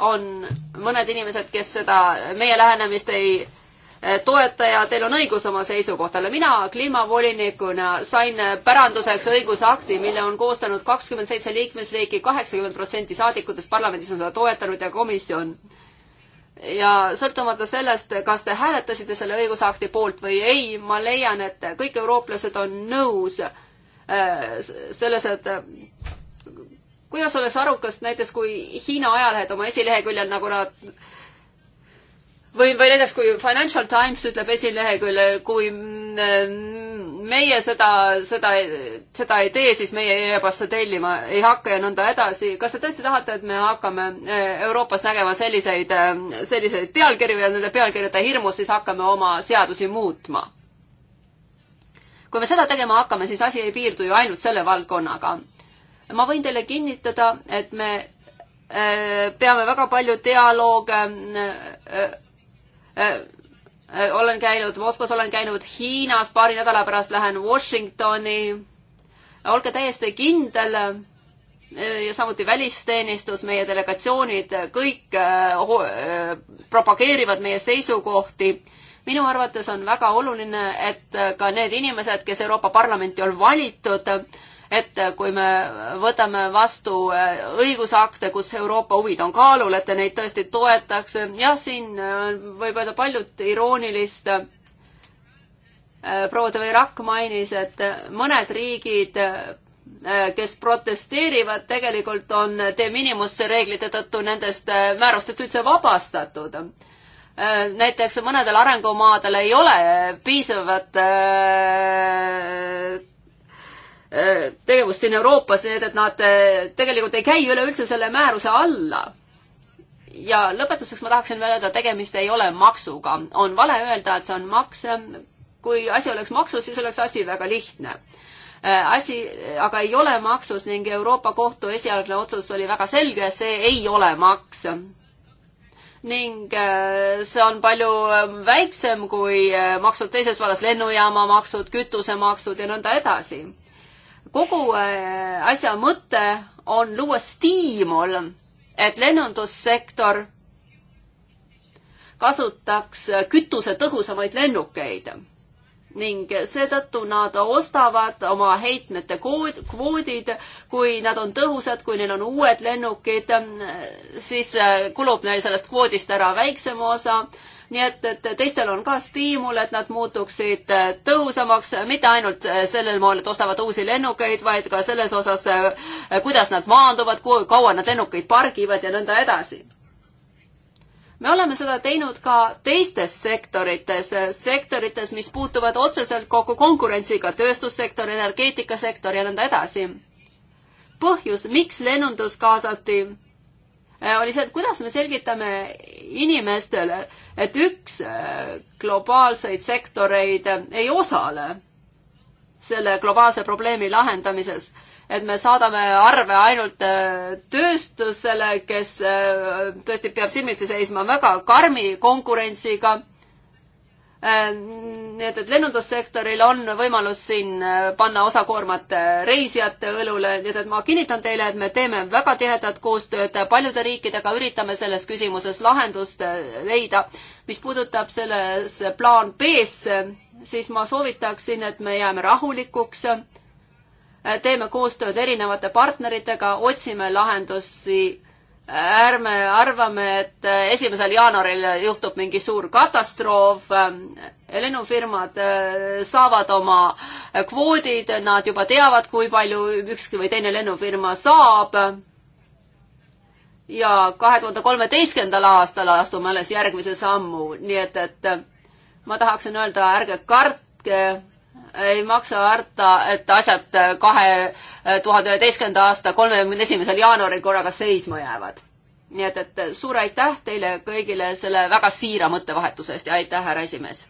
on mõned inimesed, kes seda meie lähenemist ei eh, toeta ja teil on õigus oma seisukohtale. mina kliimavolinikuna sain päranduseks õigusakti, mille on koostanud kakskümmend seitse liikmesriiki, kaheksakümmend protsenti saadikutest parlamendis on seda toetanud ja komisjon. ja sõltumata sellest, kas te hääletasite selle õigusakti poolt või ei, ma leian, et kõik eurooplased on nõus eh, selles, et kuidas oleks arukas näiteks, kui Hiina ajalehed oma esileheküljel, nagu nad või, või näiteks, kui Financial Times ütleb esileheküljel, kui meie seda, seda, seda ei tee, siis meie e-pasta tellima ei hakka ja nõnda edasi. kas te tõesti tahate, et me hakkame e, Euroopas nägema selliseid, e, selliseid pealkirju ja nende pealkirjade hirmus siis hakkame oma seadusi muutma? kui me seda tegema hakkame, siis asi ei piirdu ju ainult selle valdkonnaga ma võin teile kinnitada, et me äh, peame väga palju dialoog äh, äh, olen käinud Moskvas, olen käinud Hiinas, paari nädala pärast lähen Washingtoni. olge täiesti kindel ja samuti välisteenistus, meie delegatsioonid, kõik propageerivad meie seisukohti. minu arvates on väga oluline, et ka need inimesed, kes Euroopa Parlamenti on valitud, et äh, kui me võtame vastu äh, õigusakte, kus Euroopa huvid on kaalul, et te neid tõesti toetaks. Äh, jah, siin võib öelda paljut iroonilist. proua Tõvi Rakk mainis, et mõned riigid kes protesteerivad, tegelikult on de minimus reeglite tõttu nendest määrustest üldse vabastatud. näiteks mõnedel arengumaadel ei ole piisavat Äh, tegevust siin Euroopas, nii et, et nad äh, tegelikult ei käi üleüldse selle määruse alla. ja lõpetuseks ma tahaksin veel öelda, tegemist ei ole maksuga. on vale öelda, et see on maks. kui asi oleks maksus, siis oleks asi väga lihtne äh, asi aga ei ole maksus ning Euroopa Kohtu esialgne otsus oli väga selge, see ei ole maks. ning see on palju ähm, väiksem kui maksud teises vallas, lennujaamamaksud, kütusemaksud ja nõnda edasi kogu äh, asja mõte on luua stiimul, et lennundussektor kasutaks kütuse tõhusamaid lennukeid ning seetõttu nad ostavad oma heitmete kood, kvoodid, kui nad on tõhusad, kui neil on uued lennukid, siis kulub neil sellest kvoodist ära väiksem osa. nii et, et teistel on ka stiimul, et nad muutuksid tõhusamaks, mitte ainult sellel moel, et ostavad uusi lennukeid, vaid ka selles osas, kuidas nad maanduvad, kui kaua nad lennukeid pargivad ja nõnda edasi me oleme seda teinud ka teistes sektorites, sektorites, mis puutuvad otseselt kokku konkurentsiga, tööstussektor, energeetikasektor ja nõnda edasi. põhjus, miks lennundus kaasati, eh, oli see, et kuidas me selgitame inimestele, et üks eh, globaalseid sektoreid eh, ei osale selle globaalse probleemi lahendamises et me saadame arve ainult äh, tööstusele, kes äh, tõesti peab silmitsi seisma väga karmi konkurentsiga. Äh, nii et, et lennundussektoril on võimalus siin panna osakoormat reisijate õlule, nii et, et ma kinnitan teile, et me teeme väga tihedat koostööd paljude riikidega, üritame selles küsimuses lahendust leida. mis puudutab selles plaan B-s, siis ma soovitaksin, et me jääme rahulikuks teeme koostööd erinevate partneritega, otsime lahendusi, ärme arvame, et eh, esimesel jaanuaril juhtub mingi suur katastroof, eh, lennufirmad eh, saavad oma kvoodid, nad juba teavad, kui palju ükski või teine lennufirma saab ja kahe tuhande kolmeteistkümnendal aastal astume alles järgmise sammu, nii et, et ma tahaksin öelda, ärge kartke ei maksa arta, et asjad kahe eh, tuhande üheteistkümnenda aasta kolmekümne esimesel jaanuaril korraga seisma jäävad. nii et, et suur aitäh teile kõigile selle väga siira mõttevahetuse eest ja aitäh, härra esimees.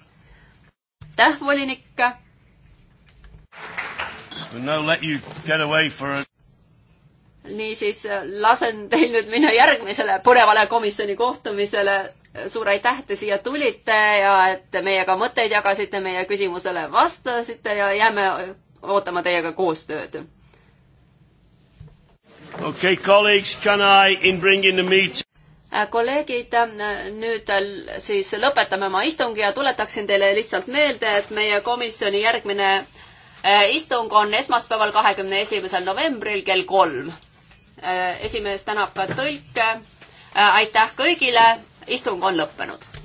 aitäh, volinik. niisiis, lasen teil nüüd minna järgmisele põnevale komisjoni kohtumisele suur aitäh, et te siia tulite ja et meiega mõtteid jagasite, meie küsimusele vastasite ja jääme ootama teiega koostööd. okei okay,, colleagues, can I in bring in the meet? Äh, kolleegid, äh, nüüd äh, siis lõpetame oma istungi ja tuletaksin teile lihtsalt meelde, et meie komisjoni järgmine istung on esmaspäeval, kahekümne esimesel novembril kell kolm. esimees tänab ka tõlke. aitäh kõigile istung on lõppenud